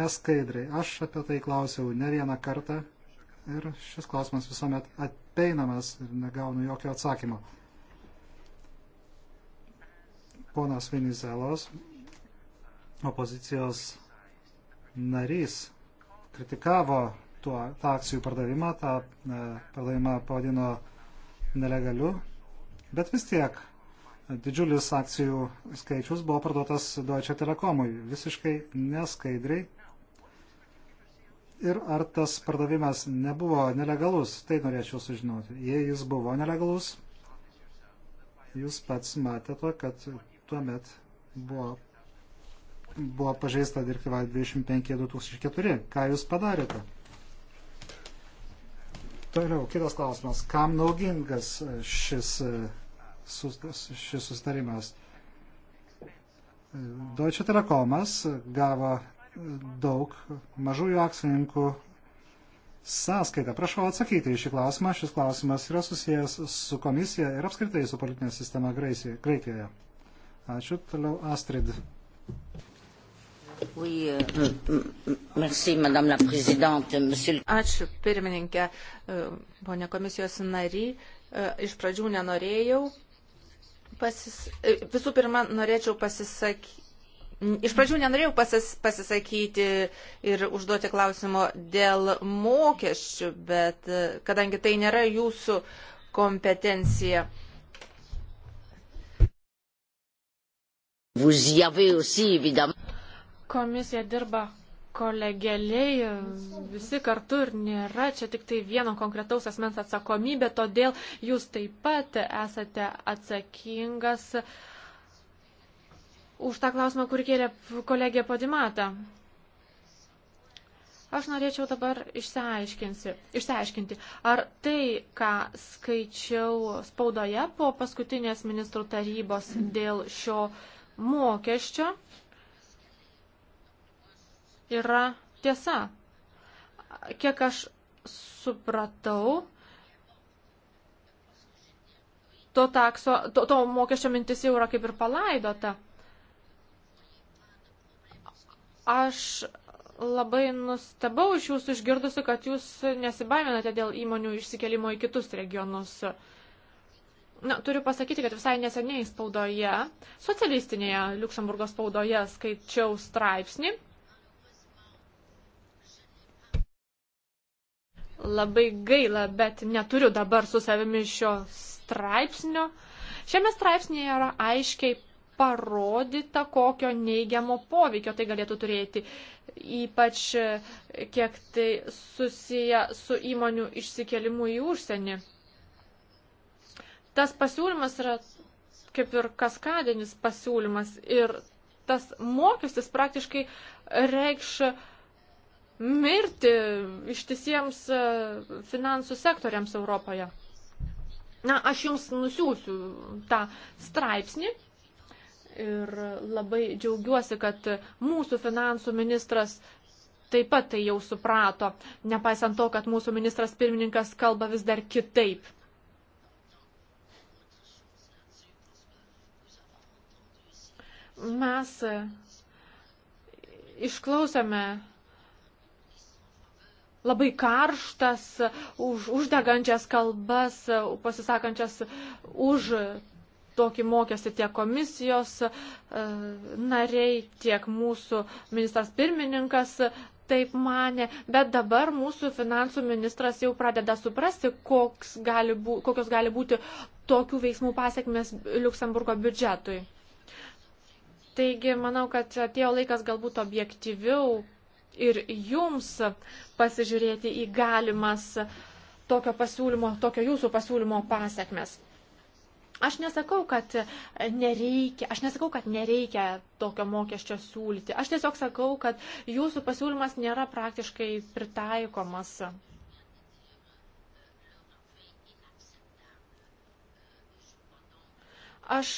neskaidrai. Aš apie tai klausiau ne vieną kartą ir šis klausimas visuomet ateinamas ir negaunu jokio atsakymo ponas Venizelos, opozicijos narys, kritikavo tuo, tą akcijų pardavimą, tą e, pardavimą pavadino nelegaliu, bet vis tiek didžiulis akcijų skaičius buvo parduotas Deutsche Telekomui visiškai neskaidriai. Ir ar tas pardavimas nebuvo nelegalus, tai norėčiau sužinoti. Jei jis buvo nelegalus, jūs pats matėte, kad tuomet buvo, buvo pažeista direktyva 25-2004. Ką jūs padarėte? Toliau, kitas klausimas. Kam naudingas šis, šis sustarimas? Deutsche Telekomas gavo daug mažųjų akcininkų sąskaitą. Prašau atsakyti į šį klausimą. Šis klausimas yra susijęs su komisija ir apskritai su politinė sistema Graikijoje. Ačiū. Toliau Astrid. Euh, Ačiū pirmininkė, e, ponė komisijos nary. E, iš pradžių nenorėjau. Pasis... E, visų pirma, norėčiau pasisakyti. Iš pradžių nenorėjau pasis, pasisakyti ir užduoti klausimo dėl mokesčių, bet kadangi tai nėra jūsų kompetencija. Uh, Komisija dirba kolegeliai, visi kartu ir nėra čia tik tai vieno konkretaus asmens atsakomybė, todėl jūs taip pat esate atsakingas už tą klausimą, kurį kėlė kolegė Podimata. Aš norėčiau dabar išsiaiškinti, ar tai, ką skaičiau spaudoje po paskutinės ministrų tarybos dėl šio uh, mokesčio yra tiesa. Kiek aš supratau, to, takso, to, to mokesčio mintis jau yra kaip ir palaidota. Aš labai nustebau iš jūsų išgirdusi, kad jūs nesibaiminate dėl įmonių išsikelimo į kitus regionus. Uh, Na, turiu pasakyti, kad visai neseniai spaudoje, socialistinėje Luksemburgo spaudoje skaičiau straipsnį. Labai gaila, bet neturiu dabar su savimi šio straipsnio. Šiame straipsnėje yra aiškiai parodyta, kokio neigiamo poveikio tai galėtų turėti, ypač e, kiek tai susiję su įmonių išsikelimu į užsienį. Tas pasiūlymas yra kaip ir kaskadinis pasiūlymas ir tas mokestis praktiškai reikš mirti ištisiems e, finansų sektoriams Europoje. Na, aš jums nusiųsiu tą straipsnį ir labai džiaugiuosi, kad mūsų finansų ministras taip pat tai jau suprato, nepaisant to, kad mūsų ministras pirmininkas kalba vis dar kitaip. Mes išklausome labai karštas, už, uždegančias kalbas, pasisakančias už tokį mokestį tiek komisijos e, nariai, tiek mūsų ministras pirmininkas taip mane, bet dabar mūsų finansų ministras jau pradeda suprasti, gali bū, kokios gali būti tokių veiksmų pasiekmes Luksemburgo biudžetui. Taigi, manau, kad atėjo laikas galbūt objektyviau ir jums pasižiūrėti į galimas tokio pasiūlymo, tokio jūsų pasiūlymo pasiekmes. Aš nesakau, kad nereikia, aš nesakau, kad nereikia tokio mokesčio siūlyti. Aš tiesiog sakau, kad jūsų pasiūlymas nėra praktiškai pritaikomas Aš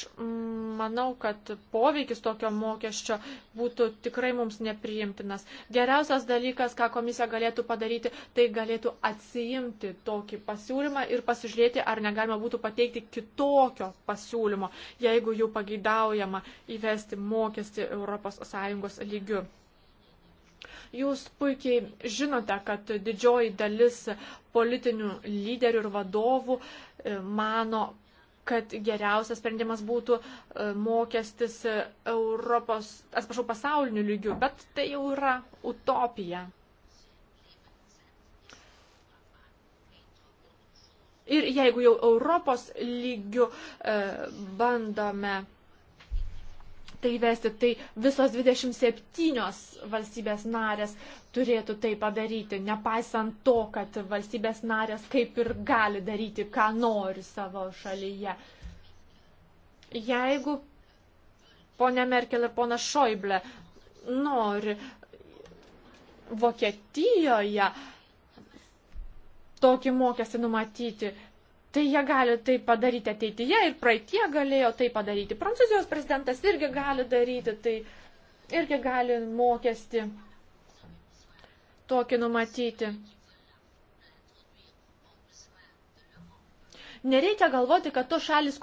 manau, kad poveikis tokio mokesčio būtų tikrai mums nepriimtinas. Geriausias dalykas, ką komisija galėtų padaryti, tai galėtų atsijimti tokį pasiūlymą ir pasižiūrėti, ar negalima būtų pateikti kitokio pasiūlymo, jeigu jų pageidaujama įvesti mokestį ES lygiu. Jūs puikiai žinote, kad didžioji dalis politinių lyderių ir vadovų e, mano, kad geriausias sprendimas būtų e, mokestis e, Europos, atsiprašau, pasauliniu lygiu, bet tai jau yra utopija. Ir jeigu jau Europos lygiu e, bandome tai įvesti, tai visos 27 valstybės narės turėtų tai padaryti, nepaisant to, kad valstybės narės kaip ir gali daryti, ką nori savo šalyje. Jeigu ponia Merkel ir pona Šoible nori Vokietijoje tokį mokestį numatyti, Tai jie gali tai padaryti ateityje ir praeitie galėjo tai padaryti. Prancūzijos prezidentas irgi gali daryti tai, irgi gali mokesti tokį numatyti. Nereikia galvoti, kad, to šalis,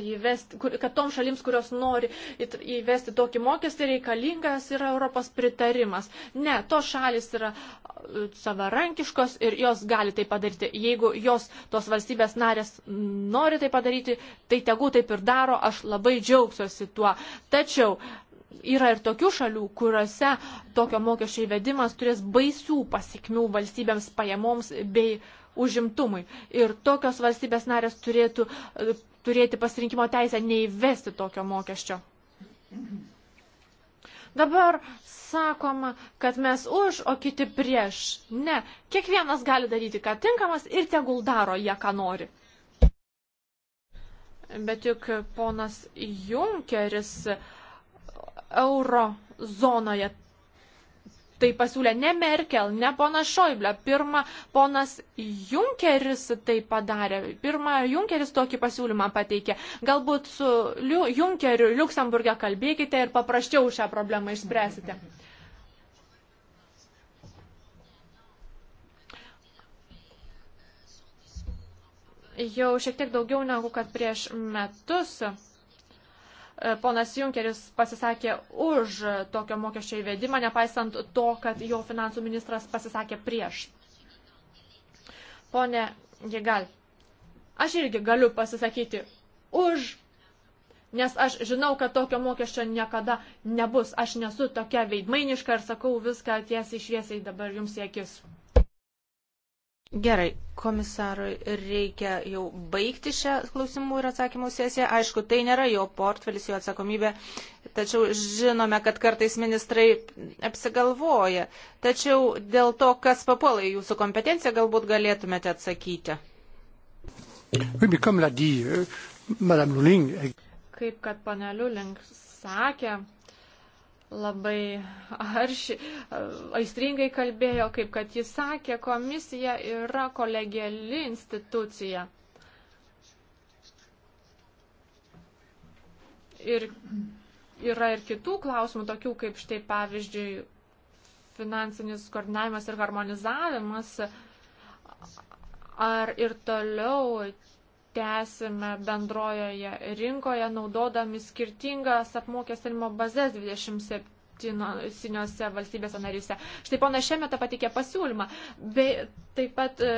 įvesti, kur, kad tom šalims, kurios nori įvesti tokį mokestį, reikalingas yra Europos pritarimas. Ne, tos šalis yra e, savarankiškos ir jos gali tai padaryti. Jeigu jos tos valstybės narės nori tai padaryti, tai tegu taip ir daro, aš labai džiaugsiuosi tuo. Tačiau yra ir tokių šalių, kuriuose tokio mokesčio įvedimas turės baisių pasiekmių valstybėms pajamoms bei užimtumui. Ir tokios valstybės narės turėtų e, turėti pasirinkimo teisę neįvesti tokio mokesčio. Dabar sakoma, kad mes už, o kiti prieš. Ne, kiekvienas gali daryti, ką tinkamas ir tegul daro jie, ką nori. Bet juk ponas Junkeris uh, euro zonoje. Tai pasiūlė ne Merkel, ne ponas Šoiblė. Pirma, ponas Junkeris tai padarė. Pirma, Junkeris tokį pasiūlymą pateikė. Galbūt su Liu, Junkeriu Luksemburgė kalbėkite ir paprasčiau šią problemą išspręsite. Jau šiek tiek daugiau negu kad prieš metus ponas Junkeris pasisakė už tokio mokesčio įvedimą, nepaisant to, kad jo finansų ministras pasisakė prieš. Pone Gigal, aš irgi galiu pasisakyti už, nes aš žinau, kad tokio mokesčio niekada nebus. Aš nesu tokia veidmainiška ir sakau viską tiesiai šviesiai dabar jums į akis. Gerai, komisarui reikia jau baigti šią klausimų ir atsakymų sesiją. Aišku, tai nėra jo portfelis, jo atsakomybė, tačiau žinome, kad kartais ministrai apsigalvoja. Tačiau dėl to, kas papuola į jūsų kompetenciją, galbūt galėtumėte atsakyti. Euh, Kaip kad panelių link sakė, labai arši, aistringai kalbėjo, kaip kad jis sakė, komisija yra kolegiali institucija. Ir yra ir kitų klausimų, tokių kaip štai pavyzdžiui finansinis koordinavimas ir harmonizavimas. Ar ir toliau tęsime bendrojoje rinkoje, naudodami skirtingas apmokestinimo bazės 27 septyniose valstybėse narise. Štai pona Šemeta patikė pasiūlymą, bei taip pat e,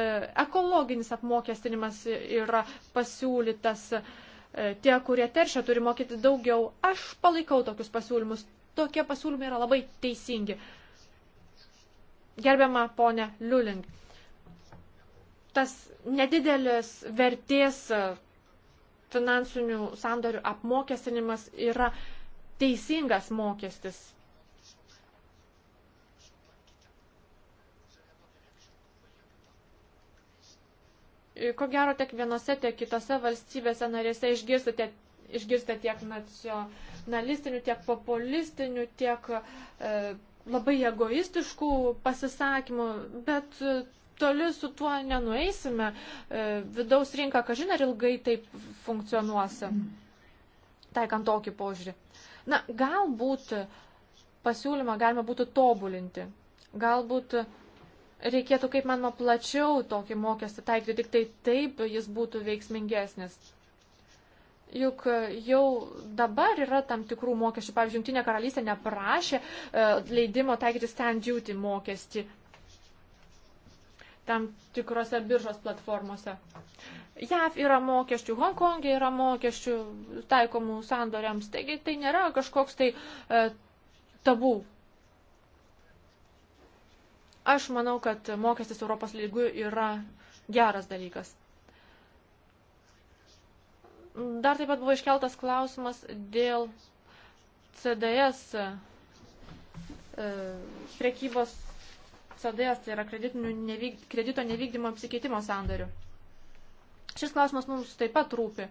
ekologinis apmokestinimas yra pasiūlytas. E, tie, kurie teršia, turi mokyti daugiau. Aš palaikau tokius pasiūlymus. Tokie pasiūlymai yra labai teisingi. Gerbiama ponė Liuling tas nedidelis vertės finansinių sandorių apmokestinimas yra teisingas mokestis. Ko gero, tiek vienose, tiek kitose valstybėse narėse išgirsite, išgirsite tiek nacionalistinių, tiek populistinių, tiek e, labai egoistiškų pasisakymų, bet toli su tuo nenueisime. E, vidaus rinka, kažin ar ilgai taip funkcionuos, taikant tokį požiūrį. Na, galbūt pasiūlymą galima būtų tobulinti. Galbūt reikėtų, kaip manoma, plačiau tokį mokestį taikyti, tik tai taip jis būtų veiksmingesnis. Juk jau dabar yra tam tikrų mokesčių. Pavyzdžiui, Junktinė karalystė neprašė e, leidimo taikyti stand duty mokestį tam tikrose biržos platformose. JAV yra mokesčių, Hongkongė e yra mokesčių taikomų sandoriams, taigi tai nėra kažkoks tai e, tabų. Aš manau, kad mokestis Europos lygių yra geras dalykas. Dar taip pat buvo iškeltas klausimas dėl CDS e, prekybos CDS, tai yra nevyk, kredito nevykdymo apsikeitimo sandarių. Šis klausimas mums taip pat rūpi.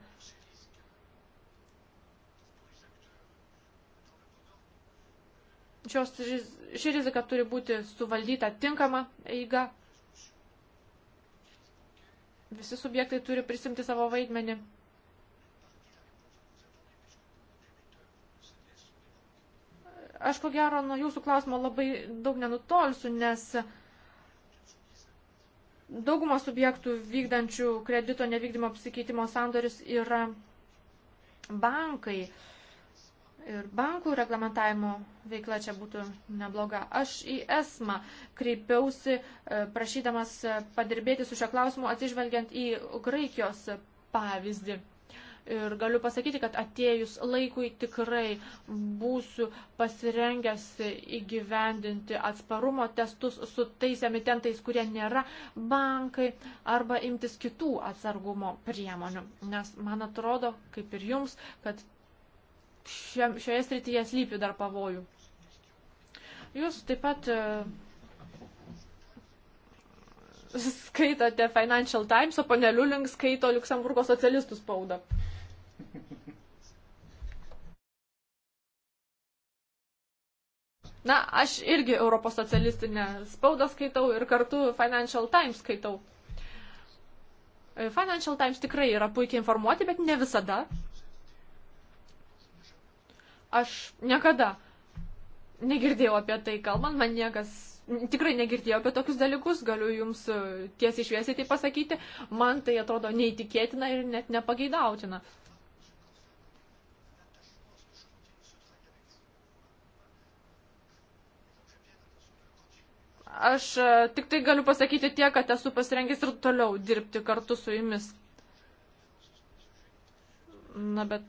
Šios, ši rizika turi būti suvaldyta tinkama eiga. Visi subjektai turi prisimti savo vaidmenį. Aš ko gero nuo jūsų klausimo labai daug nenutolsiu, nes daugumą subjektų vykdančių kredito nevykdymo apsikeitimo sandoris yra bankai. Ir bankų reglamentavimo veikla čia būtų nebloga. Aš į esmą kreipiausi, e, prašydamas padirbėti su šio klausimu, atsižvelgiant į Graikijos pavyzdį. Ir galiu pasakyti, kad atėjus laikui tikrai būsiu pasirengęs įgyvendinti atsparumo testus su tais emitentais, kurie nėra bankai, arba imtis kitų atsargumo priemonių. Nes man atrodo, kaip ir jums, kad šioje srityje slypi dar pavojų. Jūs taip pat e, skaitote Financial Times, o ponė Liulink skaito Luksemburgo socialistų spaudą. Na, aš irgi Europos socialistinę spaudą skaitau ir kartu Financial Times skaitau. E, Financial Times tikrai yra puikiai informuoti, bet ne visada. Aš niekada negirdėjau apie tai kalbant, man niekas tikrai negirdėjau apie tokius dalykus, galiu jums e, tiesiai šviesiai tai pasakyti, man tai atrodo neįtikėtina ir net nepageidautina. Aš e, tik tai galiu pasakyti tiek, kad esu pasirengęs ir toliau dirbti kartu su jumis. Na, bet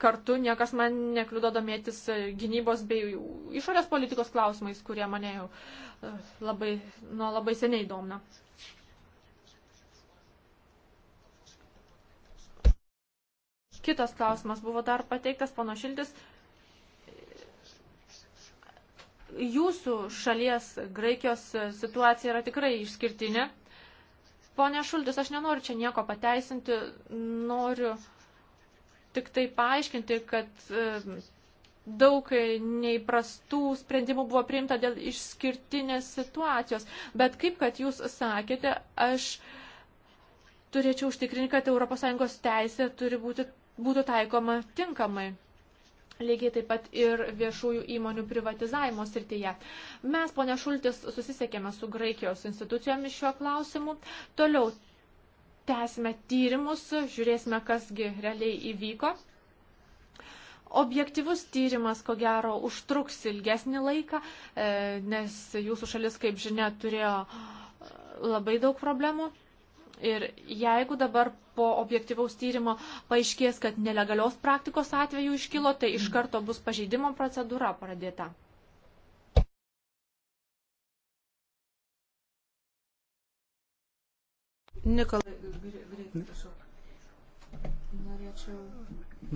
kartu niekas man nekliudo domėtis e, gynybos bei išorės politikos klausimais, kurie mane jau e, labai, nuo labai seniai domina. Kitas klausimas buvo dar pateiktas, panošiltis. Šiltis jūsų šalies Graikijos situacija yra tikrai išskirtinė. Pone Šultis, aš nenoriu čia nieko pateisinti, noriu tik tai paaiškinti, kad e, daug neįprastų sprendimų buvo priimta dėl išskirtinės situacijos. Bet kaip, kad jūs sakėte, aš turėčiau užtikrinti, kad ES teisė turi būti, būtų taikoma tinkamai. Lygiai taip pat ir viešųjų įmonių privatizavimo srityje. Mes, ponia Šultis, susisiekėme su Graikijos institucijomis šiuo klausimu. Toliau tęsime tyrimus, žiūrėsime, kasgi realiai įvyko. Objektivus tyrimas, ko gero, užtruks ilgesnį laiką, e, nes jūsų šalis, kaip žinia, turėjo e, labai daug problemų. Ir jeigu dabar po objektivaus tyrimo paaiškės, kad nelegalios praktikos atveju iškilo, tai iš karto bus pažeidimo procedūra pradėta. Nikolai, prašau. Norėčiau...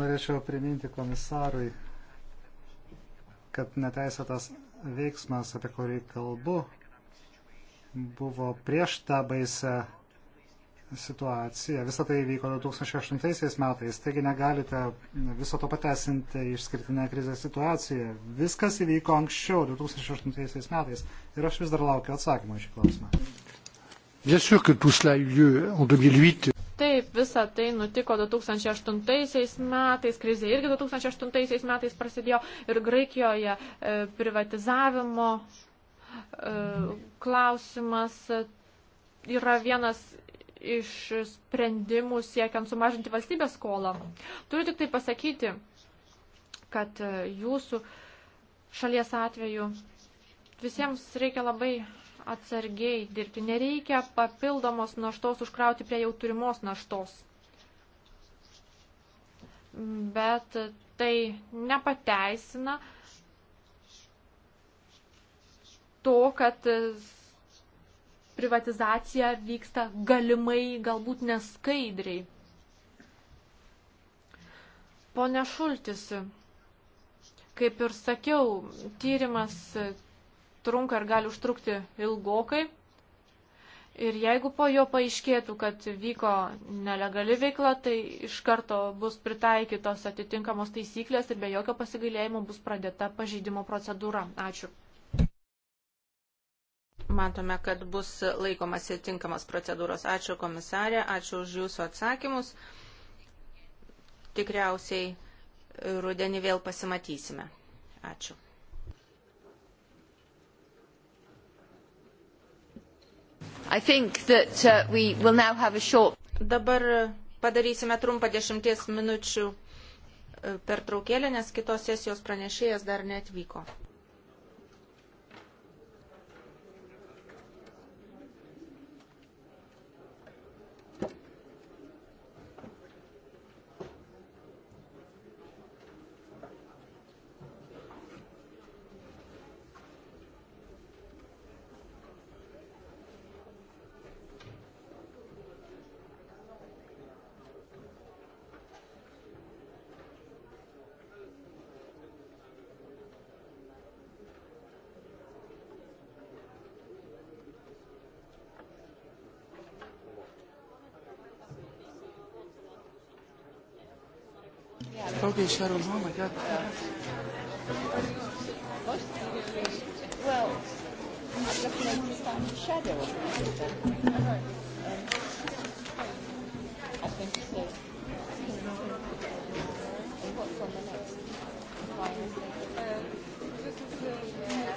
Norėčiau priminti komisarui, kad neteisėtas veiksmas, apie kurį kalbu, buvo prieš tą baisę situacija. Visą tai vyko 2008 metais, taigi negalite viso to pateisinti išskirtinę krizės situaciją. Viskas įvyko anksčiau, 2008 metais. Ir aš vis dar laukiu atsakymą iš klausimą. Taip, visa tai nutiko 2008 metais, krizė irgi 2008 metais prasidėjo ir Graikijoje e, privatizavimo e, klausimas e, yra vienas iš sprendimų siekiant sumažinti valstybės skolą. Turiu tik tai pasakyti, kad jūsų šalies atveju visiems reikia labai atsargiai dirbti. Nereikia papildomos naštos užkrauti prie jau turimos naštos. Bet tai nepateisina to, kad privatizacija vyksta galimai, galbūt neskaidriai. Pone Šultis, kaip ir sakiau, tyrimas trunka ir gali užtrukti ilgokai. Ir jeigu po jo paaiškėtų, kad vyko nelegali veikla, tai iš karto bus pritaikytos atitinkamos taisyklės ir be jokio pasigailėjimo bus pradėta pažeidimo procedūra. Ačiū. Matome, kad bus laikomasi tinkamas procedūros. Ačiū komisarė, ačiū už jūsų atsakymus. Tikriausiai rudenį vėl pasimatysime. Ačiū. That, uh, short... Dabar padarysime trumpą dešimties minučių uh, pertraukėlę, nes kitos sesijos pranešėjas dar neatvyko. they shut them? Oh my God. Well, I'm looking at this time the shadow of the I think so. And what's on the next? Mine um, is the. Uh,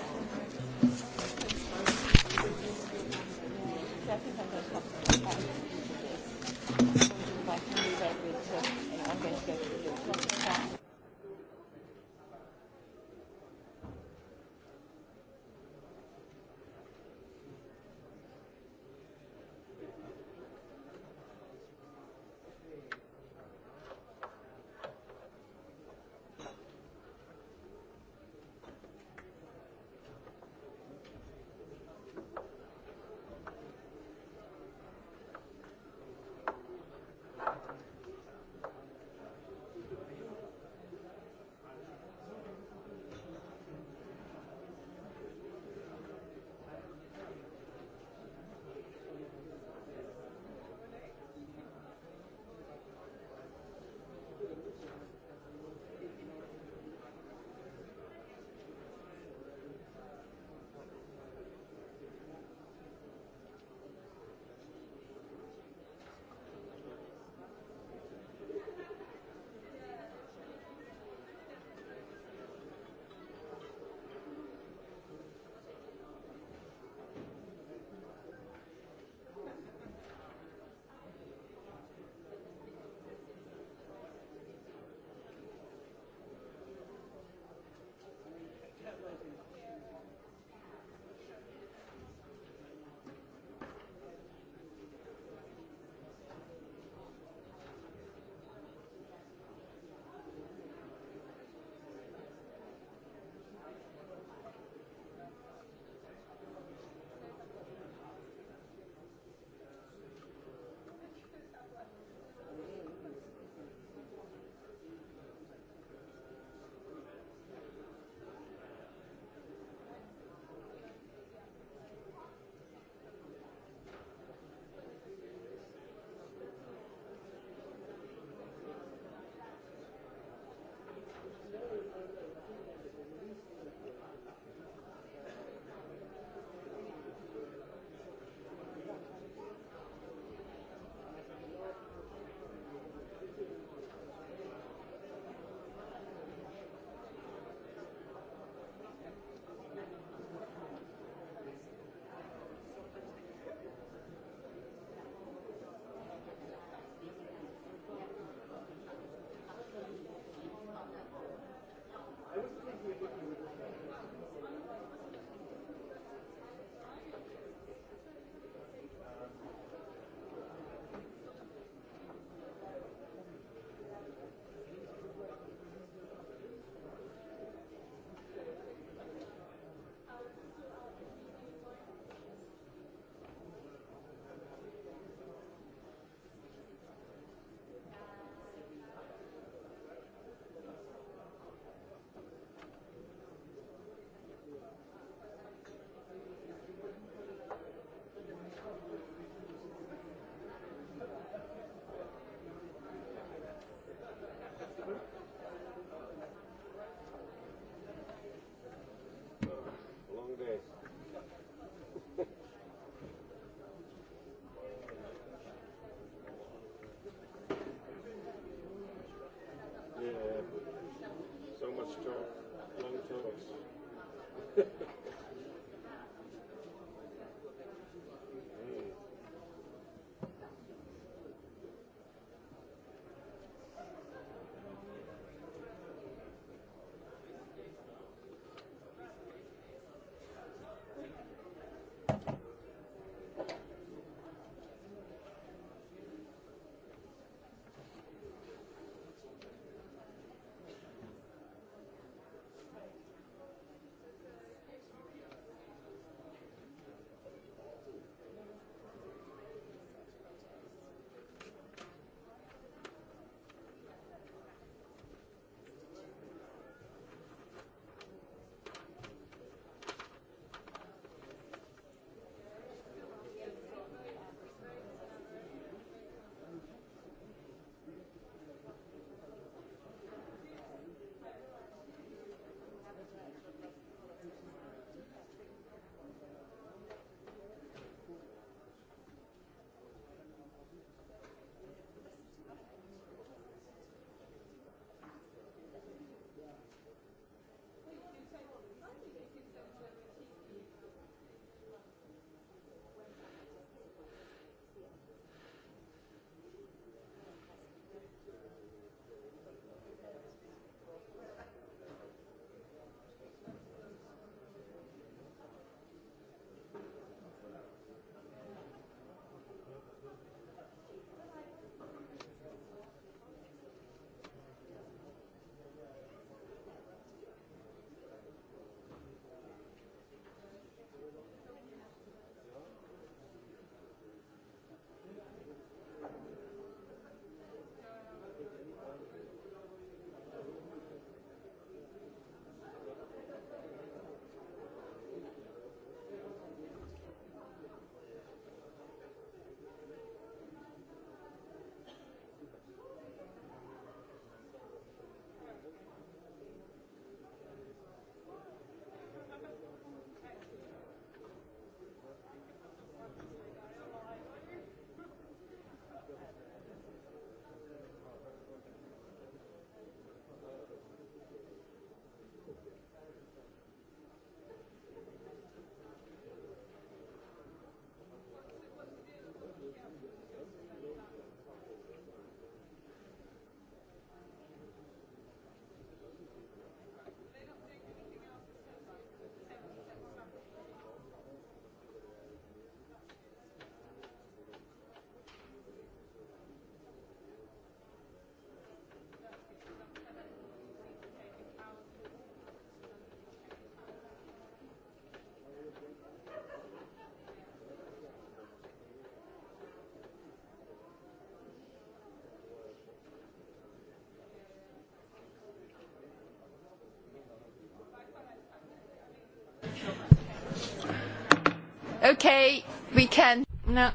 Okay, we can. Na,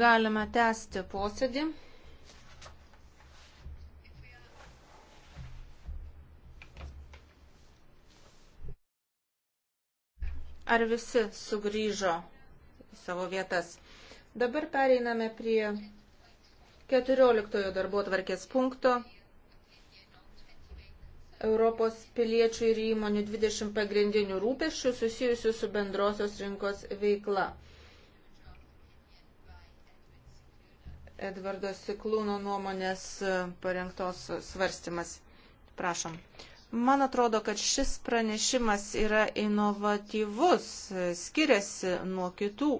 galime tęsti posėdį. Ar visi sugrįžo į savo vietas? Dabar pereiname prie 14 darbo tvarkės punkto Europos piliečių ir įmonių 20 pagrindinių rūpeščių susijusių su bendrosios rinkos veikla. Edvardo Siklūno nuomonės e, parengtos svarstymas. Prašom. Man atrodo, kad šis pranešimas yra inovatyvus, e, skiriasi nuo kitų,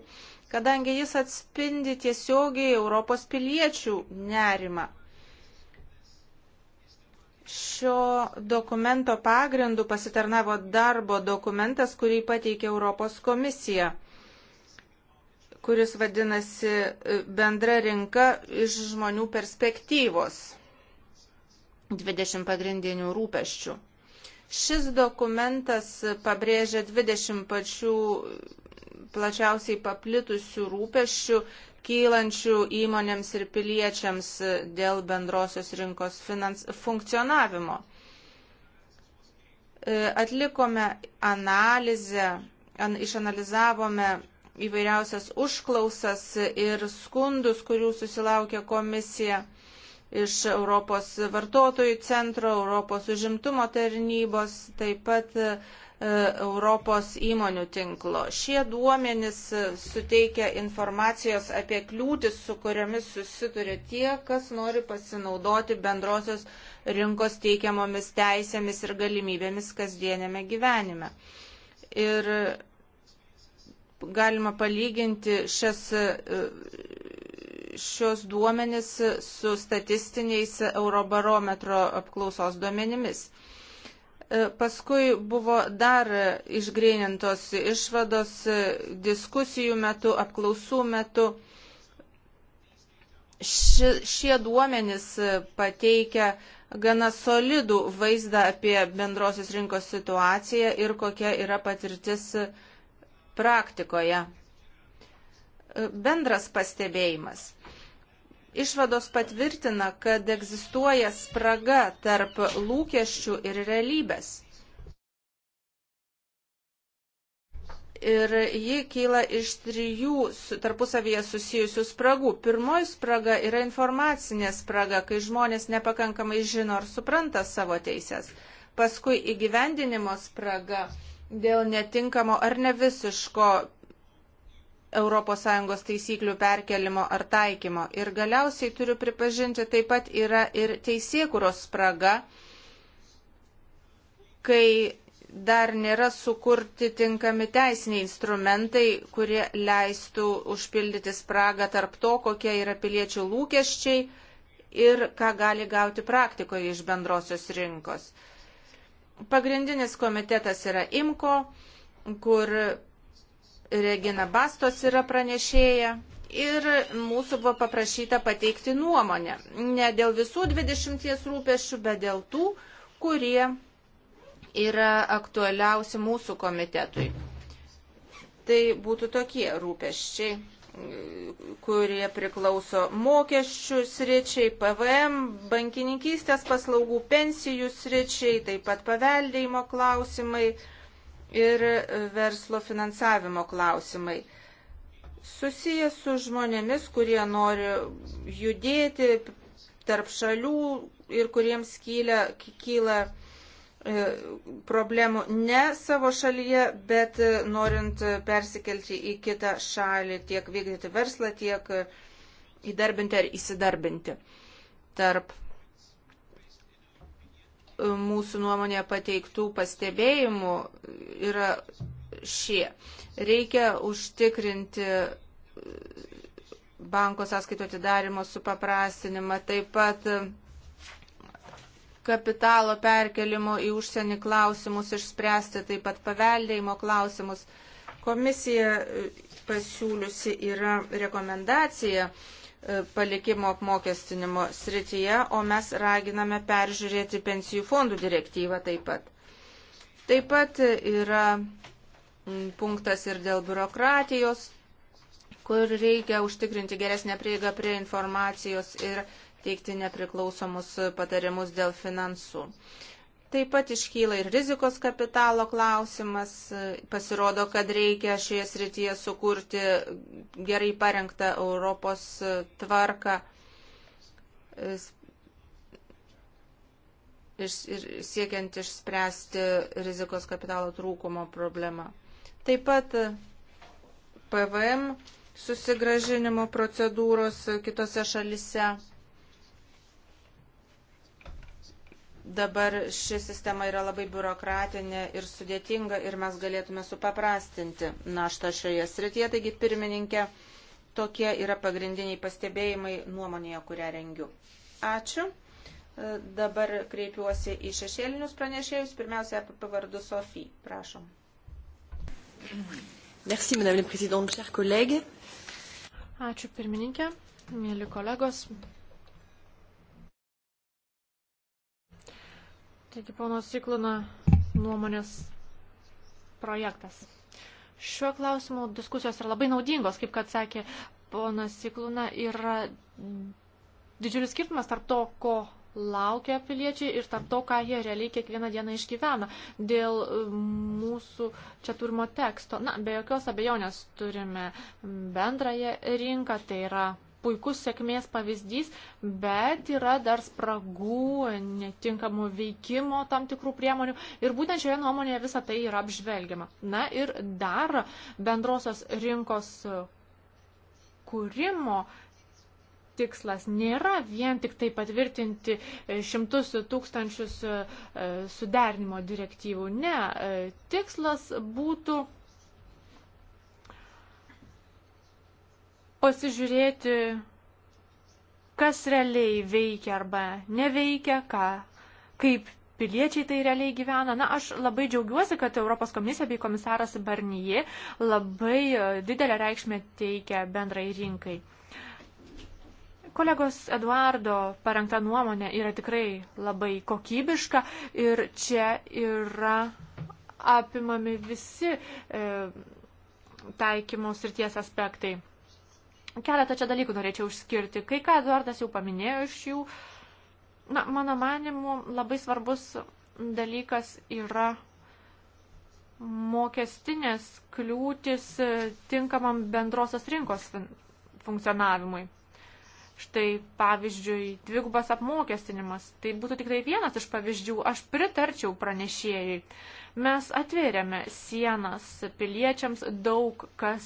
kadangi jis atspindi tiesiogiai Europos piliečių nerimą Šio dokumento pagrindu pasitarnavo darbo dokumentas, kurį pateikė Europos komisija, kuris vadinasi e, bendra rinka iš žmonių perspektyvos 20 pagrindinių rūpeščių. Šis dokumentas pabrėžia 20 pačių plačiausiai paplitusių rūpeščių kylančių įmonėms ir piliečiams dėl bendrosios rinkos finans, funkcionavimo. E, atlikome analizę, an, išanalizavome įvairiausias užklausas ir skundus, kurių susilaukė komisija iš Europos vartotojų centro, Europos užimtumo tarnybos, taip pat E, Europos įmonių tinklo. Šie duomenys suteikia informacijos apie kliūtis, su kuriomis susituria tie, kas nori pasinaudoti bendrosios rinkos teikiamomis teisėmis ir galimybėmis kasdienėme gyvenime. Ir galima palyginti šias, e, šios duomenys su statistiniais Eurobarometro apklausos duomenimis. E, paskui buvo dar išgrėnintos išvados e, diskusijų metu, apklausų metu. Ši, šie duomenys e, pateikia gana solidų vaizdą apie bendrosios rinkos situaciją ir kokia yra patirtis praktikoje. Bendras pastebėjimas. Išvados patvirtina, kad egzistuoja spraga tarp lūkesčių ir realybės. ir ji kyla iš trijų tarpusavyje susijusių spragų. Pirmoji spraga yra informacinė spraga, kai žmonės nepakankamai žino ar supranta savo teisės. Paskui įgyvendinimo spraga dėl netinkamo ar nevisiško ES taisyklių perkelimo ar taikymo. Ir galiausiai turiu pripažinti, taip pat yra ir teisėkuros spraga, kai dar nėra sukurti tinkami teisiniai instrumentai, kurie leistų užpildyti spragą tarp to, kokie yra piliečių lūkesčiai ir ką gali gauti praktikoje iš bendrosios rinkos. Pagrindinis komitetas yra IMKO, kur Regina Bastos yra pranešėja. Ir mūsų buvo paprašyta pateikti nuomonę. Ne dėl visų 20 rūpešių, bet dėl tų, kurie yra aktualiausi mūsų komitetui. Tai būtų tokie rūpeščiai, kurie priklauso mokesčių sričiai, PVM, bankininkystės paslaugų, pensijų sričiai, taip pat paveldėjimo klausimai, ir verslo finansavimo klausimai. Susijęs su žmonėmis, kurie nori judėti tarp šalių ir kuriems kyla, kyla e, problemų ne savo šalyje, bet e, norint persikelti į kitą šalį, tiek vykdyti verslą, tiek įdarbinti ar įsidarbinti tarp mūsų nuomonė pateiktų pastebėjimų yra šie. Reikia užtikrinti banko sąskaito atidarimo supaprastinimą, taip pat kapitalo perkelimo į užsienį klausimus išspręsti, taip pat paveldėjimo klausimus. Komisija pasiūliusi yra rekomendacija, uh, E, palikimo apmokestinimo srityje, o mes raginame peržiūrėti pensijų fondų direktyvą taip pat. Taip pat yra punktas ir dėl biurokratijos, kur reikia užtikrinti geresnę prieigą prie informacijos ir teikti nepriklausomus patarimus dėl finansų. Taip pat iškyla ir rizikos kapitalo klausimas. Pasirodo, kad reikia šioje srityje sukurti gerai parengtą Europos tvarką ir siekiant išspręsti rizikos kapitalo trūkumo problemą. Taip pat PVM susigražinimo procedūros kitose šalise Dabar ši sistema yra labai biurokratinė ir sudėtinga ir mes galėtume supaprastinti naštą šioje srityje. Taigi, pirmininkė, tokie yra pagrindiniai pastebėjimai nuomonėje, kurią rengiu. Ačiū. Dabar kreipiuosi į šešėlinius pranešėjus. Pirmiausia, apie pavardų Sofiją. Prašom. Merci, madame la présidente, chers collègues. Ačiū pirmininkė, mėly kolegos, Taigi, pono Sikluna nuomonės projektas. Šiuo klausimu diskusijos yra labai naudingos, kaip kad sakė ponas Sikluna, yra didžiulis skirtumas tarp to, ko laukia piliečiai ir tarp to, ką jie realiai kiekvieną dieną išgyvena dėl mūsų čia turimo teksto. Na, be jokios abejonės turime bendrąją rinką, tai yra puikus sėkmės pavyzdys, bet yra dar spragų, netinkamų veikimo tam tikrų priemonių ir būtent šioje nuomonėje visa tai yra apžvelgiama. Na ir dar bendrosios rinkos kūrimo tikslas nėra vien tik tai patvirtinti šimtus tūkstančius suderinimo direktyvų. Ne, tikslas būtų pasižiūrėti, kas realiai veikia arba neveikia, ką, kaip piliečiai tai realiai gyvena. Na, aš labai džiaugiuosi, kad Europos komisija bei komisaras Barnyje labai e, didelę reikšmę teikia bendrai rinkai. Kolegos Eduardo parengta nuomonė yra tikrai labai kokybiška ir čia yra apimami visi e, taikymos ir ties aspektai. Keletą čia dalykų norėčiau išskirti. Kai ką Eduardas jau paminėjo iš jų, na, mano manimu, labai svarbus dalykas yra mokestinės kliūtis tinkamam bendrosios rinkos funkcionavimui. Štai pavyzdžiui, dvigubas apmokestinimas. Tai būtų tik tai vienas iš pavyzdžių. Aš pritarčiau pranešėjai. Mes atvėrėme sienas piliečiams, daug kas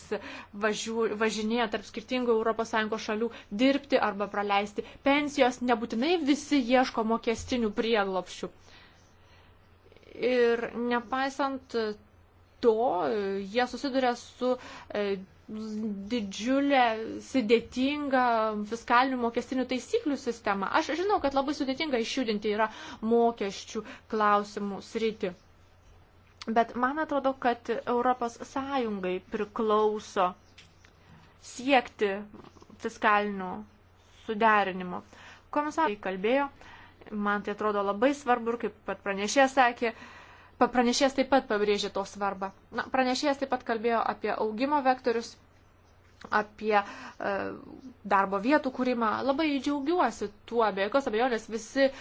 važiu, važinėja tarp skirtingų ES šalių dirbti arba praleisti pensijos. Nebūtinai visi ieško mokestinių prieglopščių. Ir nepaisant to, jie susiduria su e, didžiulę, sudėtingą fiskalinių mokestinių taisyklių sistemą. Aš žinau, kad labai sudėtinga išjudinti yra mokesčių klausimų sritį. Bet man atrodo, kad Europos Sąjungai priklauso siekti fiskalinių suderinimo. Komisarai kalbėjo, man tai atrodo labai svarbu ir kaip pat pranešė sakė, uh, Pranešėjas taip pat pabrėžė to svarbą. Na, pranešėjas taip pat kalbėjo apie augimo vektorius, apie e, darbo vietų kūrimą. Labai džiaugiuosi tuo, be jokios abejonės visi e,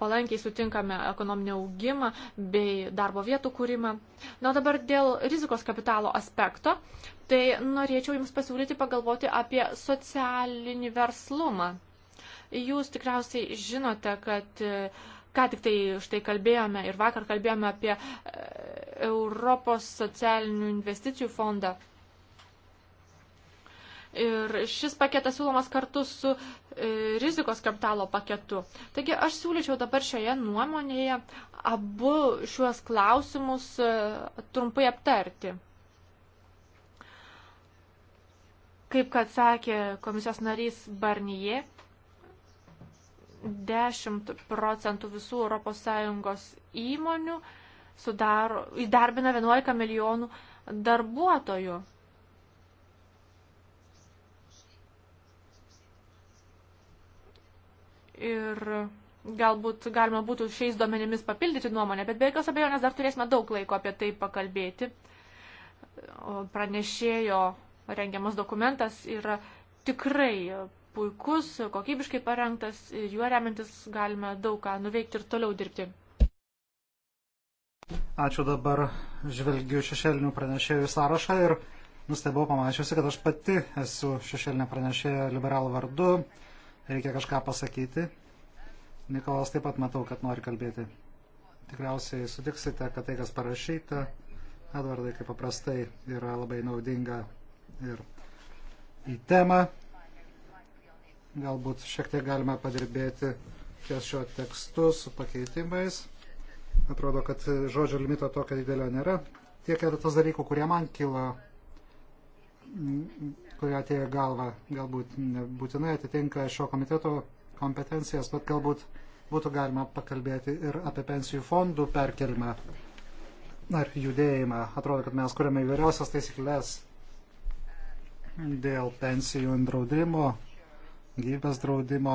palankiai sutinkame ekonominį augimą bei darbo vietų kūrimą. Na dabar dėl rizikos kapitalo aspekto, tai norėčiau Jums pasiūlyti pagalvoti apie socialinį verslumą. Jūs tikriausiai žinote, kad e, ką tik tai štai kalbėjome ir vakar kalbėjome apie e, Europos socialinių investicijų fondą. Ir šis paketas siūlomas kartu su e, rizikos kapitalo paketu. Taigi aš siūlyčiau dabar šioje nuomonėje abu šiuos klausimus e, trumpai aptarti. Kaip kad sakė komisijos narys Barnyje, 10 procentų visų ES įmonių sudaro, įdarbina 11 milijonų darbuotojų. Ir galbūt galima būtų šiais duomenimis papildyti nuomonę, bet be jokios abejonės dar turėsime daug laiko apie tai pakalbėti. Pranešėjo rengiamas dokumentas yra tikrai puikus, kokybiškai parengtas ir juo remiantis galime daug ką nuveikti ir toliau dirbti. Ačiū dabar žvelgiu šešėlinių pranešėjų sąrašą ir nustebau pamačiusi, kad aš pati esu šešėlinė pranešėja liberalų vardu. Reikia kažką pasakyti. Nikolas taip pat matau, kad nori kalbėti. Tikriausiai sutiksite, kad tai, kas parašyta, Edvardai, kaip paprastai, yra labai naudinga ir į temą. Galbūt šiek tiek galime padirbėti ties šio tekstu su pakeitimais. Atrodo, kad žodžio limito tokio didelio nėra. Tiek keletas dalykų, kurie man kilo, kurie atėjo galva, galbūt nebūtinai atitinka šio komiteto kompetencijas, bet galbūt būtų galima pakalbėti ir apie pensijų fondų perkelimą ar judėjimą. Atrodo, kad mes kuriame įvairiausias taisyklės dėl pensijų draudimo gyvybės draudimo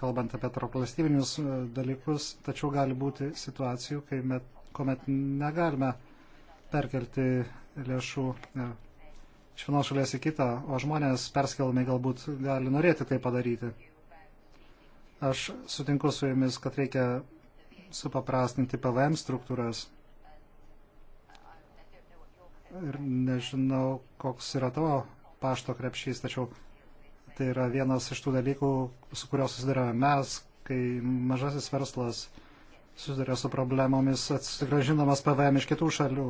kalbant apie tarpvalstybinius e, dalykus, tačiau gali būti situacijų, kai met, kuomet negalime perkelti lėšų ne, iš vienos šalies į kitą, o žmonės perskelami galbūt gali norėti tai padaryti. Aš sutinku su jumis, kad reikia supaprastinti PVM struktūras ir nežinau, koks yra tavo pašto krepšys, tačiau tai yra vienas iš tų dalykų, su kuriuo susidarėme mes, kai mažasis verslas susidarė su problemomis atsigražinamas PVM iš kitų šalių.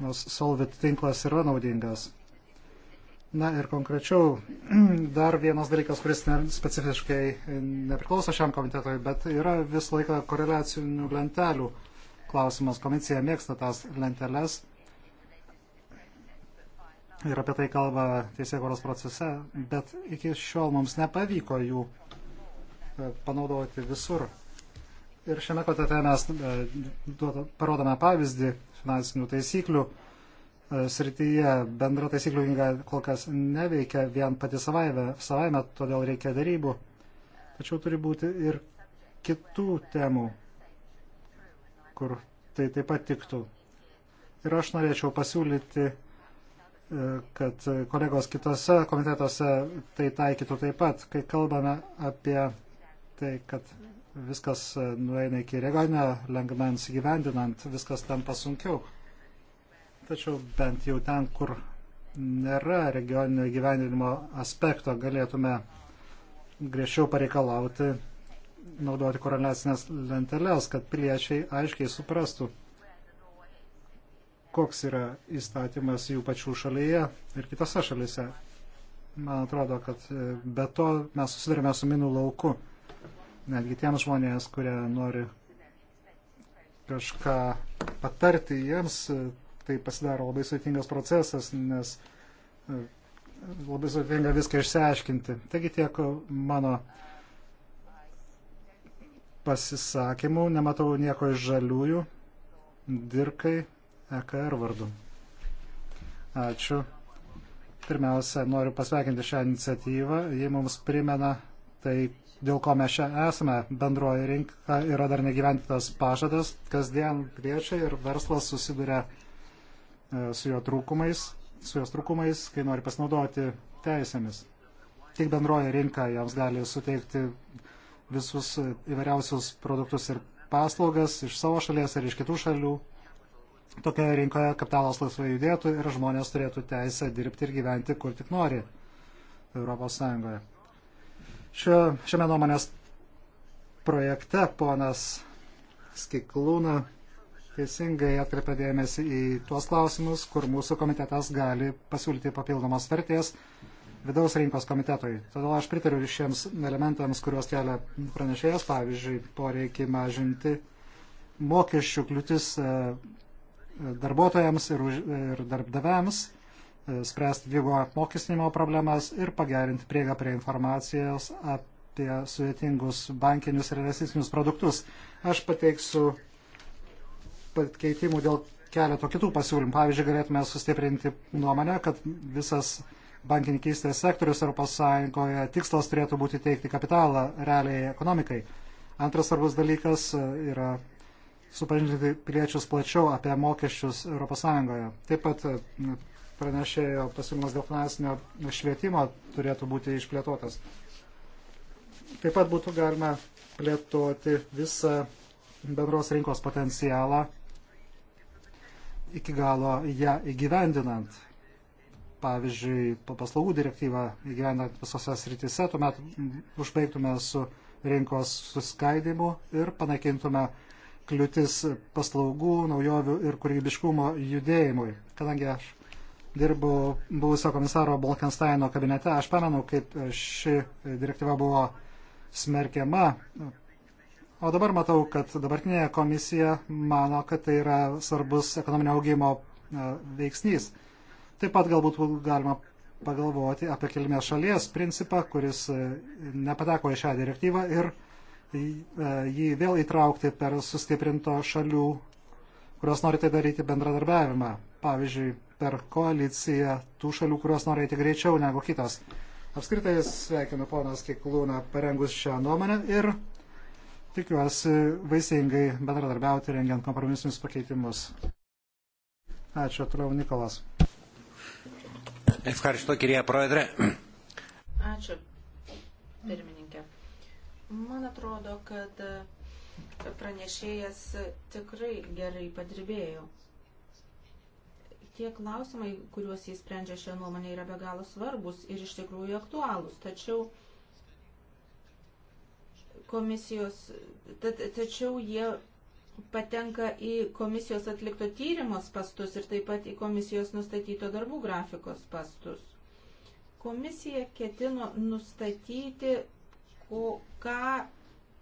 Nors Solvit tinklas yra naudingas. Na ir konkrečiau, dar vienas dalykas, kuris ne, specifiškai nepriklauso šiam komitetui, bet yra visą laiką koreliacinių lentelių klausimas. Komisija mėgsta tas lenteles ir apie tai kalba teisėkoros procese, bet iki šiol mums nepavyko jų e, panaudoti visur. Ir šiame kontete mes e, parodome pavyzdį finansinių taisyklių e, srityje. Bendra taisyklių knyga kol kas neveikia vien pati savaime, savaime, todėl reikia darybų. Tačiau turi būti ir kitų temų, kur tai taip pat tiktų. Ir aš norėčiau pasiūlyti kad kolegos kitose komitetuose tai taikytų taip pat, kai kalbame apie tai, kad viskas nueina iki regioninio lengmens gyvendinant, viskas tampa sunkiau. Tačiau bent jau ten, kur nėra regioninio gyvendinimo aspekto, galėtume griežčiau pareikalauti naudoti koreliacinės lenteles, kad piliečiai aiškiai suprastų, koks yra įstatymas jų pačių šalyje ir kitose šalyse. Man atrodo, kad e, be to mes susidurime su minų lauku. Netgi tiems žmonės, kurie nori kažką patarti jiems, e, tai pasidaro labai sudėtingas procesas, nes e, labai sudėtinga viską išsiaiškinti. Taigi tiek mano pasisakymų, nematau nieko iš žaliųjų, dirkai EKR vardu. Ačiū. Pirmiausia, noriu pasveikinti šią iniciatyvą. Ji mums primena tai, dėl ko mes čia esame. Bendroji rinka yra dar negyventytas pažadas. Kasdien kviečiai ir verslas susiduria e, su jo trūkumais, su jos trūkumais, kai nori pasinaudoti teisėmis. Tik bendroji rinka jiems gali suteikti visus įvairiausius produktus ir paslaugas iš savo šalies ar iš kitų šalių tokioje rinkoje kapitalas laisvai judėtų ir žmonės turėtų teisę dirbti ir gyventi kur tik nori Europos Sąjungoje. Šio, šiame nuomonės projekte ponas Skiklūna teisingai atkreipia dėmesį į tuos klausimus, kur mūsų komitetas gali pasiūlyti papildomos vertės vidaus rinkos komitetui. Todėl aš pritariu šiems elementams, kuriuos kelia pranešėjas, pavyzdžiui, poreikį mažinti mokesčių kliūtis darbuotojams ir, už, ir darbdaviams, e, spręsti dvigo apmokestinimo problemas ir pagerinti prieigą prie informacijos apie sudėtingus bankinius ir investicinius produktus. Aš pateiksiu pakeitimų dėl keleto kitų pasiūlymų. Pavyzdžiui, galėtume sustiprinti nuomonę, kad visas bankininkystės sektorius Europos Sąjungoje tikslas turėtų būti teikti kapitalą realiai ekonomikai. Antras svarbus dalykas e, yra supažindinti piliečius plačiau apie mokesčius ES. Taip pat e, pranešėjo pasiūlymas dėl finansinio švietimo turėtų būti išplėtotas. Taip pat būtų galima plėtoti visą bendros rinkos potencialą iki galo ją įgyvendinant. Pavyzdžiui, paslaugų direktyvą įgyvendinant visose srityse, tuomet užbaigtume su rinkos suskaidimu ir panaikintume uh, kliūtis paslaugų, naujovių ir kūrybiškumo judėjimui. Kadangi aš dirbau buvusio komisaro Balkansteino kabinete, aš pamenu, kaip ši direktyva buvo smerkiama. O dabar matau, kad dabartinė komisija mano, kad tai yra svarbus ekonominio augimo e, veiksnys. Taip pat galbūt galima pagalvoti apie kilmės šalies principą, kuris e, nepateko į šią direktyvą ir Tai, e, jį vėl įtraukti per sustiprinto šalių, kurios nori tai daryti bendradarbiavimą. Pavyzdžiui, per koaliciją tų šalių, kurios nori eiti greičiau negu kitos. Apskritai sveikinu ponas Kiklūną parengus šią nuomonę ir tikiuosi vaisingai bendradarbiauti rengiant kompromisinius pakeitimus. Ačiū, toliau Nikolas. Ευχαριστώ κυρία Πρόεδρε. Ačiū, pirmininkė. Man atrodo, kad e, pranešėjas tikrai gerai padirbėjo. Tie klausimai, kuriuos jis sprendžia šią nuomonę, yra be galo svarbus ir iš tikrųjų aktualūs. Tačiau komisijos, tačiau jie patenka į komisijos atlikto tyrimo spastus ir taip pat į komisijos nustatyto darbų grafikos spastus. Komisija ketino nustatyti ko, ką,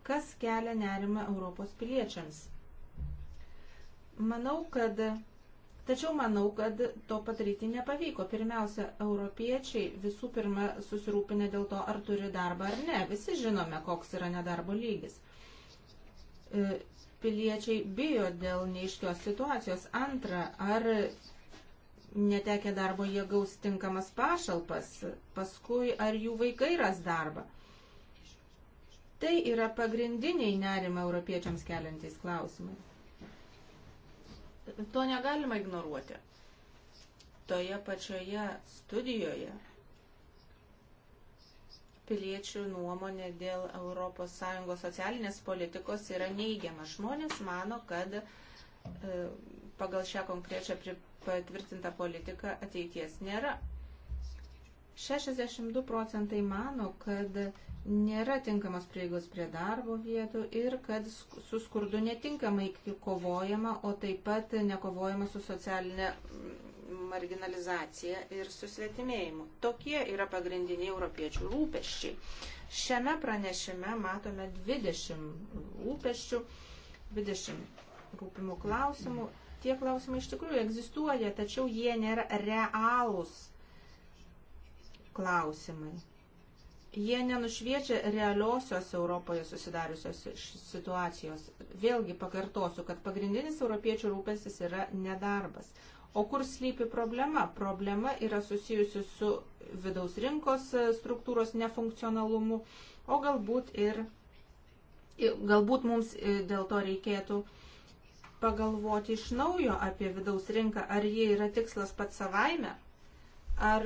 kas kelia nerimą Europos piliečiams. Manau, kad Tačiau manau, kad to padaryti nepavyko. Pirmiausia, europiečiai visų pirma susirūpinę dėl to, ar turi darbą ar ne. Visi žinome, koks yra nedarbo lygis. E, piliečiai bijo dėl neiškios situacijos. Antra, ar netekę darbo jie gaus tinkamas pašalpas, paskui ar jų vaikai ras darbą. Tai yra pagrindiniai nerima europiečiams keliantys klausimai. To negalima ignoruoti. Toje pačioje studijoje piliečių nuomonė dėl ES socialinės politikos yra neigiama. Žmonės mano, kad e, pagal šią konkrečią patvirtintą politiką ateities nėra. 62 procentai mano, kad nėra tinkamos prieigos prie darbo vietų ir kad su skurdu netinkamai kovojama, o taip pat nekovojama su socialinė mm, marginalizacija ir susvetimėjimu. Tokie yra pagrindiniai europiečių rūpeščiai. Šiame pranešime matome 20 rūpeščių, 20 rūpimų klausimų. Tie klausimai iš tikrųjų egzistuoja, tačiau jie nėra realūs klausimai. Jie nenušviečia realiosios Europoje susidariusios situacijos. Vėlgi pakartosiu, kad pagrindinis europiečių rūpesis yra nedarbas. O kur slypi problema? Problema yra susijusi su vidaus rinkos e, struktūros nefunkcionalumu, o galbūt ir galbūt mums e, dėl to reikėtų pagalvoti iš naujo apie vidaus rinką, ar ji yra tikslas pats savaime, ar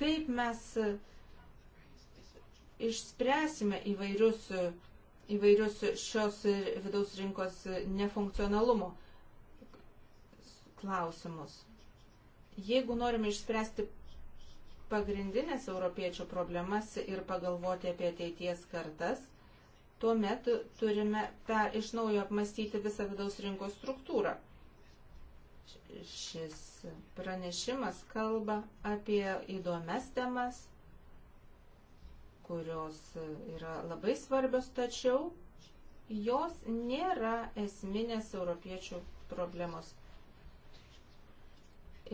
kaip mes išspręsime įvairius, įvairius šios vidaus rinkos nefunkcionalumo klausimus. Jeigu norime išspręsti pagrindinės europiečių problemas ir pagalvoti apie ateities kartas, tuomet turime per, iš naujo apmastyti visą vidaus rinkos struktūrą. Šis pranešimas kalba apie įdomias temas, kurios yra labai svarbios, tačiau jos nėra esminės europiečių problemos.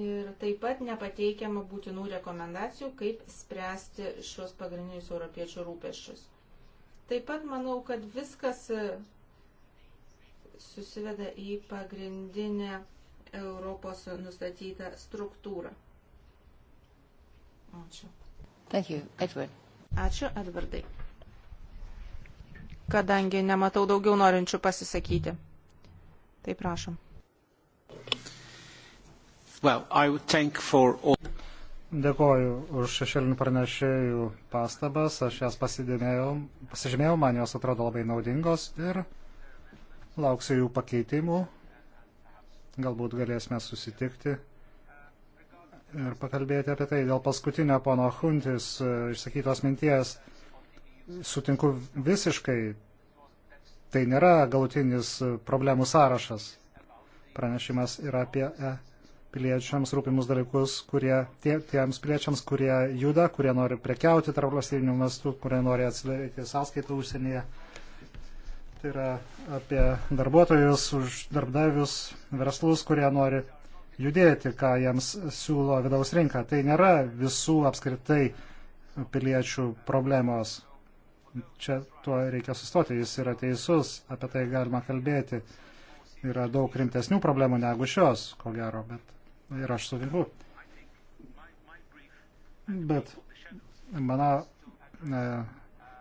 Ir taip pat nepateikiama būtinų rekomendacijų, kaip spręsti šios pagrindinius europiečių rūpeščius. Taip pat manau, kad viskas susiveda į pagrindinę Europos nustatytą struktūrą. Ačiū. Thank you, Edward. Ačiū, Edvardai. Kadangi nematau daugiau norinčių pasisakyti. Tai prašom. Well, all... Dėkoju už šešėlinių pranešėjų pastabas, aš jas pasižymėjau, man jos atrodo labai naudingos ir lauksiu jų pakeitimų Galbūt galėsime susitikti ir pakalbėti apie tai. Dėl paskutinio pono Huntis e, išsakytos minties sutinku visiškai. Tai nėra galutinis e, problemų sąrašas. Pranešimas yra apie e piliečiams rūpimus dalykus, kurie, tie, tiems piliečiams, kurie juda, kurie nori prekiauti tarp valstybinių mastų, kurie nori atsidaryti sąskaitų užsienyje Tai yra apie darbuotojus, už darbdavius, verslus, kurie nori judėti, ką jiems siūlo vidaus rinka. Tai nėra visų apskritai piliečių problemos. Čia tuo reikia sustoti, jis yra teisus, apie tai galima kalbėti. Yra daug rimtesnių problemų negu šios, ko gero, bet ir aš sutinku. Bet mano e,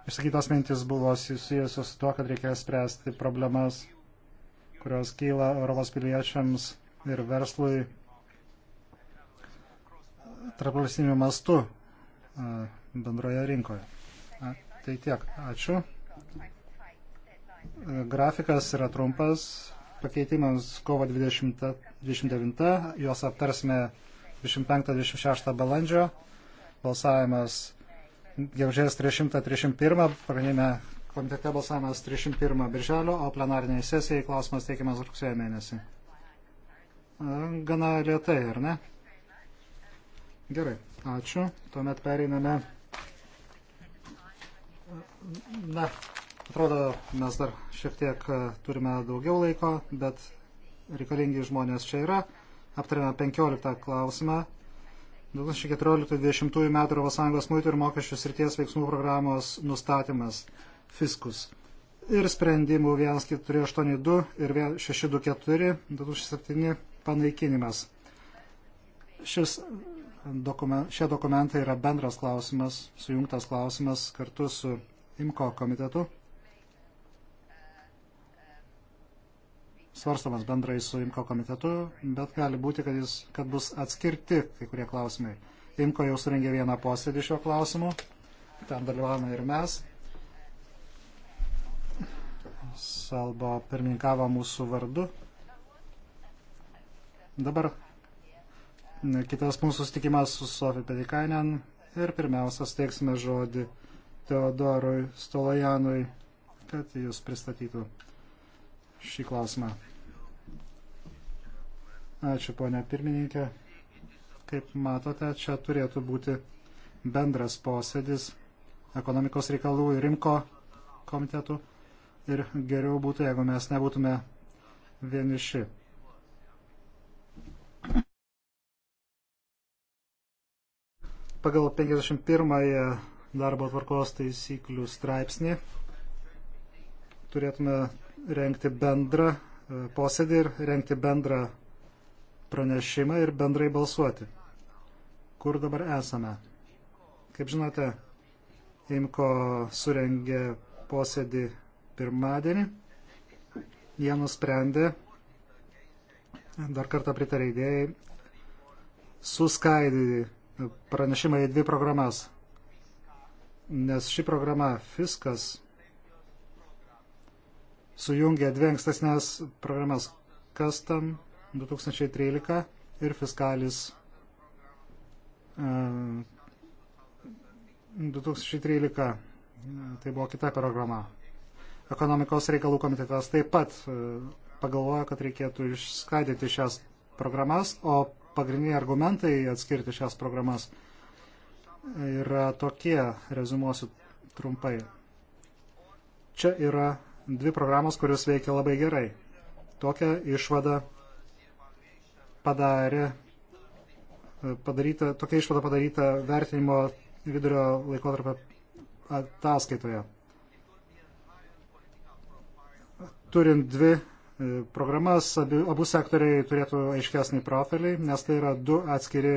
Išsakytos mintis buvo susijusios su tuo, kad reikia spręsti problemas, kurios kyla Europos piliečiams ir verslui tarpvalstybiniu mastu bendroje rinkoje. A, tai tiek. Ačiū. Grafikas yra trumpas. Pakeitimas kovo 20, 29. Jos aptarsime 25-26 balandžio. Balsavimas gegužės 331, pranėmė komitete balsavimas 31 birželio, o plenariniai sesijai klausimas teikiamas rugsėjo mėnesį. Gana lietai, ar ne? Gerai, ačiū. Tuomet pereiname. Na, atrodo, mes dar šiek tiek e, turime daugiau laiko, bet reikalingi žmonės čia yra. Aptarėme 15 klausimą 2014-2020 metų ES muitų ir mokesčių srities veiksmų programos nustatymas fiskus ir sprendimų 1482 ir 624 2007 panaikinimas. Šis dokument, šie dokumentai yra bendras klausimas, sujungtas klausimas kartu su IMKO komitetu svarstamas bendrai su IMKO komitetu, bet gali būti, kad, jis, kad bus atskirti kai kurie klausimai. IMKO jau surengė vieną posėdį šio klausimu, ten dalyvavome ir mes. Salbo pirmininkavo mūsų vardu. Dabar kitas mūsų sustikimas su Sofija Pedikainen ir pirmiausia steiksime žodį Teodorui Stolojanui, kad jūs pristatytų šį klausimą. Ačiū, ponė pirmininkė. Kaip matote, čia turėtų būti bendras posėdis ekonomikos reikalų ir rimko komitetų ir geriau būtų, jeigu mes nebūtume vieniši. Pagal 51 darbo tvarkos taisyklių straipsnį turėtume renkti bendrą e, posėdį ir renkti bendrą pranešimą ir bendrai balsuoti. Kur dabar esame? Kaip žinote, Imko surengė posėdį pirmadienį. Jie nusprendė, dar kartą pritarė idėjai, suskaidyti pranešimą į dvi programas. Nes ši programa Fiskas sujungė dvi ankstesnės programas Custom 2013 ir Fiskalis 2013. E, tai buvo kita programa. Ekonomikos reikalų komitetas taip pat e, pagalvojo, kad reikėtų išskaidyti šias programas, o pagrindiniai argumentai atskirti šias programas yra tokie, rezumuosiu trumpai. Čia yra dvi programos, kurios veikia labai gerai. Tokią išvadą padarė, e, padaryta, tokia išvada padaryta vertinimo vidurio laikotarpio ataskaitoje. Turint dvi e, programas, abi, abu sektoriai turėtų aiškesnį profilį, nes tai yra du atskiri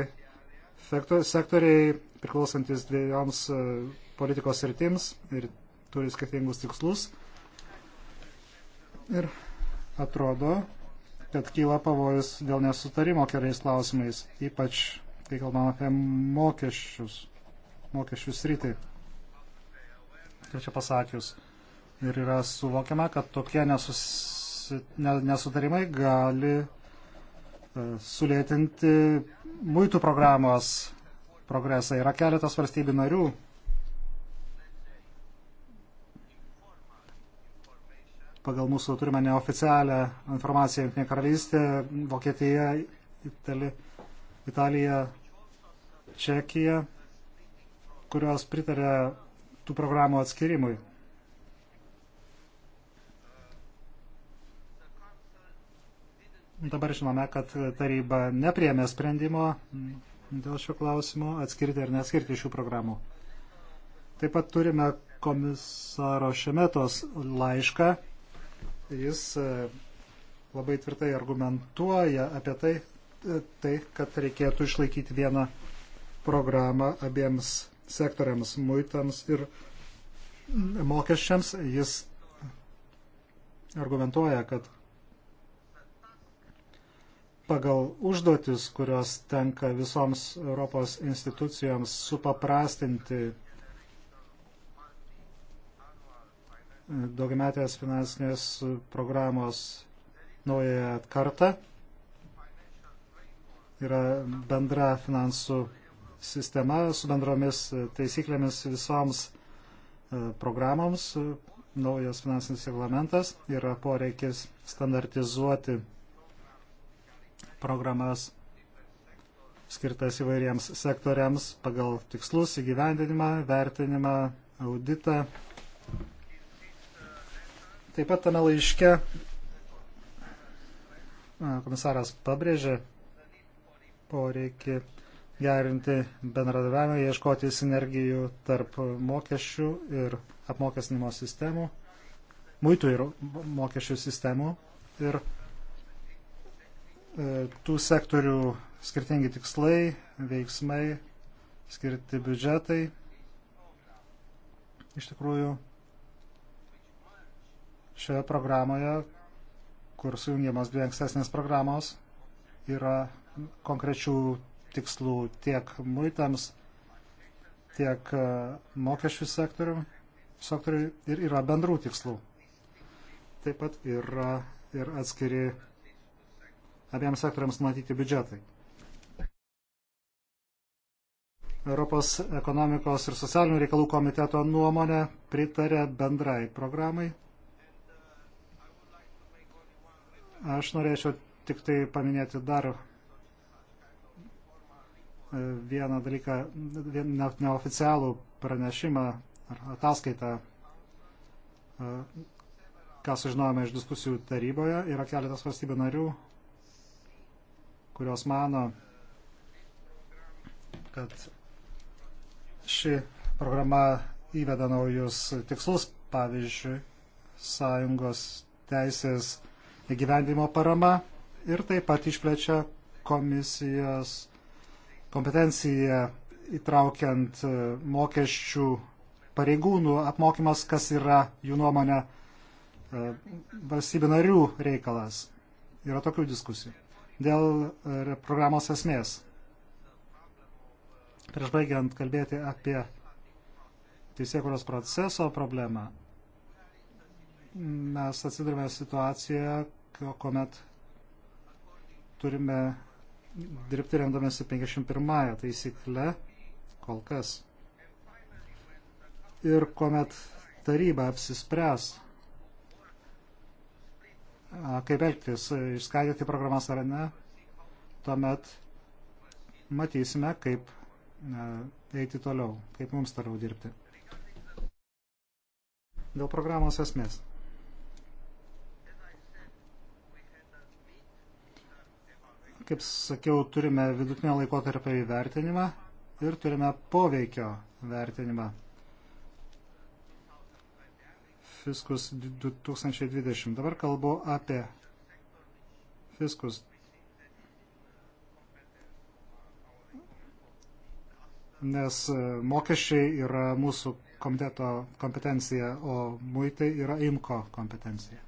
sektoriai priklausantis dviejoms e, politikos sritims ir turi skirtingus tikslus ir atrodo, kad kyla pavojus dėl nesutarimo keliais klausimais, ypač kai kalbam apie mokesčius, mokesčių sritį. Kaip čia pasakius. Ir yra suvokiama, kad tokie nesus, ne, nesutarimai gali e, sulėtinti muitų programos progresą. Yra keletas valstybių narių, Pagal mūsų turime neoficialią informaciją Junktinė karalystė, Vokietija, Itali, Italija, Čekija, kurios pritarė tų programų atskirimui. Dabar žinome, kad taryba nepriemė sprendimo dėl šio klausimo atskirti ar neatskirti šių programų. Taip pat turime komisaro Šemetos laišką, jis e, labai tvirtai argumentuoja apie tai, e, tai kad reikėtų išlaikyti vieną programą abiems sektoriams, muitams ir mokesčiams. Jis argumentuoja, kad pagal užduotis, kurios tenka visoms Europos institucijoms supaprastinti daugiametės finansinės programos naująją kartą. Yra bendra finansų sistema su bendromis taisyklėmis visoms e, programoms. Naujas finansinis reglamentas yra poreikis standartizuoti programas skirtas įvairiems sektoriams pagal tikslus įgyvendinimą, vertinimą, auditą Taip pat tame laiške e, komisaras pabrėžė poreikį gerinti bendradarbiavimą, ieškoti sinergijų tarp mokesčių ir apmokesnimo sistemų, muitų ir mokesčių sistemų ir e, tų sektorių skirtingi tikslai, veiksmai, skirti biudžetai. Iš tikrųjų, Šioje programoje, kur sujungiamas dvi ankstesnės programos, yra konkrečių tikslų tiek muitams, tiek e, mokesčių sektoriui, sektoriui ir yra bendrų tikslų. Taip pat yra ir atskiri abiems sektoriams matyti biudžetai. Europos ekonomikos ir socialinių reikalų komiteto nuomonė pritarė bendrai programai Aš norėčiau tik tai paminėti dar e, vieną dalyką, neoficialų pranešimą ar ataskaitą, e, ką sužinojome iš diskusijų taryboje. Yra keletas valstybių narių, kurios mano, kad ši programa įveda naujus tikslus, pavyzdžiui, sąjungos teisės įgyvendimo parama ir taip pat išplečia komisijos kompetenciją įtraukiant e, mokesčių pareigūnų apmokymas, kas yra jų nuomonė e, valstybių narių reikalas. Yra tokių diskusijų. Dėl e, programos esmės. Prieš baigiant kalbėti apie teisėkuros proceso problemą, mes atsidurime situacijoje, kuomet turime dirbti remdamėsi 51 taisykle kol kas. Ir kuomet taryba apsispręs, kaip elgtis, išskaidyti programas ar ne, tuomet matysime, kaip eiti toliau, kaip mums toliau dirbti. Dėl programos esmės. kaip sakiau, turime vidutinio laikotarpio įvertinimą ir turime poveikio vertinimą. Fiskus 2020. Dabar kalbu apie fiskus. Nes e, mokesčiai yra mūsų komiteto kompetencija, o muitai yra IMKO kompetencija.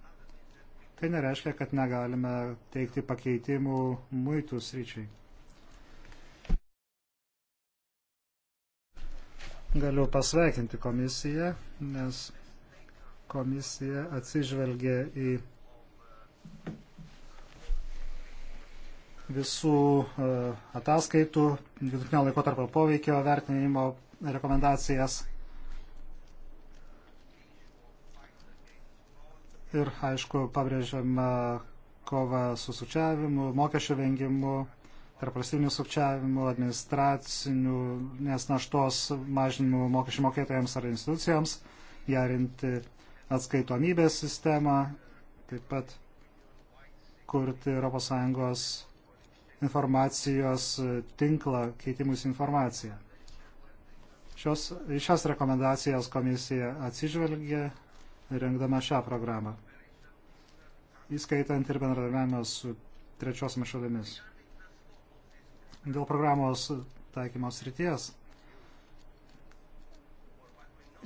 Tai nereiškia, kad negalime teikti pakeitimų muitų sryčiai. Galiu pasveikinti komisiją, nes komisija atsižvelgė į visų e, ataskaitų vidutinio laiko tarp poveikio vertinimo rekomendacijas ir, aišku, pabrėžiama kova su sukčiavimu, mokesčių vengimu, tarprastinių sukčiavimų, administracinių nesnaštos mažinimų mokesčių mokėtojams ar institucijoms, gerinti atskaitomybės sistemą, taip pat kurti ES informacijos tinklą keitimus informaciją. Šios, šias rekomendacijas komisija atsižvelgia rengdama šią programą, įskaitant ir bendradarbiavimą su trečiosiamis šalimis. Dėl programos taikymos ryties,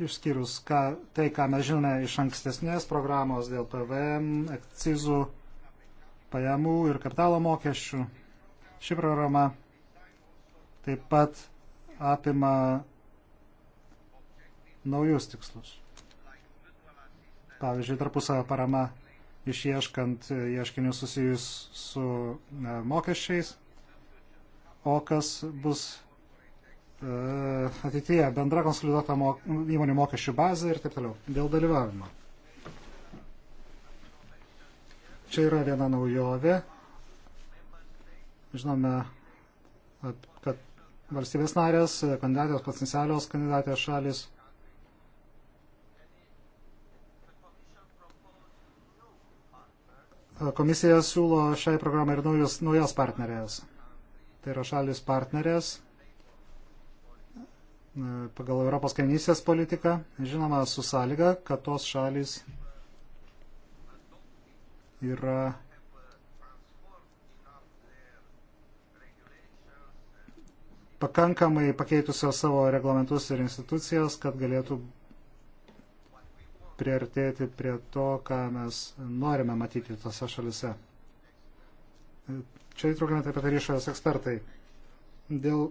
išskyrus ką, tai, ką mes žinome iš ankstesnės programos dėl PVM, akcizų, pajamų ir kapitalo mokesčių, ši programa taip pat apima naujus tikslus. Pavyzdžiui, tarpusavio parama išieškant e, ieškinius susijus su e, mokesčiais. O kas bus e, ateityje bendra konsoliduota mok įmonių mokesčių bazė ir taip toliau dėl dalyvavimo. Čia yra viena naujovė. Žinome, kad valstybės narės, kandidatės, potencialios kandidatės šalis Komisija siūlo šiai programai ir naujus, naujas partnerės. Tai yra šalis partnerės e, pagal Europos kainysės politiką, žinoma, su sąlyga, kad tos šalis yra pakankamai pakeitusios savo reglamentus ir institucijas, kad galėtų priartėti prie to, ką mes norime matyti tose šalise. Čia įtraukiame taip pat ir išorės ekspertai. Dėl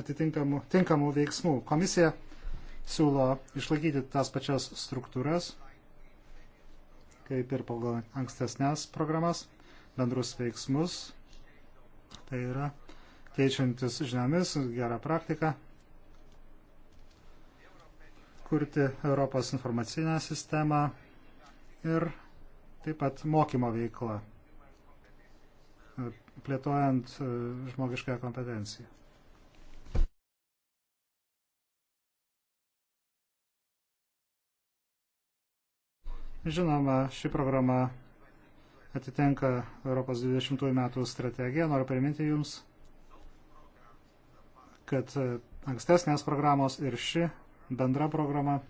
atitinkamų tinkamų veiksmų komisija siūlo išlaikyti tas pačias struktūras, kaip ir pagal ankstesnės programas, bendrus veiksmus, tai yra keičiantis žiniomis, gerą praktiką, kurti Europos informacinę sistemą ir taip pat mokymo veiklą, plėtojant e, žmogišką kompetenciją. Žinoma, ši programa atitenka Europos 20 metų strategiją. Noriu priminti Jums, kad e, ankstesnės programos ir ši bendra programa.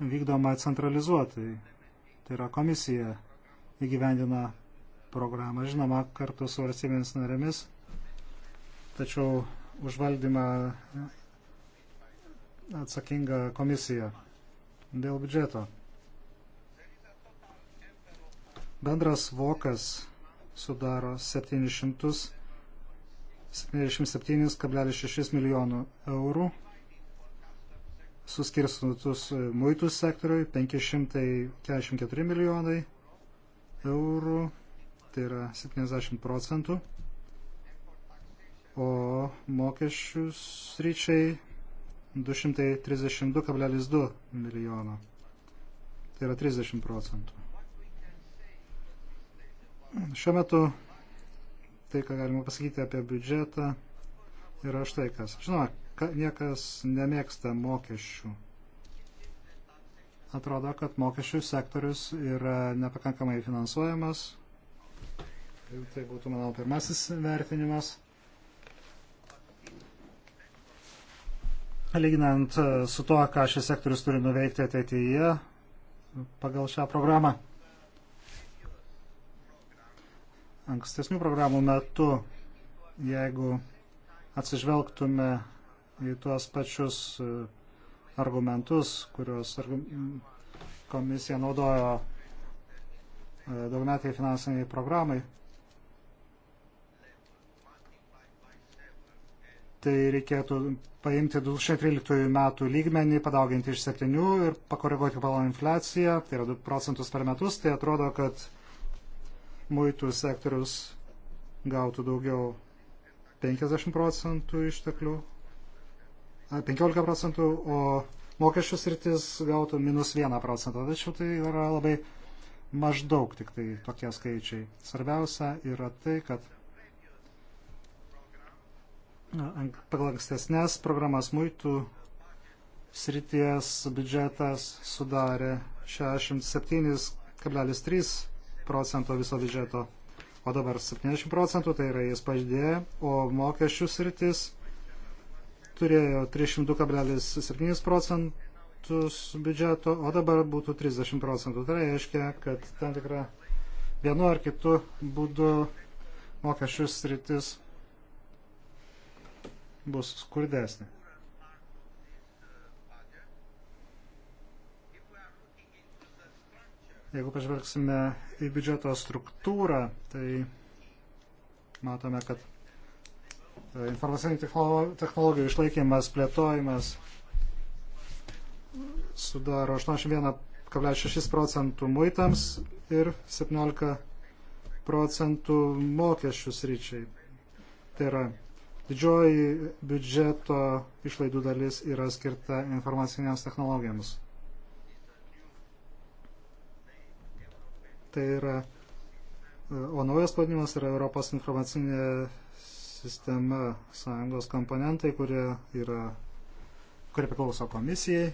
Vykdoma centralizuotai. Tai yra komisija įgyvendina programą, žinoma, kartu su valstybėmis narėmis, tačiau užvaldymą atsakinga komisija dėl biudžeto. Bendras vokas sudaro 777,6 milijonų eurų, suskirstytus muitų sektoriui 544 milijonai eurų, tai yra 70 procentų, o mokesčių sryčiai 232,2 milijono, tai yra 30 procentų. Šiuo metu tai, ką galima pasakyti apie biudžetą, yra štai kas. Žinoma, niekas nemėgsta mokesčių. Atrodo, kad mokesčių sektorius yra nepakankamai finansuojamas. Tai būtų, manau, pirmasis vertinimas. Lyginant e, su to, ką šis sektorius turi nuveikti ateityje pagal šią programą. ankstesnių programų metu, jeigu atsižvelgtume į tuos pačius e, argumentus, kuriuos komisija naudojo e, daugmetiai finansiniai programai, tai reikėtų paimti 2013 metų lygmenį, padauginti iš 7 ir pakoreguoti pagal infliaciją, tai yra 2 procentus per metus, tai atrodo, kad muitų sektorius gautų daugiau 50 procentų išteklių, 15 procentų, o mokesčių sritis gautų minus 1 procentą. Tačiau tai yra labai maždaug tik tai tokie skaičiai. Svarbiausia yra tai, kad pagal ankstesnės programas muitų srities biudžetas sudarė 67,3 procento viso biudžeto, o dabar 70 procentų, tai yra jis padidėjo, o mokesčių sritis turėjo 302,7 procentus biudžeto, o dabar būtų 30 procentų. Tai reiškia, kad tam tikra vienu ar kitu būdu mokesčių sritis bus skurdesnė. Jeigu pažvelgsime į biudžeto struktūrą, tai matome, kad e, informacinių technologijų išlaikymas, plėtojimas sudaro 81,6 procentų muitams ir 17 procentų mokesčių sryčiai. Tai yra didžioji biudžeto išlaidų dalis yra skirta informacinėms technologijoms. Tai yra, e, o naujas pavadinimas yra Europos informacinė sistema sąjungos komponentai, kurie, yra, kurie priklauso komisijai.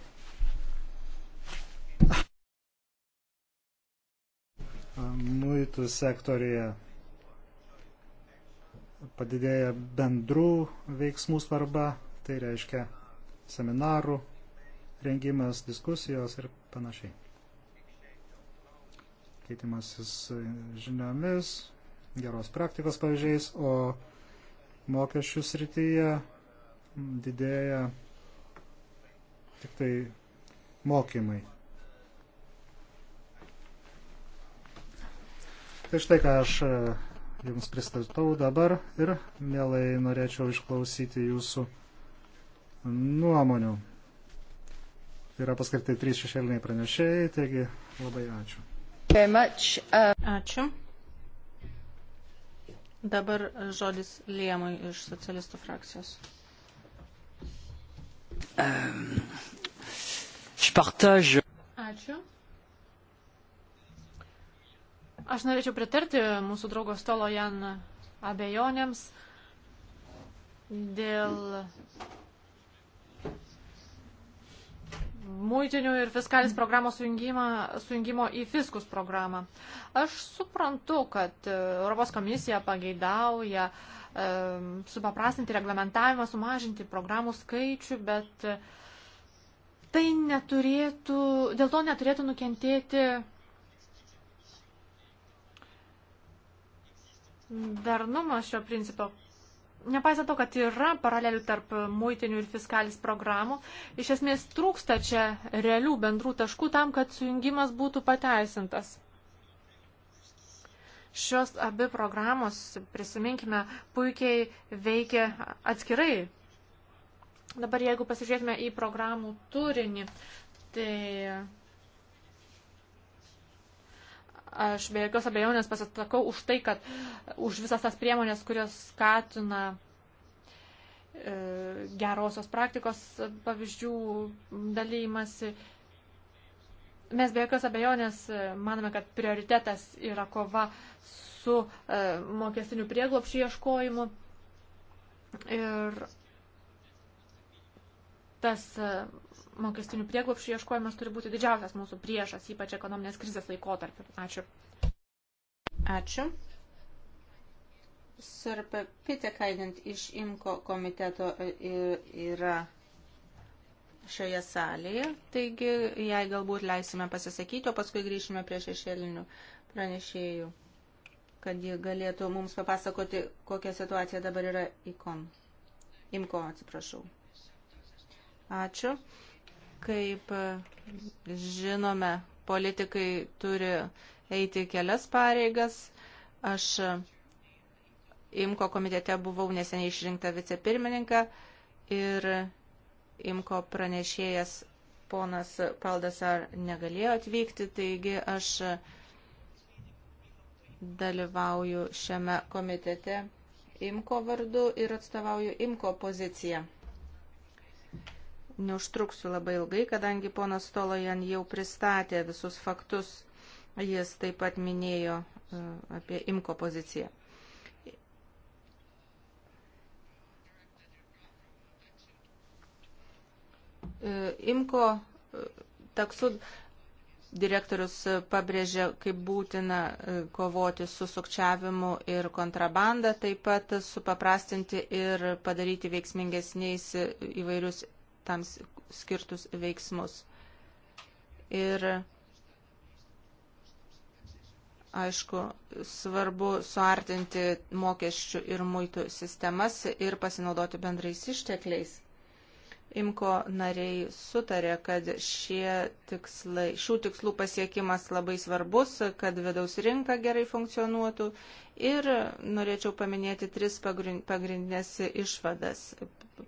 Muitų sektorija padidėja bendrų veiksmų svarba, tai reiškia seminarų rengimas, diskusijos ir panašiai keitimasis žiniomis, geros praktikos pavyzdžiais, o mokesčių srityje didėja tik tai mokymai. Tai štai ką aš e, Jums pristatau dabar ir mielai norėčiau išklausyti Jūsų nuomonių. Yra paskirti trys šešėliniai pranešėjai, taigi labai ačiū. Uh, Ačiū. Dabar žodis Liemui iš socialistų frakcijos. Um, Ačiū. Aš norėčiau pritarti mūsų draugo Stolojan abejonėms dėl muitinių ir fiskalis mm. programos sujungimo į fiskus programą. Aš suprantu, kad e, Europos komisija pageidauja e, supaprastinti reglamentavimą, sumažinti programų skaičių, bet e, tai neturėtų, dėl to neturėtų nukentėti darnumas šio principo nepaisant to, kad yra paralelių tarp muitinių ir fiskalis programų, iš esmės trūksta čia realių bendrų taškų tam, kad sujungimas būtų pateisintas. Šios abi programos, prisiminkime, puikiai veikia atskirai. Dabar jeigu pasižiūrėtume į programų turinį, tai Aš be jokios abejonės pasisakau už tai, kad už visas tas priemonės, kurios skatina e, gerosios praktikos pavyzdžių dalymasi. Mes be jokios abejonės e, manome, kad prioritetas yra kova su e, mokestiniu prieglopšiu ieškojimu. Ir tas e, mokestinių prieglopšių ieškojimas turi būti didžiausias mūsų priešas, ypač ekonominės krizės laikotarpiu. Ačiū. Ačiū. Sarpa Pitekaidint iš IMKO komiteto e, yra šioje salėje, taigi jai galbūt leisime pasisakyti, o paskui grįšime prie šešėlinių pranešėjų, kad ji galėtų mums papasakoti, kokia situacija dabar yra IKOM. IMKO, atsiprašau. Ačiū. Kaip žinome, politikai turi eiti kelias pareigas. Aš IMKO komitete buvau neseniai išrinkta vicepirmininką ir IMKO pranešėjas ponas Paldas ar negalėjo atvykti, taigi aš dalyvauju šiame komitete IMKO vardu ir atstovauju IMKO poziciją. Neužtruksiu labai ilgai, kadangi ponas Tolojan jau pristatė visus faktus, jis taip pat minėjo e, apie imko poziciją. E, imko e, taksų direktorius pabrėžė, kaip būtina kovoti su sukčiavimu ir kontrabanda, taip pat supaprastinti ir padaryti veiksmingesniais įvairius tam skirtus veiksmus. Ir aišku, svarbu suartinti mokesčių ir muitų sistemas ir pasinaudoti bendrais ištekliais. Imko nariai sutarė, kad tikslai, šių tikslų pasiekimas labai svarbus, kad vidaus rinka gerai funkcionuotų. Ir norėčiau paminėti tris pagrindinės išvadas,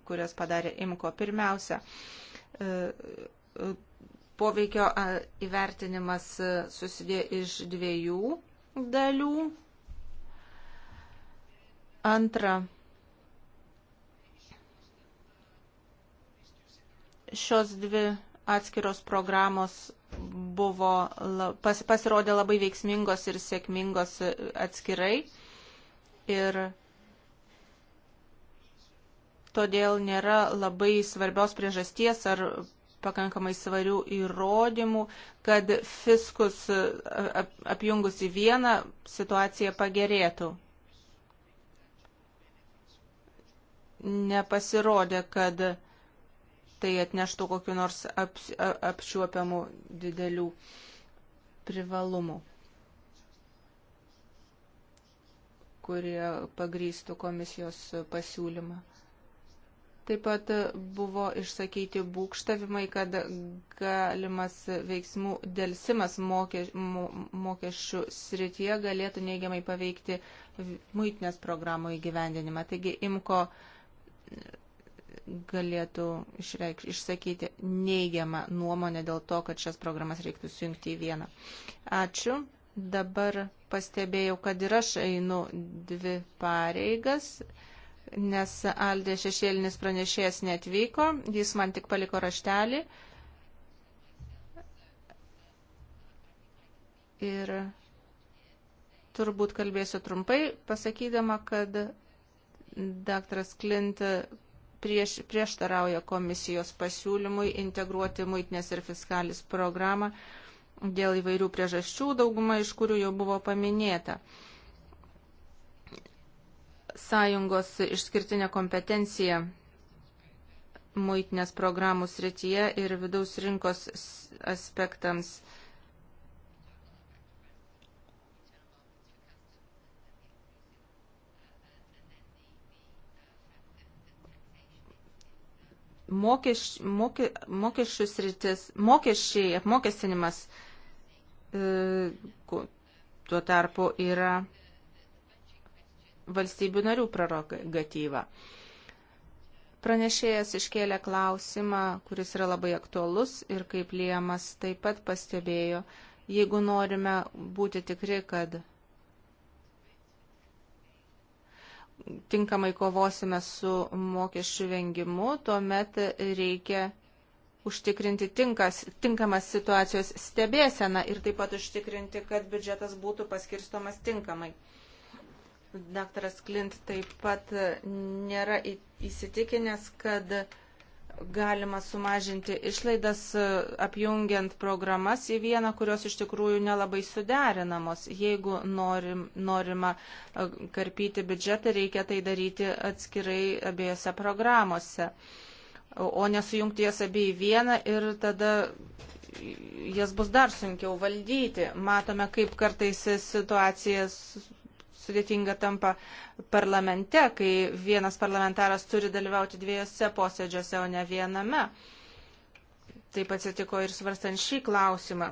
kurias padarė Imko. Pirmiausia, e, e, poveikio įvertinimas susidėjo iš dviejų dalių. Antra, šios dvi atskiros programos buvo, pas, pasirodė labai veiksmingos ir sėkmingos atskirai. Ir todėl nėra labai svarbios priežasties ar pakankamai svarių įrodymų, kad fiskus apjungus į vieną situacija pagerėtų. Nepasirodė, kad tai atneštų kokiu nors ap, apčiuopiamų didelių privalumų, kurie pagrystų komisijos pasiūlymą. Taip pat buvo išsakyti būkštavimai, kad galimas veiksmų dėlsimas mokesčių srityje galėtų neigiamai paveikti muitinės programų įgyvendinimą. Taigi IMKO galėtų išreikš, išsakyti neigiamą nuomonę dėl to, kad šias programas reiktų sujungti į vieną. Ačiū. Dabar pastebėjau, kad ir aš einu dvi pareigas, nes Aldė šešėlinis pranešėjas netvyko, jis man tik paliko raštelį. Ir turbūt kalbėsiu trumpai, pasakydama, kad daktaras Klint prieš, prieštarauja komisijos pasiūlymui integruoti muitinės ir fiskalis programą dėl įvairių priežasčių, dauguma iš kurių jau buvo paminėta. Sąjungos išskirtinė kompetencija muitinės programų srityje ir vidaus rinkos aspektams mokeš, moke, mokesčių sritis, mokesčiai, apmokestinimas e, tuo tarpu yra valstybių narių prerogatyva. Pranešėjas iškėlė klausimą, kuris yra labai aktuolus ir kaip Liemas taip pat pastebėjo, jeigu norime būti tikri, kad tinkamai kovosime su mokesčių vengimu, tuomet reikia užtikrinti tinkas, tinkamas situacijos stebėseną ir taip pat užtikrinti, kad biudžetas būtų paskirstomas tinkamai. Daktaras Klint taip pat nėra įsitikinęs, kad galima sumažinti išlaidas e, apjungiant programas į vieną, kurios iš tikrųjų nelabai suderinamos. Jeigu norim, norima e, karpyti biudžetą, reikia tai daryti atskirai abiejose programose, o nesujungti jas abi į vieną ir tada jas bus dar sunkiau valdyti. Matome, kaip kartais situacijas sudėtinga tampa parlamente, kai vienas parlamentaras turi dalyvauti dviejose posėdžiuose, o ne viename. Taip atsitiko ir svarstant šį klausimą.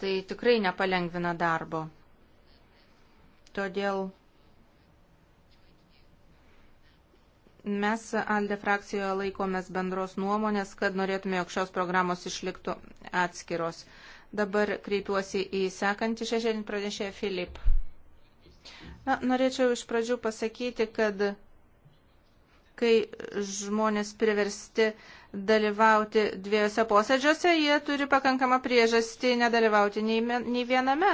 Tai tikrai nepalengvina darbo. Todėl mes Alde frakcijoje laikomės bendros nuomonės, kad norėtume, jog šios programos išliktų atskiros. Dabar kreipiuosi į sekantį šešėlinį pranešėją Filip. Na, norėčiau iš pradžių pasakyti, kad kai žmonės priversti dalyvauti dviejose posėdžiuose, jie turi pakankamą priežastį nedalyvauti nei, nei viename.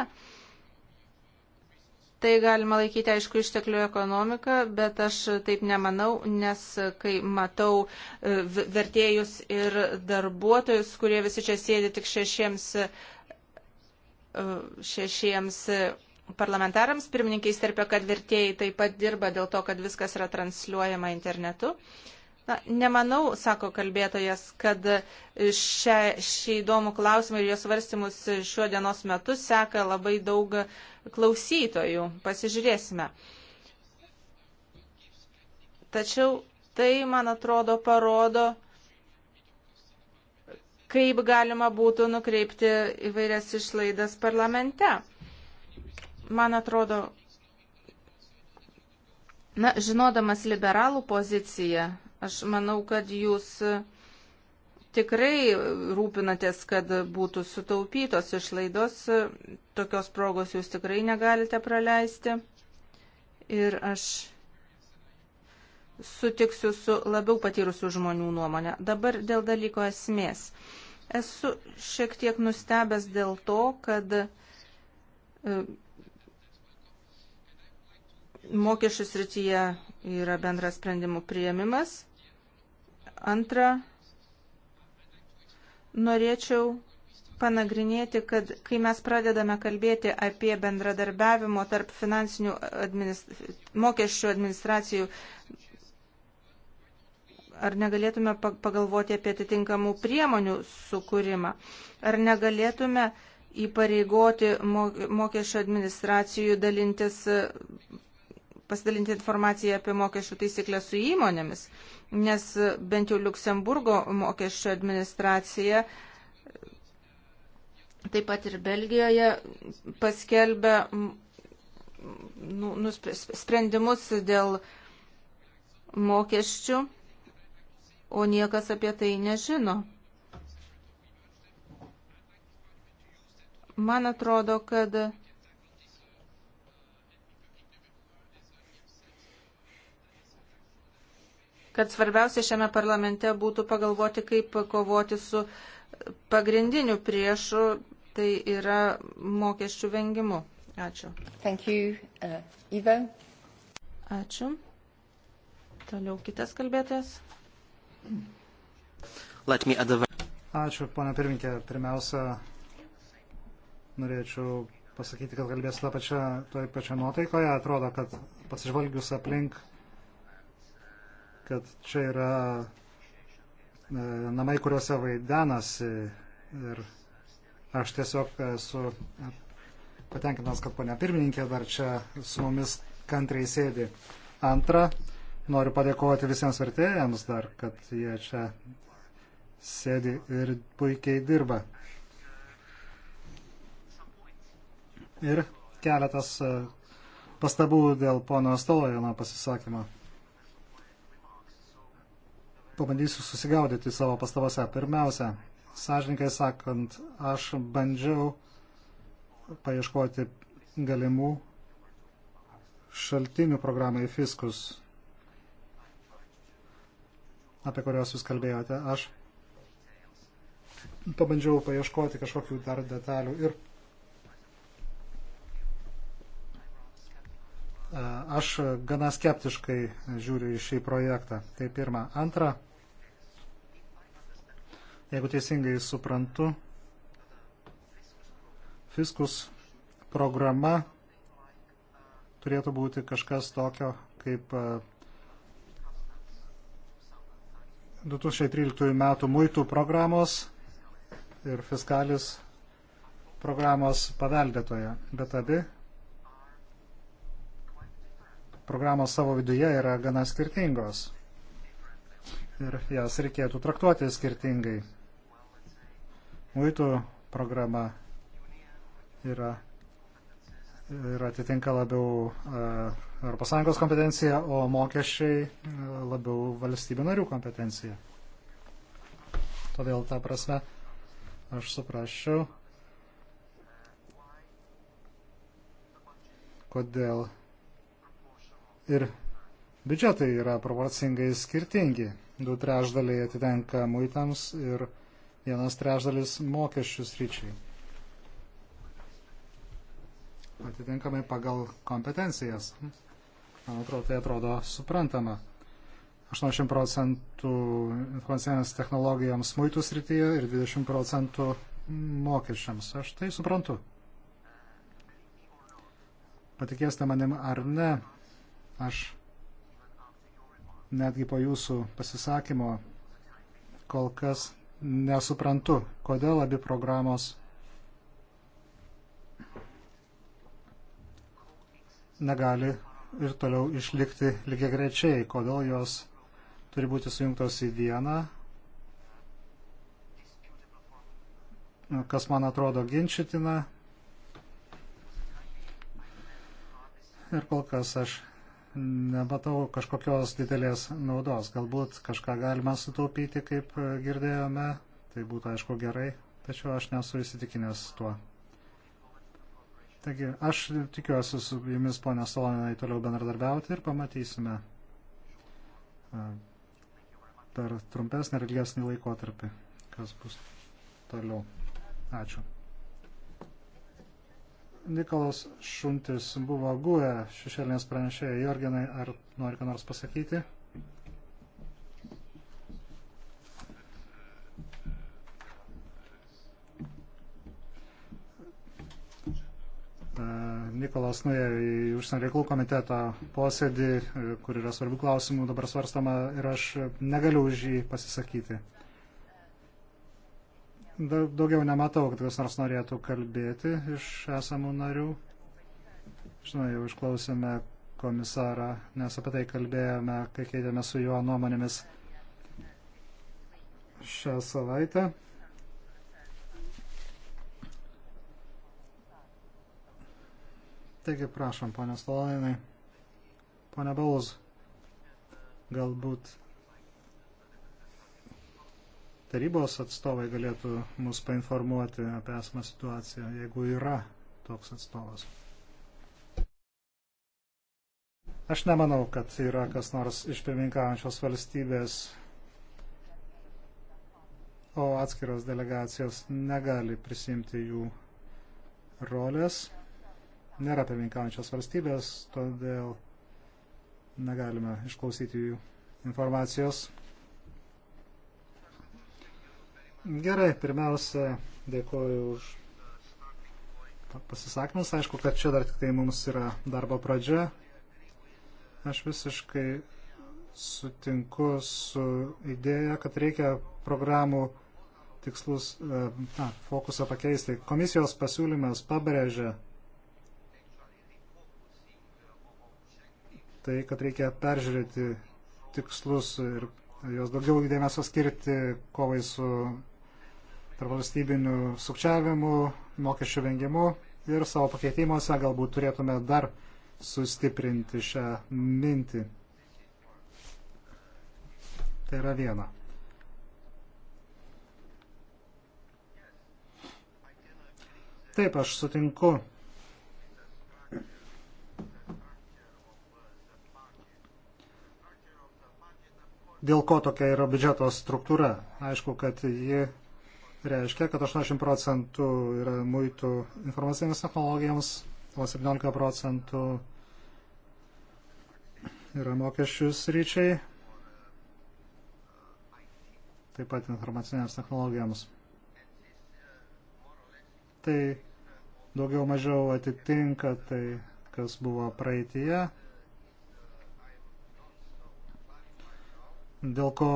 Tai galima laikyti, aišku, išteklių ekonomiką, bet aš taip nemanau, nes kai matau e, vertėjus ir darbuotojus, kurie visi čia sėdi tik šešiems, e, šešiems parlamentarams. Pirmininkai įsterpia, kad vertėjai taip pat dirba dėl to, kad viskas yra transliuojama internetu. Na, nemanau, sako kalbėtojas, kad šią, šį įdomų klausimą ir jos varstymus šiuo dienos metu seka labai daug klausytojų. Pasižiūrėsime. Tačiau tai, man atrodo, parodo, kaip galima būtų nukreipti įvairias išlaidas parlamente man atrodo, na, žinodamas liberalų poziciją, aš manau, kad jūs tikrai rūpinatės, kad būtų sutaupytos išlaidos, tokios progos jūs tikrai negalite praleisti. Ir aš sutiksiu su labiau patyrusių žmonių nuomonė. Dabar dėl dalyko esmės. Esu šiek tiek nustebęs dėl to, kad e, mokesčių srityje yra bendras sprendimų prieimimas. Antra, norėčiau panagrinėti, kad kai mes pradedame kalbėti apie bendradarbiavimo tarp finansinių administ... mokesčių administracijų, ar negalėtume pagalvoti apie atitinkamų priemonių sukūrimą, ar negalėtume įpareigoti mokesčio administracijų dalintis pasidalinti informaciją apie mokesčių taisyklę su įmonėmis, nes bent jau Luksemburgo mokesčio administracija taip pat ir Belgijoje paskelbė nu, nu, sprendimus dėl mokesčių, o niekas apie tai nežino. Man atrodo, kad kad svarbiausia šiame parlamente būtų pagalvoti, kaip kovoti su pagrindiniu priešu, tai yra mokesčių vengimu. Ačiū. Thank you, uh, Ivo. Ačiū. Toliau kitas kalbėtojas. Ačiū, pana pirminkė. Pirmiausia, norėčiau pasakyti, kad kalbės tą pačią, toj pačią nuotaikoje. Atrodo, kad pasižvalgius aplink kad čia yra e, namai, kuriuose vaidenasi ir aš tiesiog esu patenkintas, kad ponia pirmininkė dar čia su mumis kantriai sėdi. Antra, noriu padėkoti visiems vertėjams dar, kad jie čia sėdi ir puikiai dirba. Ir keletas e, pastabų dėl pono Stolojano pasisakymą pabandysiu susigaudyti savo pastabose. Pirmiausia, sąžininkai sakant, aš bandžiau paieškoti galimų šaltinių programai Fiskus, apie kurios jūs kalbėjote. Aš pabandžiau paieškoti kažkokių dar detalių ir e, aš gana skeptiškai žiūriu į šį projektą. Tai pirma. Antra, Jeigu teisingai suprantu, Fiskus programa turėtų būti kažkas tokio kaip 2013 e, metų muitų programos ir fiskalis programos paveldėtoje, bet abi programos savo viduje yra gana skirtingos ir jas reikėtų traktuoti skirtingai muitų programa yra ir atitinka labiau ES kompetencija, o mokesčiai labiau valstybių narių kompetencija. Todėl tą prasme aš suprasčiau, kodėl ir biudžetai yra proporcingai skirtingi. Du trešdaliai atitenka muitams ir vienas trešdalis mokesčių sryčiai. Atitinkamai pagal kompetencijas. Man atrodo, tai atrodo suprantama. 80 procentų informacinės technologijoms muitų srityje ir 20 procentų mokesčiams. Aš tai suprantu. Patikėsite manim ar ne, aš netgi po jūsų pasisakymo kol kas nesuprantu, kodėl abi programos negali ir toliau išlikti lygiai grečiai, kodėl jos turi būti sujungtos į vieną, kas man atrodo ginčitina. Ir kol kas aš nematau kažkokios didelės naudos. Galbūt kažką galima sutaupyti, kaip girdėjome, tai būtų aišku gerai, tačiau aš nesu įsitikinęs tuo. Taigi, aš tikiuosi su jumis, ponė Solonai, toliau bendradarbiauti ir pamatysime per trumpesnį ir ilgesnį laikotarpį, kas bus toliau. Ačiū. Nikolas Šuntis buvo guė šešėlinės pranešėjai. Jorginai, ar nori ką nors pasakyti? E, Nikolas nuėjo į užsienio reikalų komiteto posėdį, e, kur yra svarbių klausimų dabar svarstama ir aš negaliu už jį pasisakyti. Daugiau nematau, kad kas nors norėtų kalbėti iš esamų narių. Žinau, jau išklausėme komisarą, nes apie tai kalbėjome, kai keitėme su juo nuomonėmis šią savaitę. Taigi, prašom, ponė Stolainai. Pone Balus, galbūt tarybos atstovai galėtų mus painformuoti apie esamą situaciją, jeigu yra toks atstovas. Aš nemanau, kad yra kas nors iš pirmininkaujančios valstybės, o atskiros delegacijos negali prisimti jų rolės. Nėra pirmininkaujančios valstybės, todėl negalime išklausyti jų informacijos. Gerai, pirmiausia, dėkoju už pasisakymus. Aišku, kad čia dar tik tai mums yra darbo pradžia. Aš visiškai sutinku su idėja, kad reikia programų tikslus, e, na, fokusą pakeisti. Komisijos pasiūlymas pabrėžia tai, kad reikia peržiūrėti tikslus ir jos daugiau dėmesio skirti kovai su tarp valstybinių sukčiavimų, mokesčių vengimu ir savo pakeitimuose galbūt turėtume dar sustiprinti šią mintį. Tai yra viena. Taip, aš sutinku. Dėl ko tokia yra biudžeto struktūra? Aišku, kad ji reiškia, kad 80 procentų yra muitų informacinėms technologijoms, o 17 procentų yra mokesčių sryčiai, taip pat informacinėms technologijoms. Tai daugiau mažiau atitinka tai, kas buvo praeitie dėl ko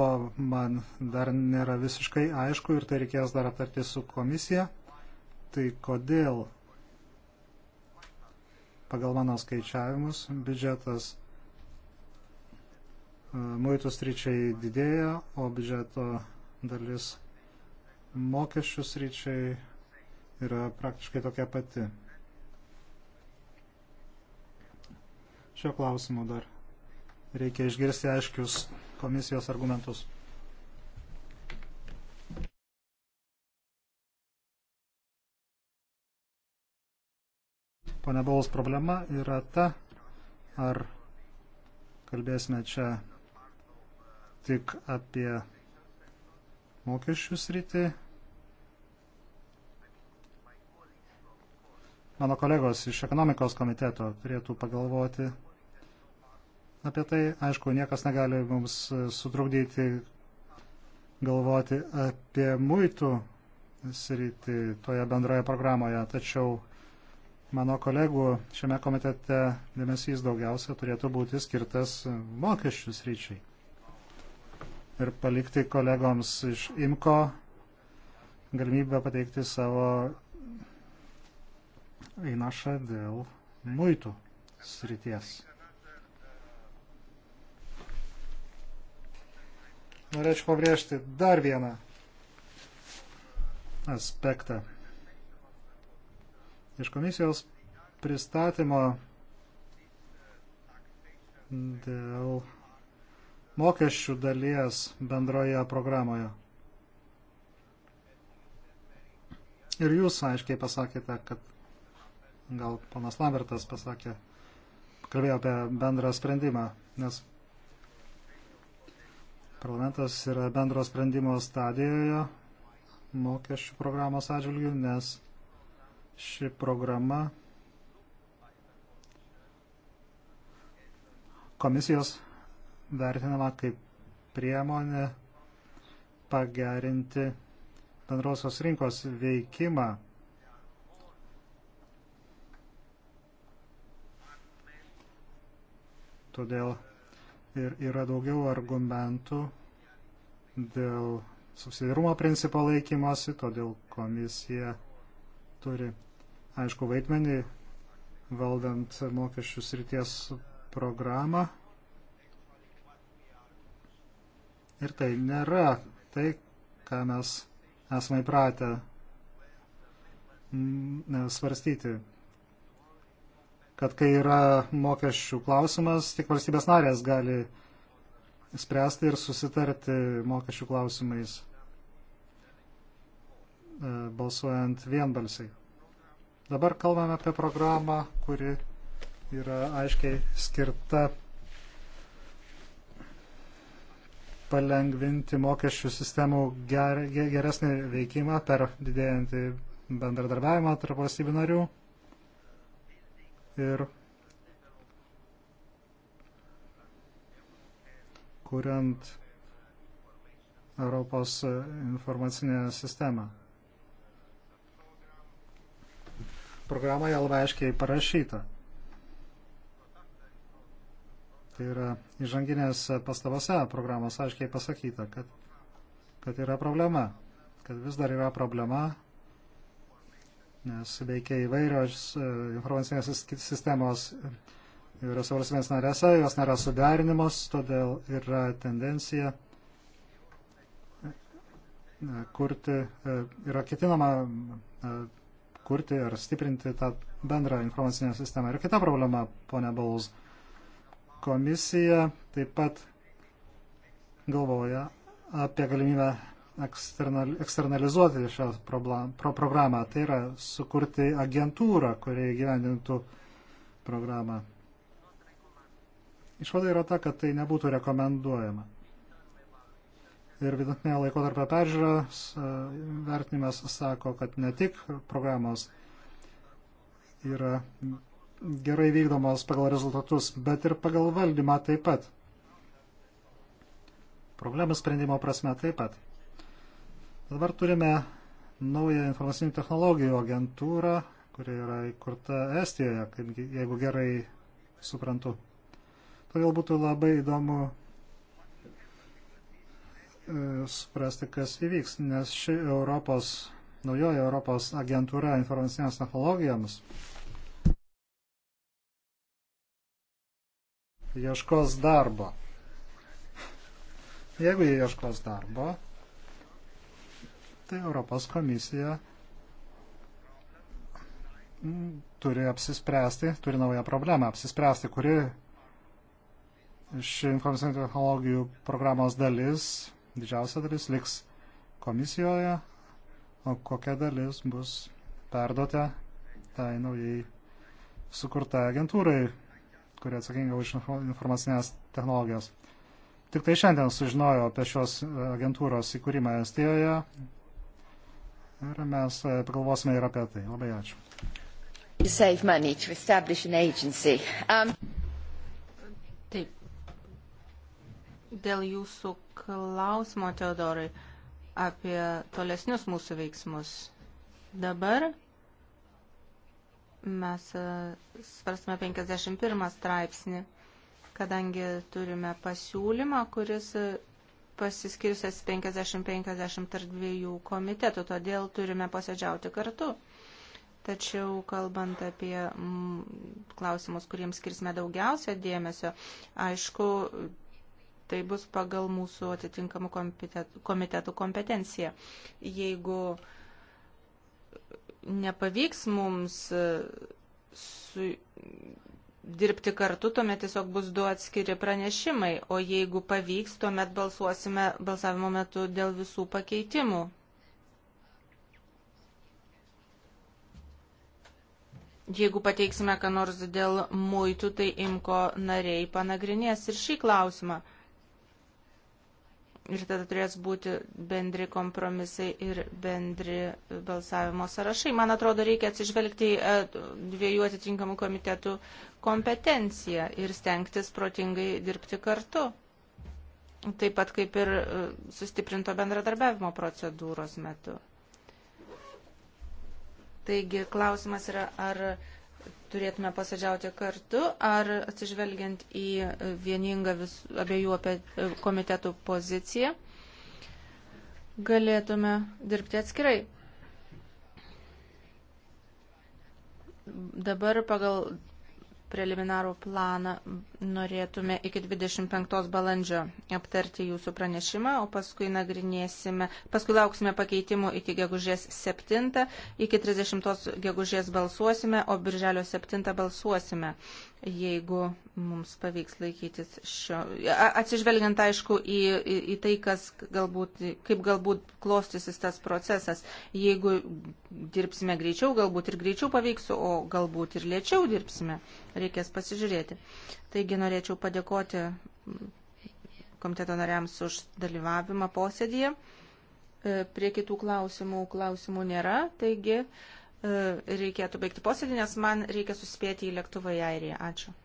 man dar nėra visiškai aišku ir tai reikės dar aptarti su komisija, tai kodėl pagal mano skaičiavimus biudžetas e, muitų stryčiai didėja, o biudžeto dalis mokesčių stryčiai yra praktiškai tokia pati. Šio klausimu dar reikia išgirsti aiškius komisijos argumentus. Pone Baus problema yra ta, ar kalbėsime čia tik apie mokesčių sritį. Mano kolegos iš ekonomikos komiteto turėtų pagalvoti apie tai. Aišku, niekas negali mums e, sutrukdyti galvoti apie muitų sritį toje bendroje programoje, tačiau mano kolegų šiame komitete dėmesys daugiausia turėtų būti skirtas mokesčių sryčiai. Ir palikti kolegoms iš IMKO galimybę pateikti savo įnašą dėl muitų srities. Norėčiau pabrėžti dar vieną aspektą. Iš komisijos pristatymo dėl mokesčių dalies bendroje programoje. Ir jūs aiškiai pasakėte, kad gal panas Lambertas pasakė, kalbėjo apie bendrą sprendimą, nes Parlamentas yra bendro sprendimo stadijoje mokesčių programos atžvilgių, nes ši programa komisijos vertinama kaip priemonė pagerinti bendrosios rinkos veikimą. Todėl ir yra daugiau argumentų dėl subsidiarumo principo laikymosi, todėl komisija turi aišku vaidmenį valdant mokesčių srities programą. Ir tai nėra tai, ką mes esame įpratę mm, svarstyti kad kai yra mokesčių klausimas, tik valstybės narės gali spręsti ir susitarti mokesčių klausimais e, balsuojant vienbalsiai. Dabar kalbame apie programą, kuri yra aiškiai skirta palengvinti mokesčių sistemų ger, geresnį veikimą per didėjantį bendradarbiavimą tarp valstybių narių ir kuriant Europos informacinę sistemą. Programoje labai aiškiai parašyta. Tai yra įžanginės pastabose programos aiškiai pasakyta, kad, kad yra problema, kad vis dar yra problema nes veikia įvairios e, informacinės sistemos įvairios valstybės narėse, jos nėra sudarinimos, todėl yra tendencija e, kurti, e, yra ketinama kurti ar stiprinti tą bendrą informacinę sistemą. Ir kita problema, ponia Baus, komisija taip pat galvoja apie galimybę eksternalizuoti šią pro programą, tai yra sukurti agentūrą, kurie gyvendintų programą. Išvada yra ta, kad tai nebūtų rekomenduojama. Ir vidutinė laikotarpio peržiūros e, vertinimas sako, kad ne tik programos yra gerai vykdomos pagal rezultatus, bet ir pagal valdymą taip pat. Problemų sprendimo prasme taip pat. Dabar turime naują informacinių technologijų agentūrą, kuri yra įkurta Estijoje, kaip, jeigu gerai suprantu. Todėl būtų labai įdomu e, suprasti, kas įvyks, nes ši Europos, naujoji Europos agentūra informacinėms technologijoms ieškos darbo. Jeigu jie ieškos darbo, tai Europos komisija turi apsispręsti, turi naują problemą, apsispręsti, kuri ši informacinių technologijų programos dalis, didžiausia dalis, liks komisijoje, o kokia dalis bus perduota tai naujai sukurta agentūrai, kurie atsakinga už informacinės technologijas. Tik tai šiandien sužinojau apie šios agentūros įkūrimą Estijoje, Ir mes e, pagalvosime ir apie tai. Labai ačiū. Um... Taip. Dėl jūsų klausimo, Teodorai, apie tolesnius mūsų veiksmus. Dabar mes e, svarstame 51 straipsnį, kadangi turime pasiūlymą, kuris e, pasiskirsias 50-50 tarp dviejų komitetų, todėl turime posėdžiauti kartu. Tačiau kalbant apie m, mm, klausimus, kuriems skirsime daugiausia dėmesio, aišku, tai bus pagal mūsų atitinkamų komitetų kompetenciją. Jeigu nepavyks mums su dirbti kartu, tuomet tiesiog bus du atskiri pranešimai, o jeigu pavyks, tuomet balsuosime balsavimo metu dėl visų pakeitimų. Jeigu pateiksime ką nors dėl muitų, tai imko nariai panagrinės ir šį klausimą. Ir tada turės būti bendri kompromisai ir bendri balsavimo sąrašai. Man atrodo, reikia atsižvelgti į e, dviejų atitinkamų komitetų kompetenciją ir stengtis protingai dirbti kartu. Taip pat kaip ir e, sustiprinto bendradarbiavimo procedūros metu. Taigi klausimas yra, ar turėtume pasėdžiauti kartu, ar atsižvelgiant į vieningą vis, abiejų apie e, komitetų poziciją, galėtume dirbti atskirai. Dabar pagal preliminarų planą norėtume iki 25 balandžio aptarti jūsų pranešimą, o paskui nagrinėsime, paskui lauksime pakeitimų iki gegužės 7, iki 30 gegužės balsuosime, o birželio 7 balsuosime jeigu mums pavyks laikytis šio. Atsižvelgiant aišku į, į, į tai, kas galbūt, kaip galbūt klostysis tas procesas, jeigu dirbsime greičiau, galbūt ir greičiau pavyks, o galbūt ir lėčiau dirbsime, reikės pasižiūrėti. Taigi norėčiau padėkoti komiteto nariams už dalyvavimą posėdėje. E, prie kitų klausimų klausimų nėra, taigi reikėtų baigti posėdį, nes man reikia suspėti į lėktuvą į Airiją. Ačiū.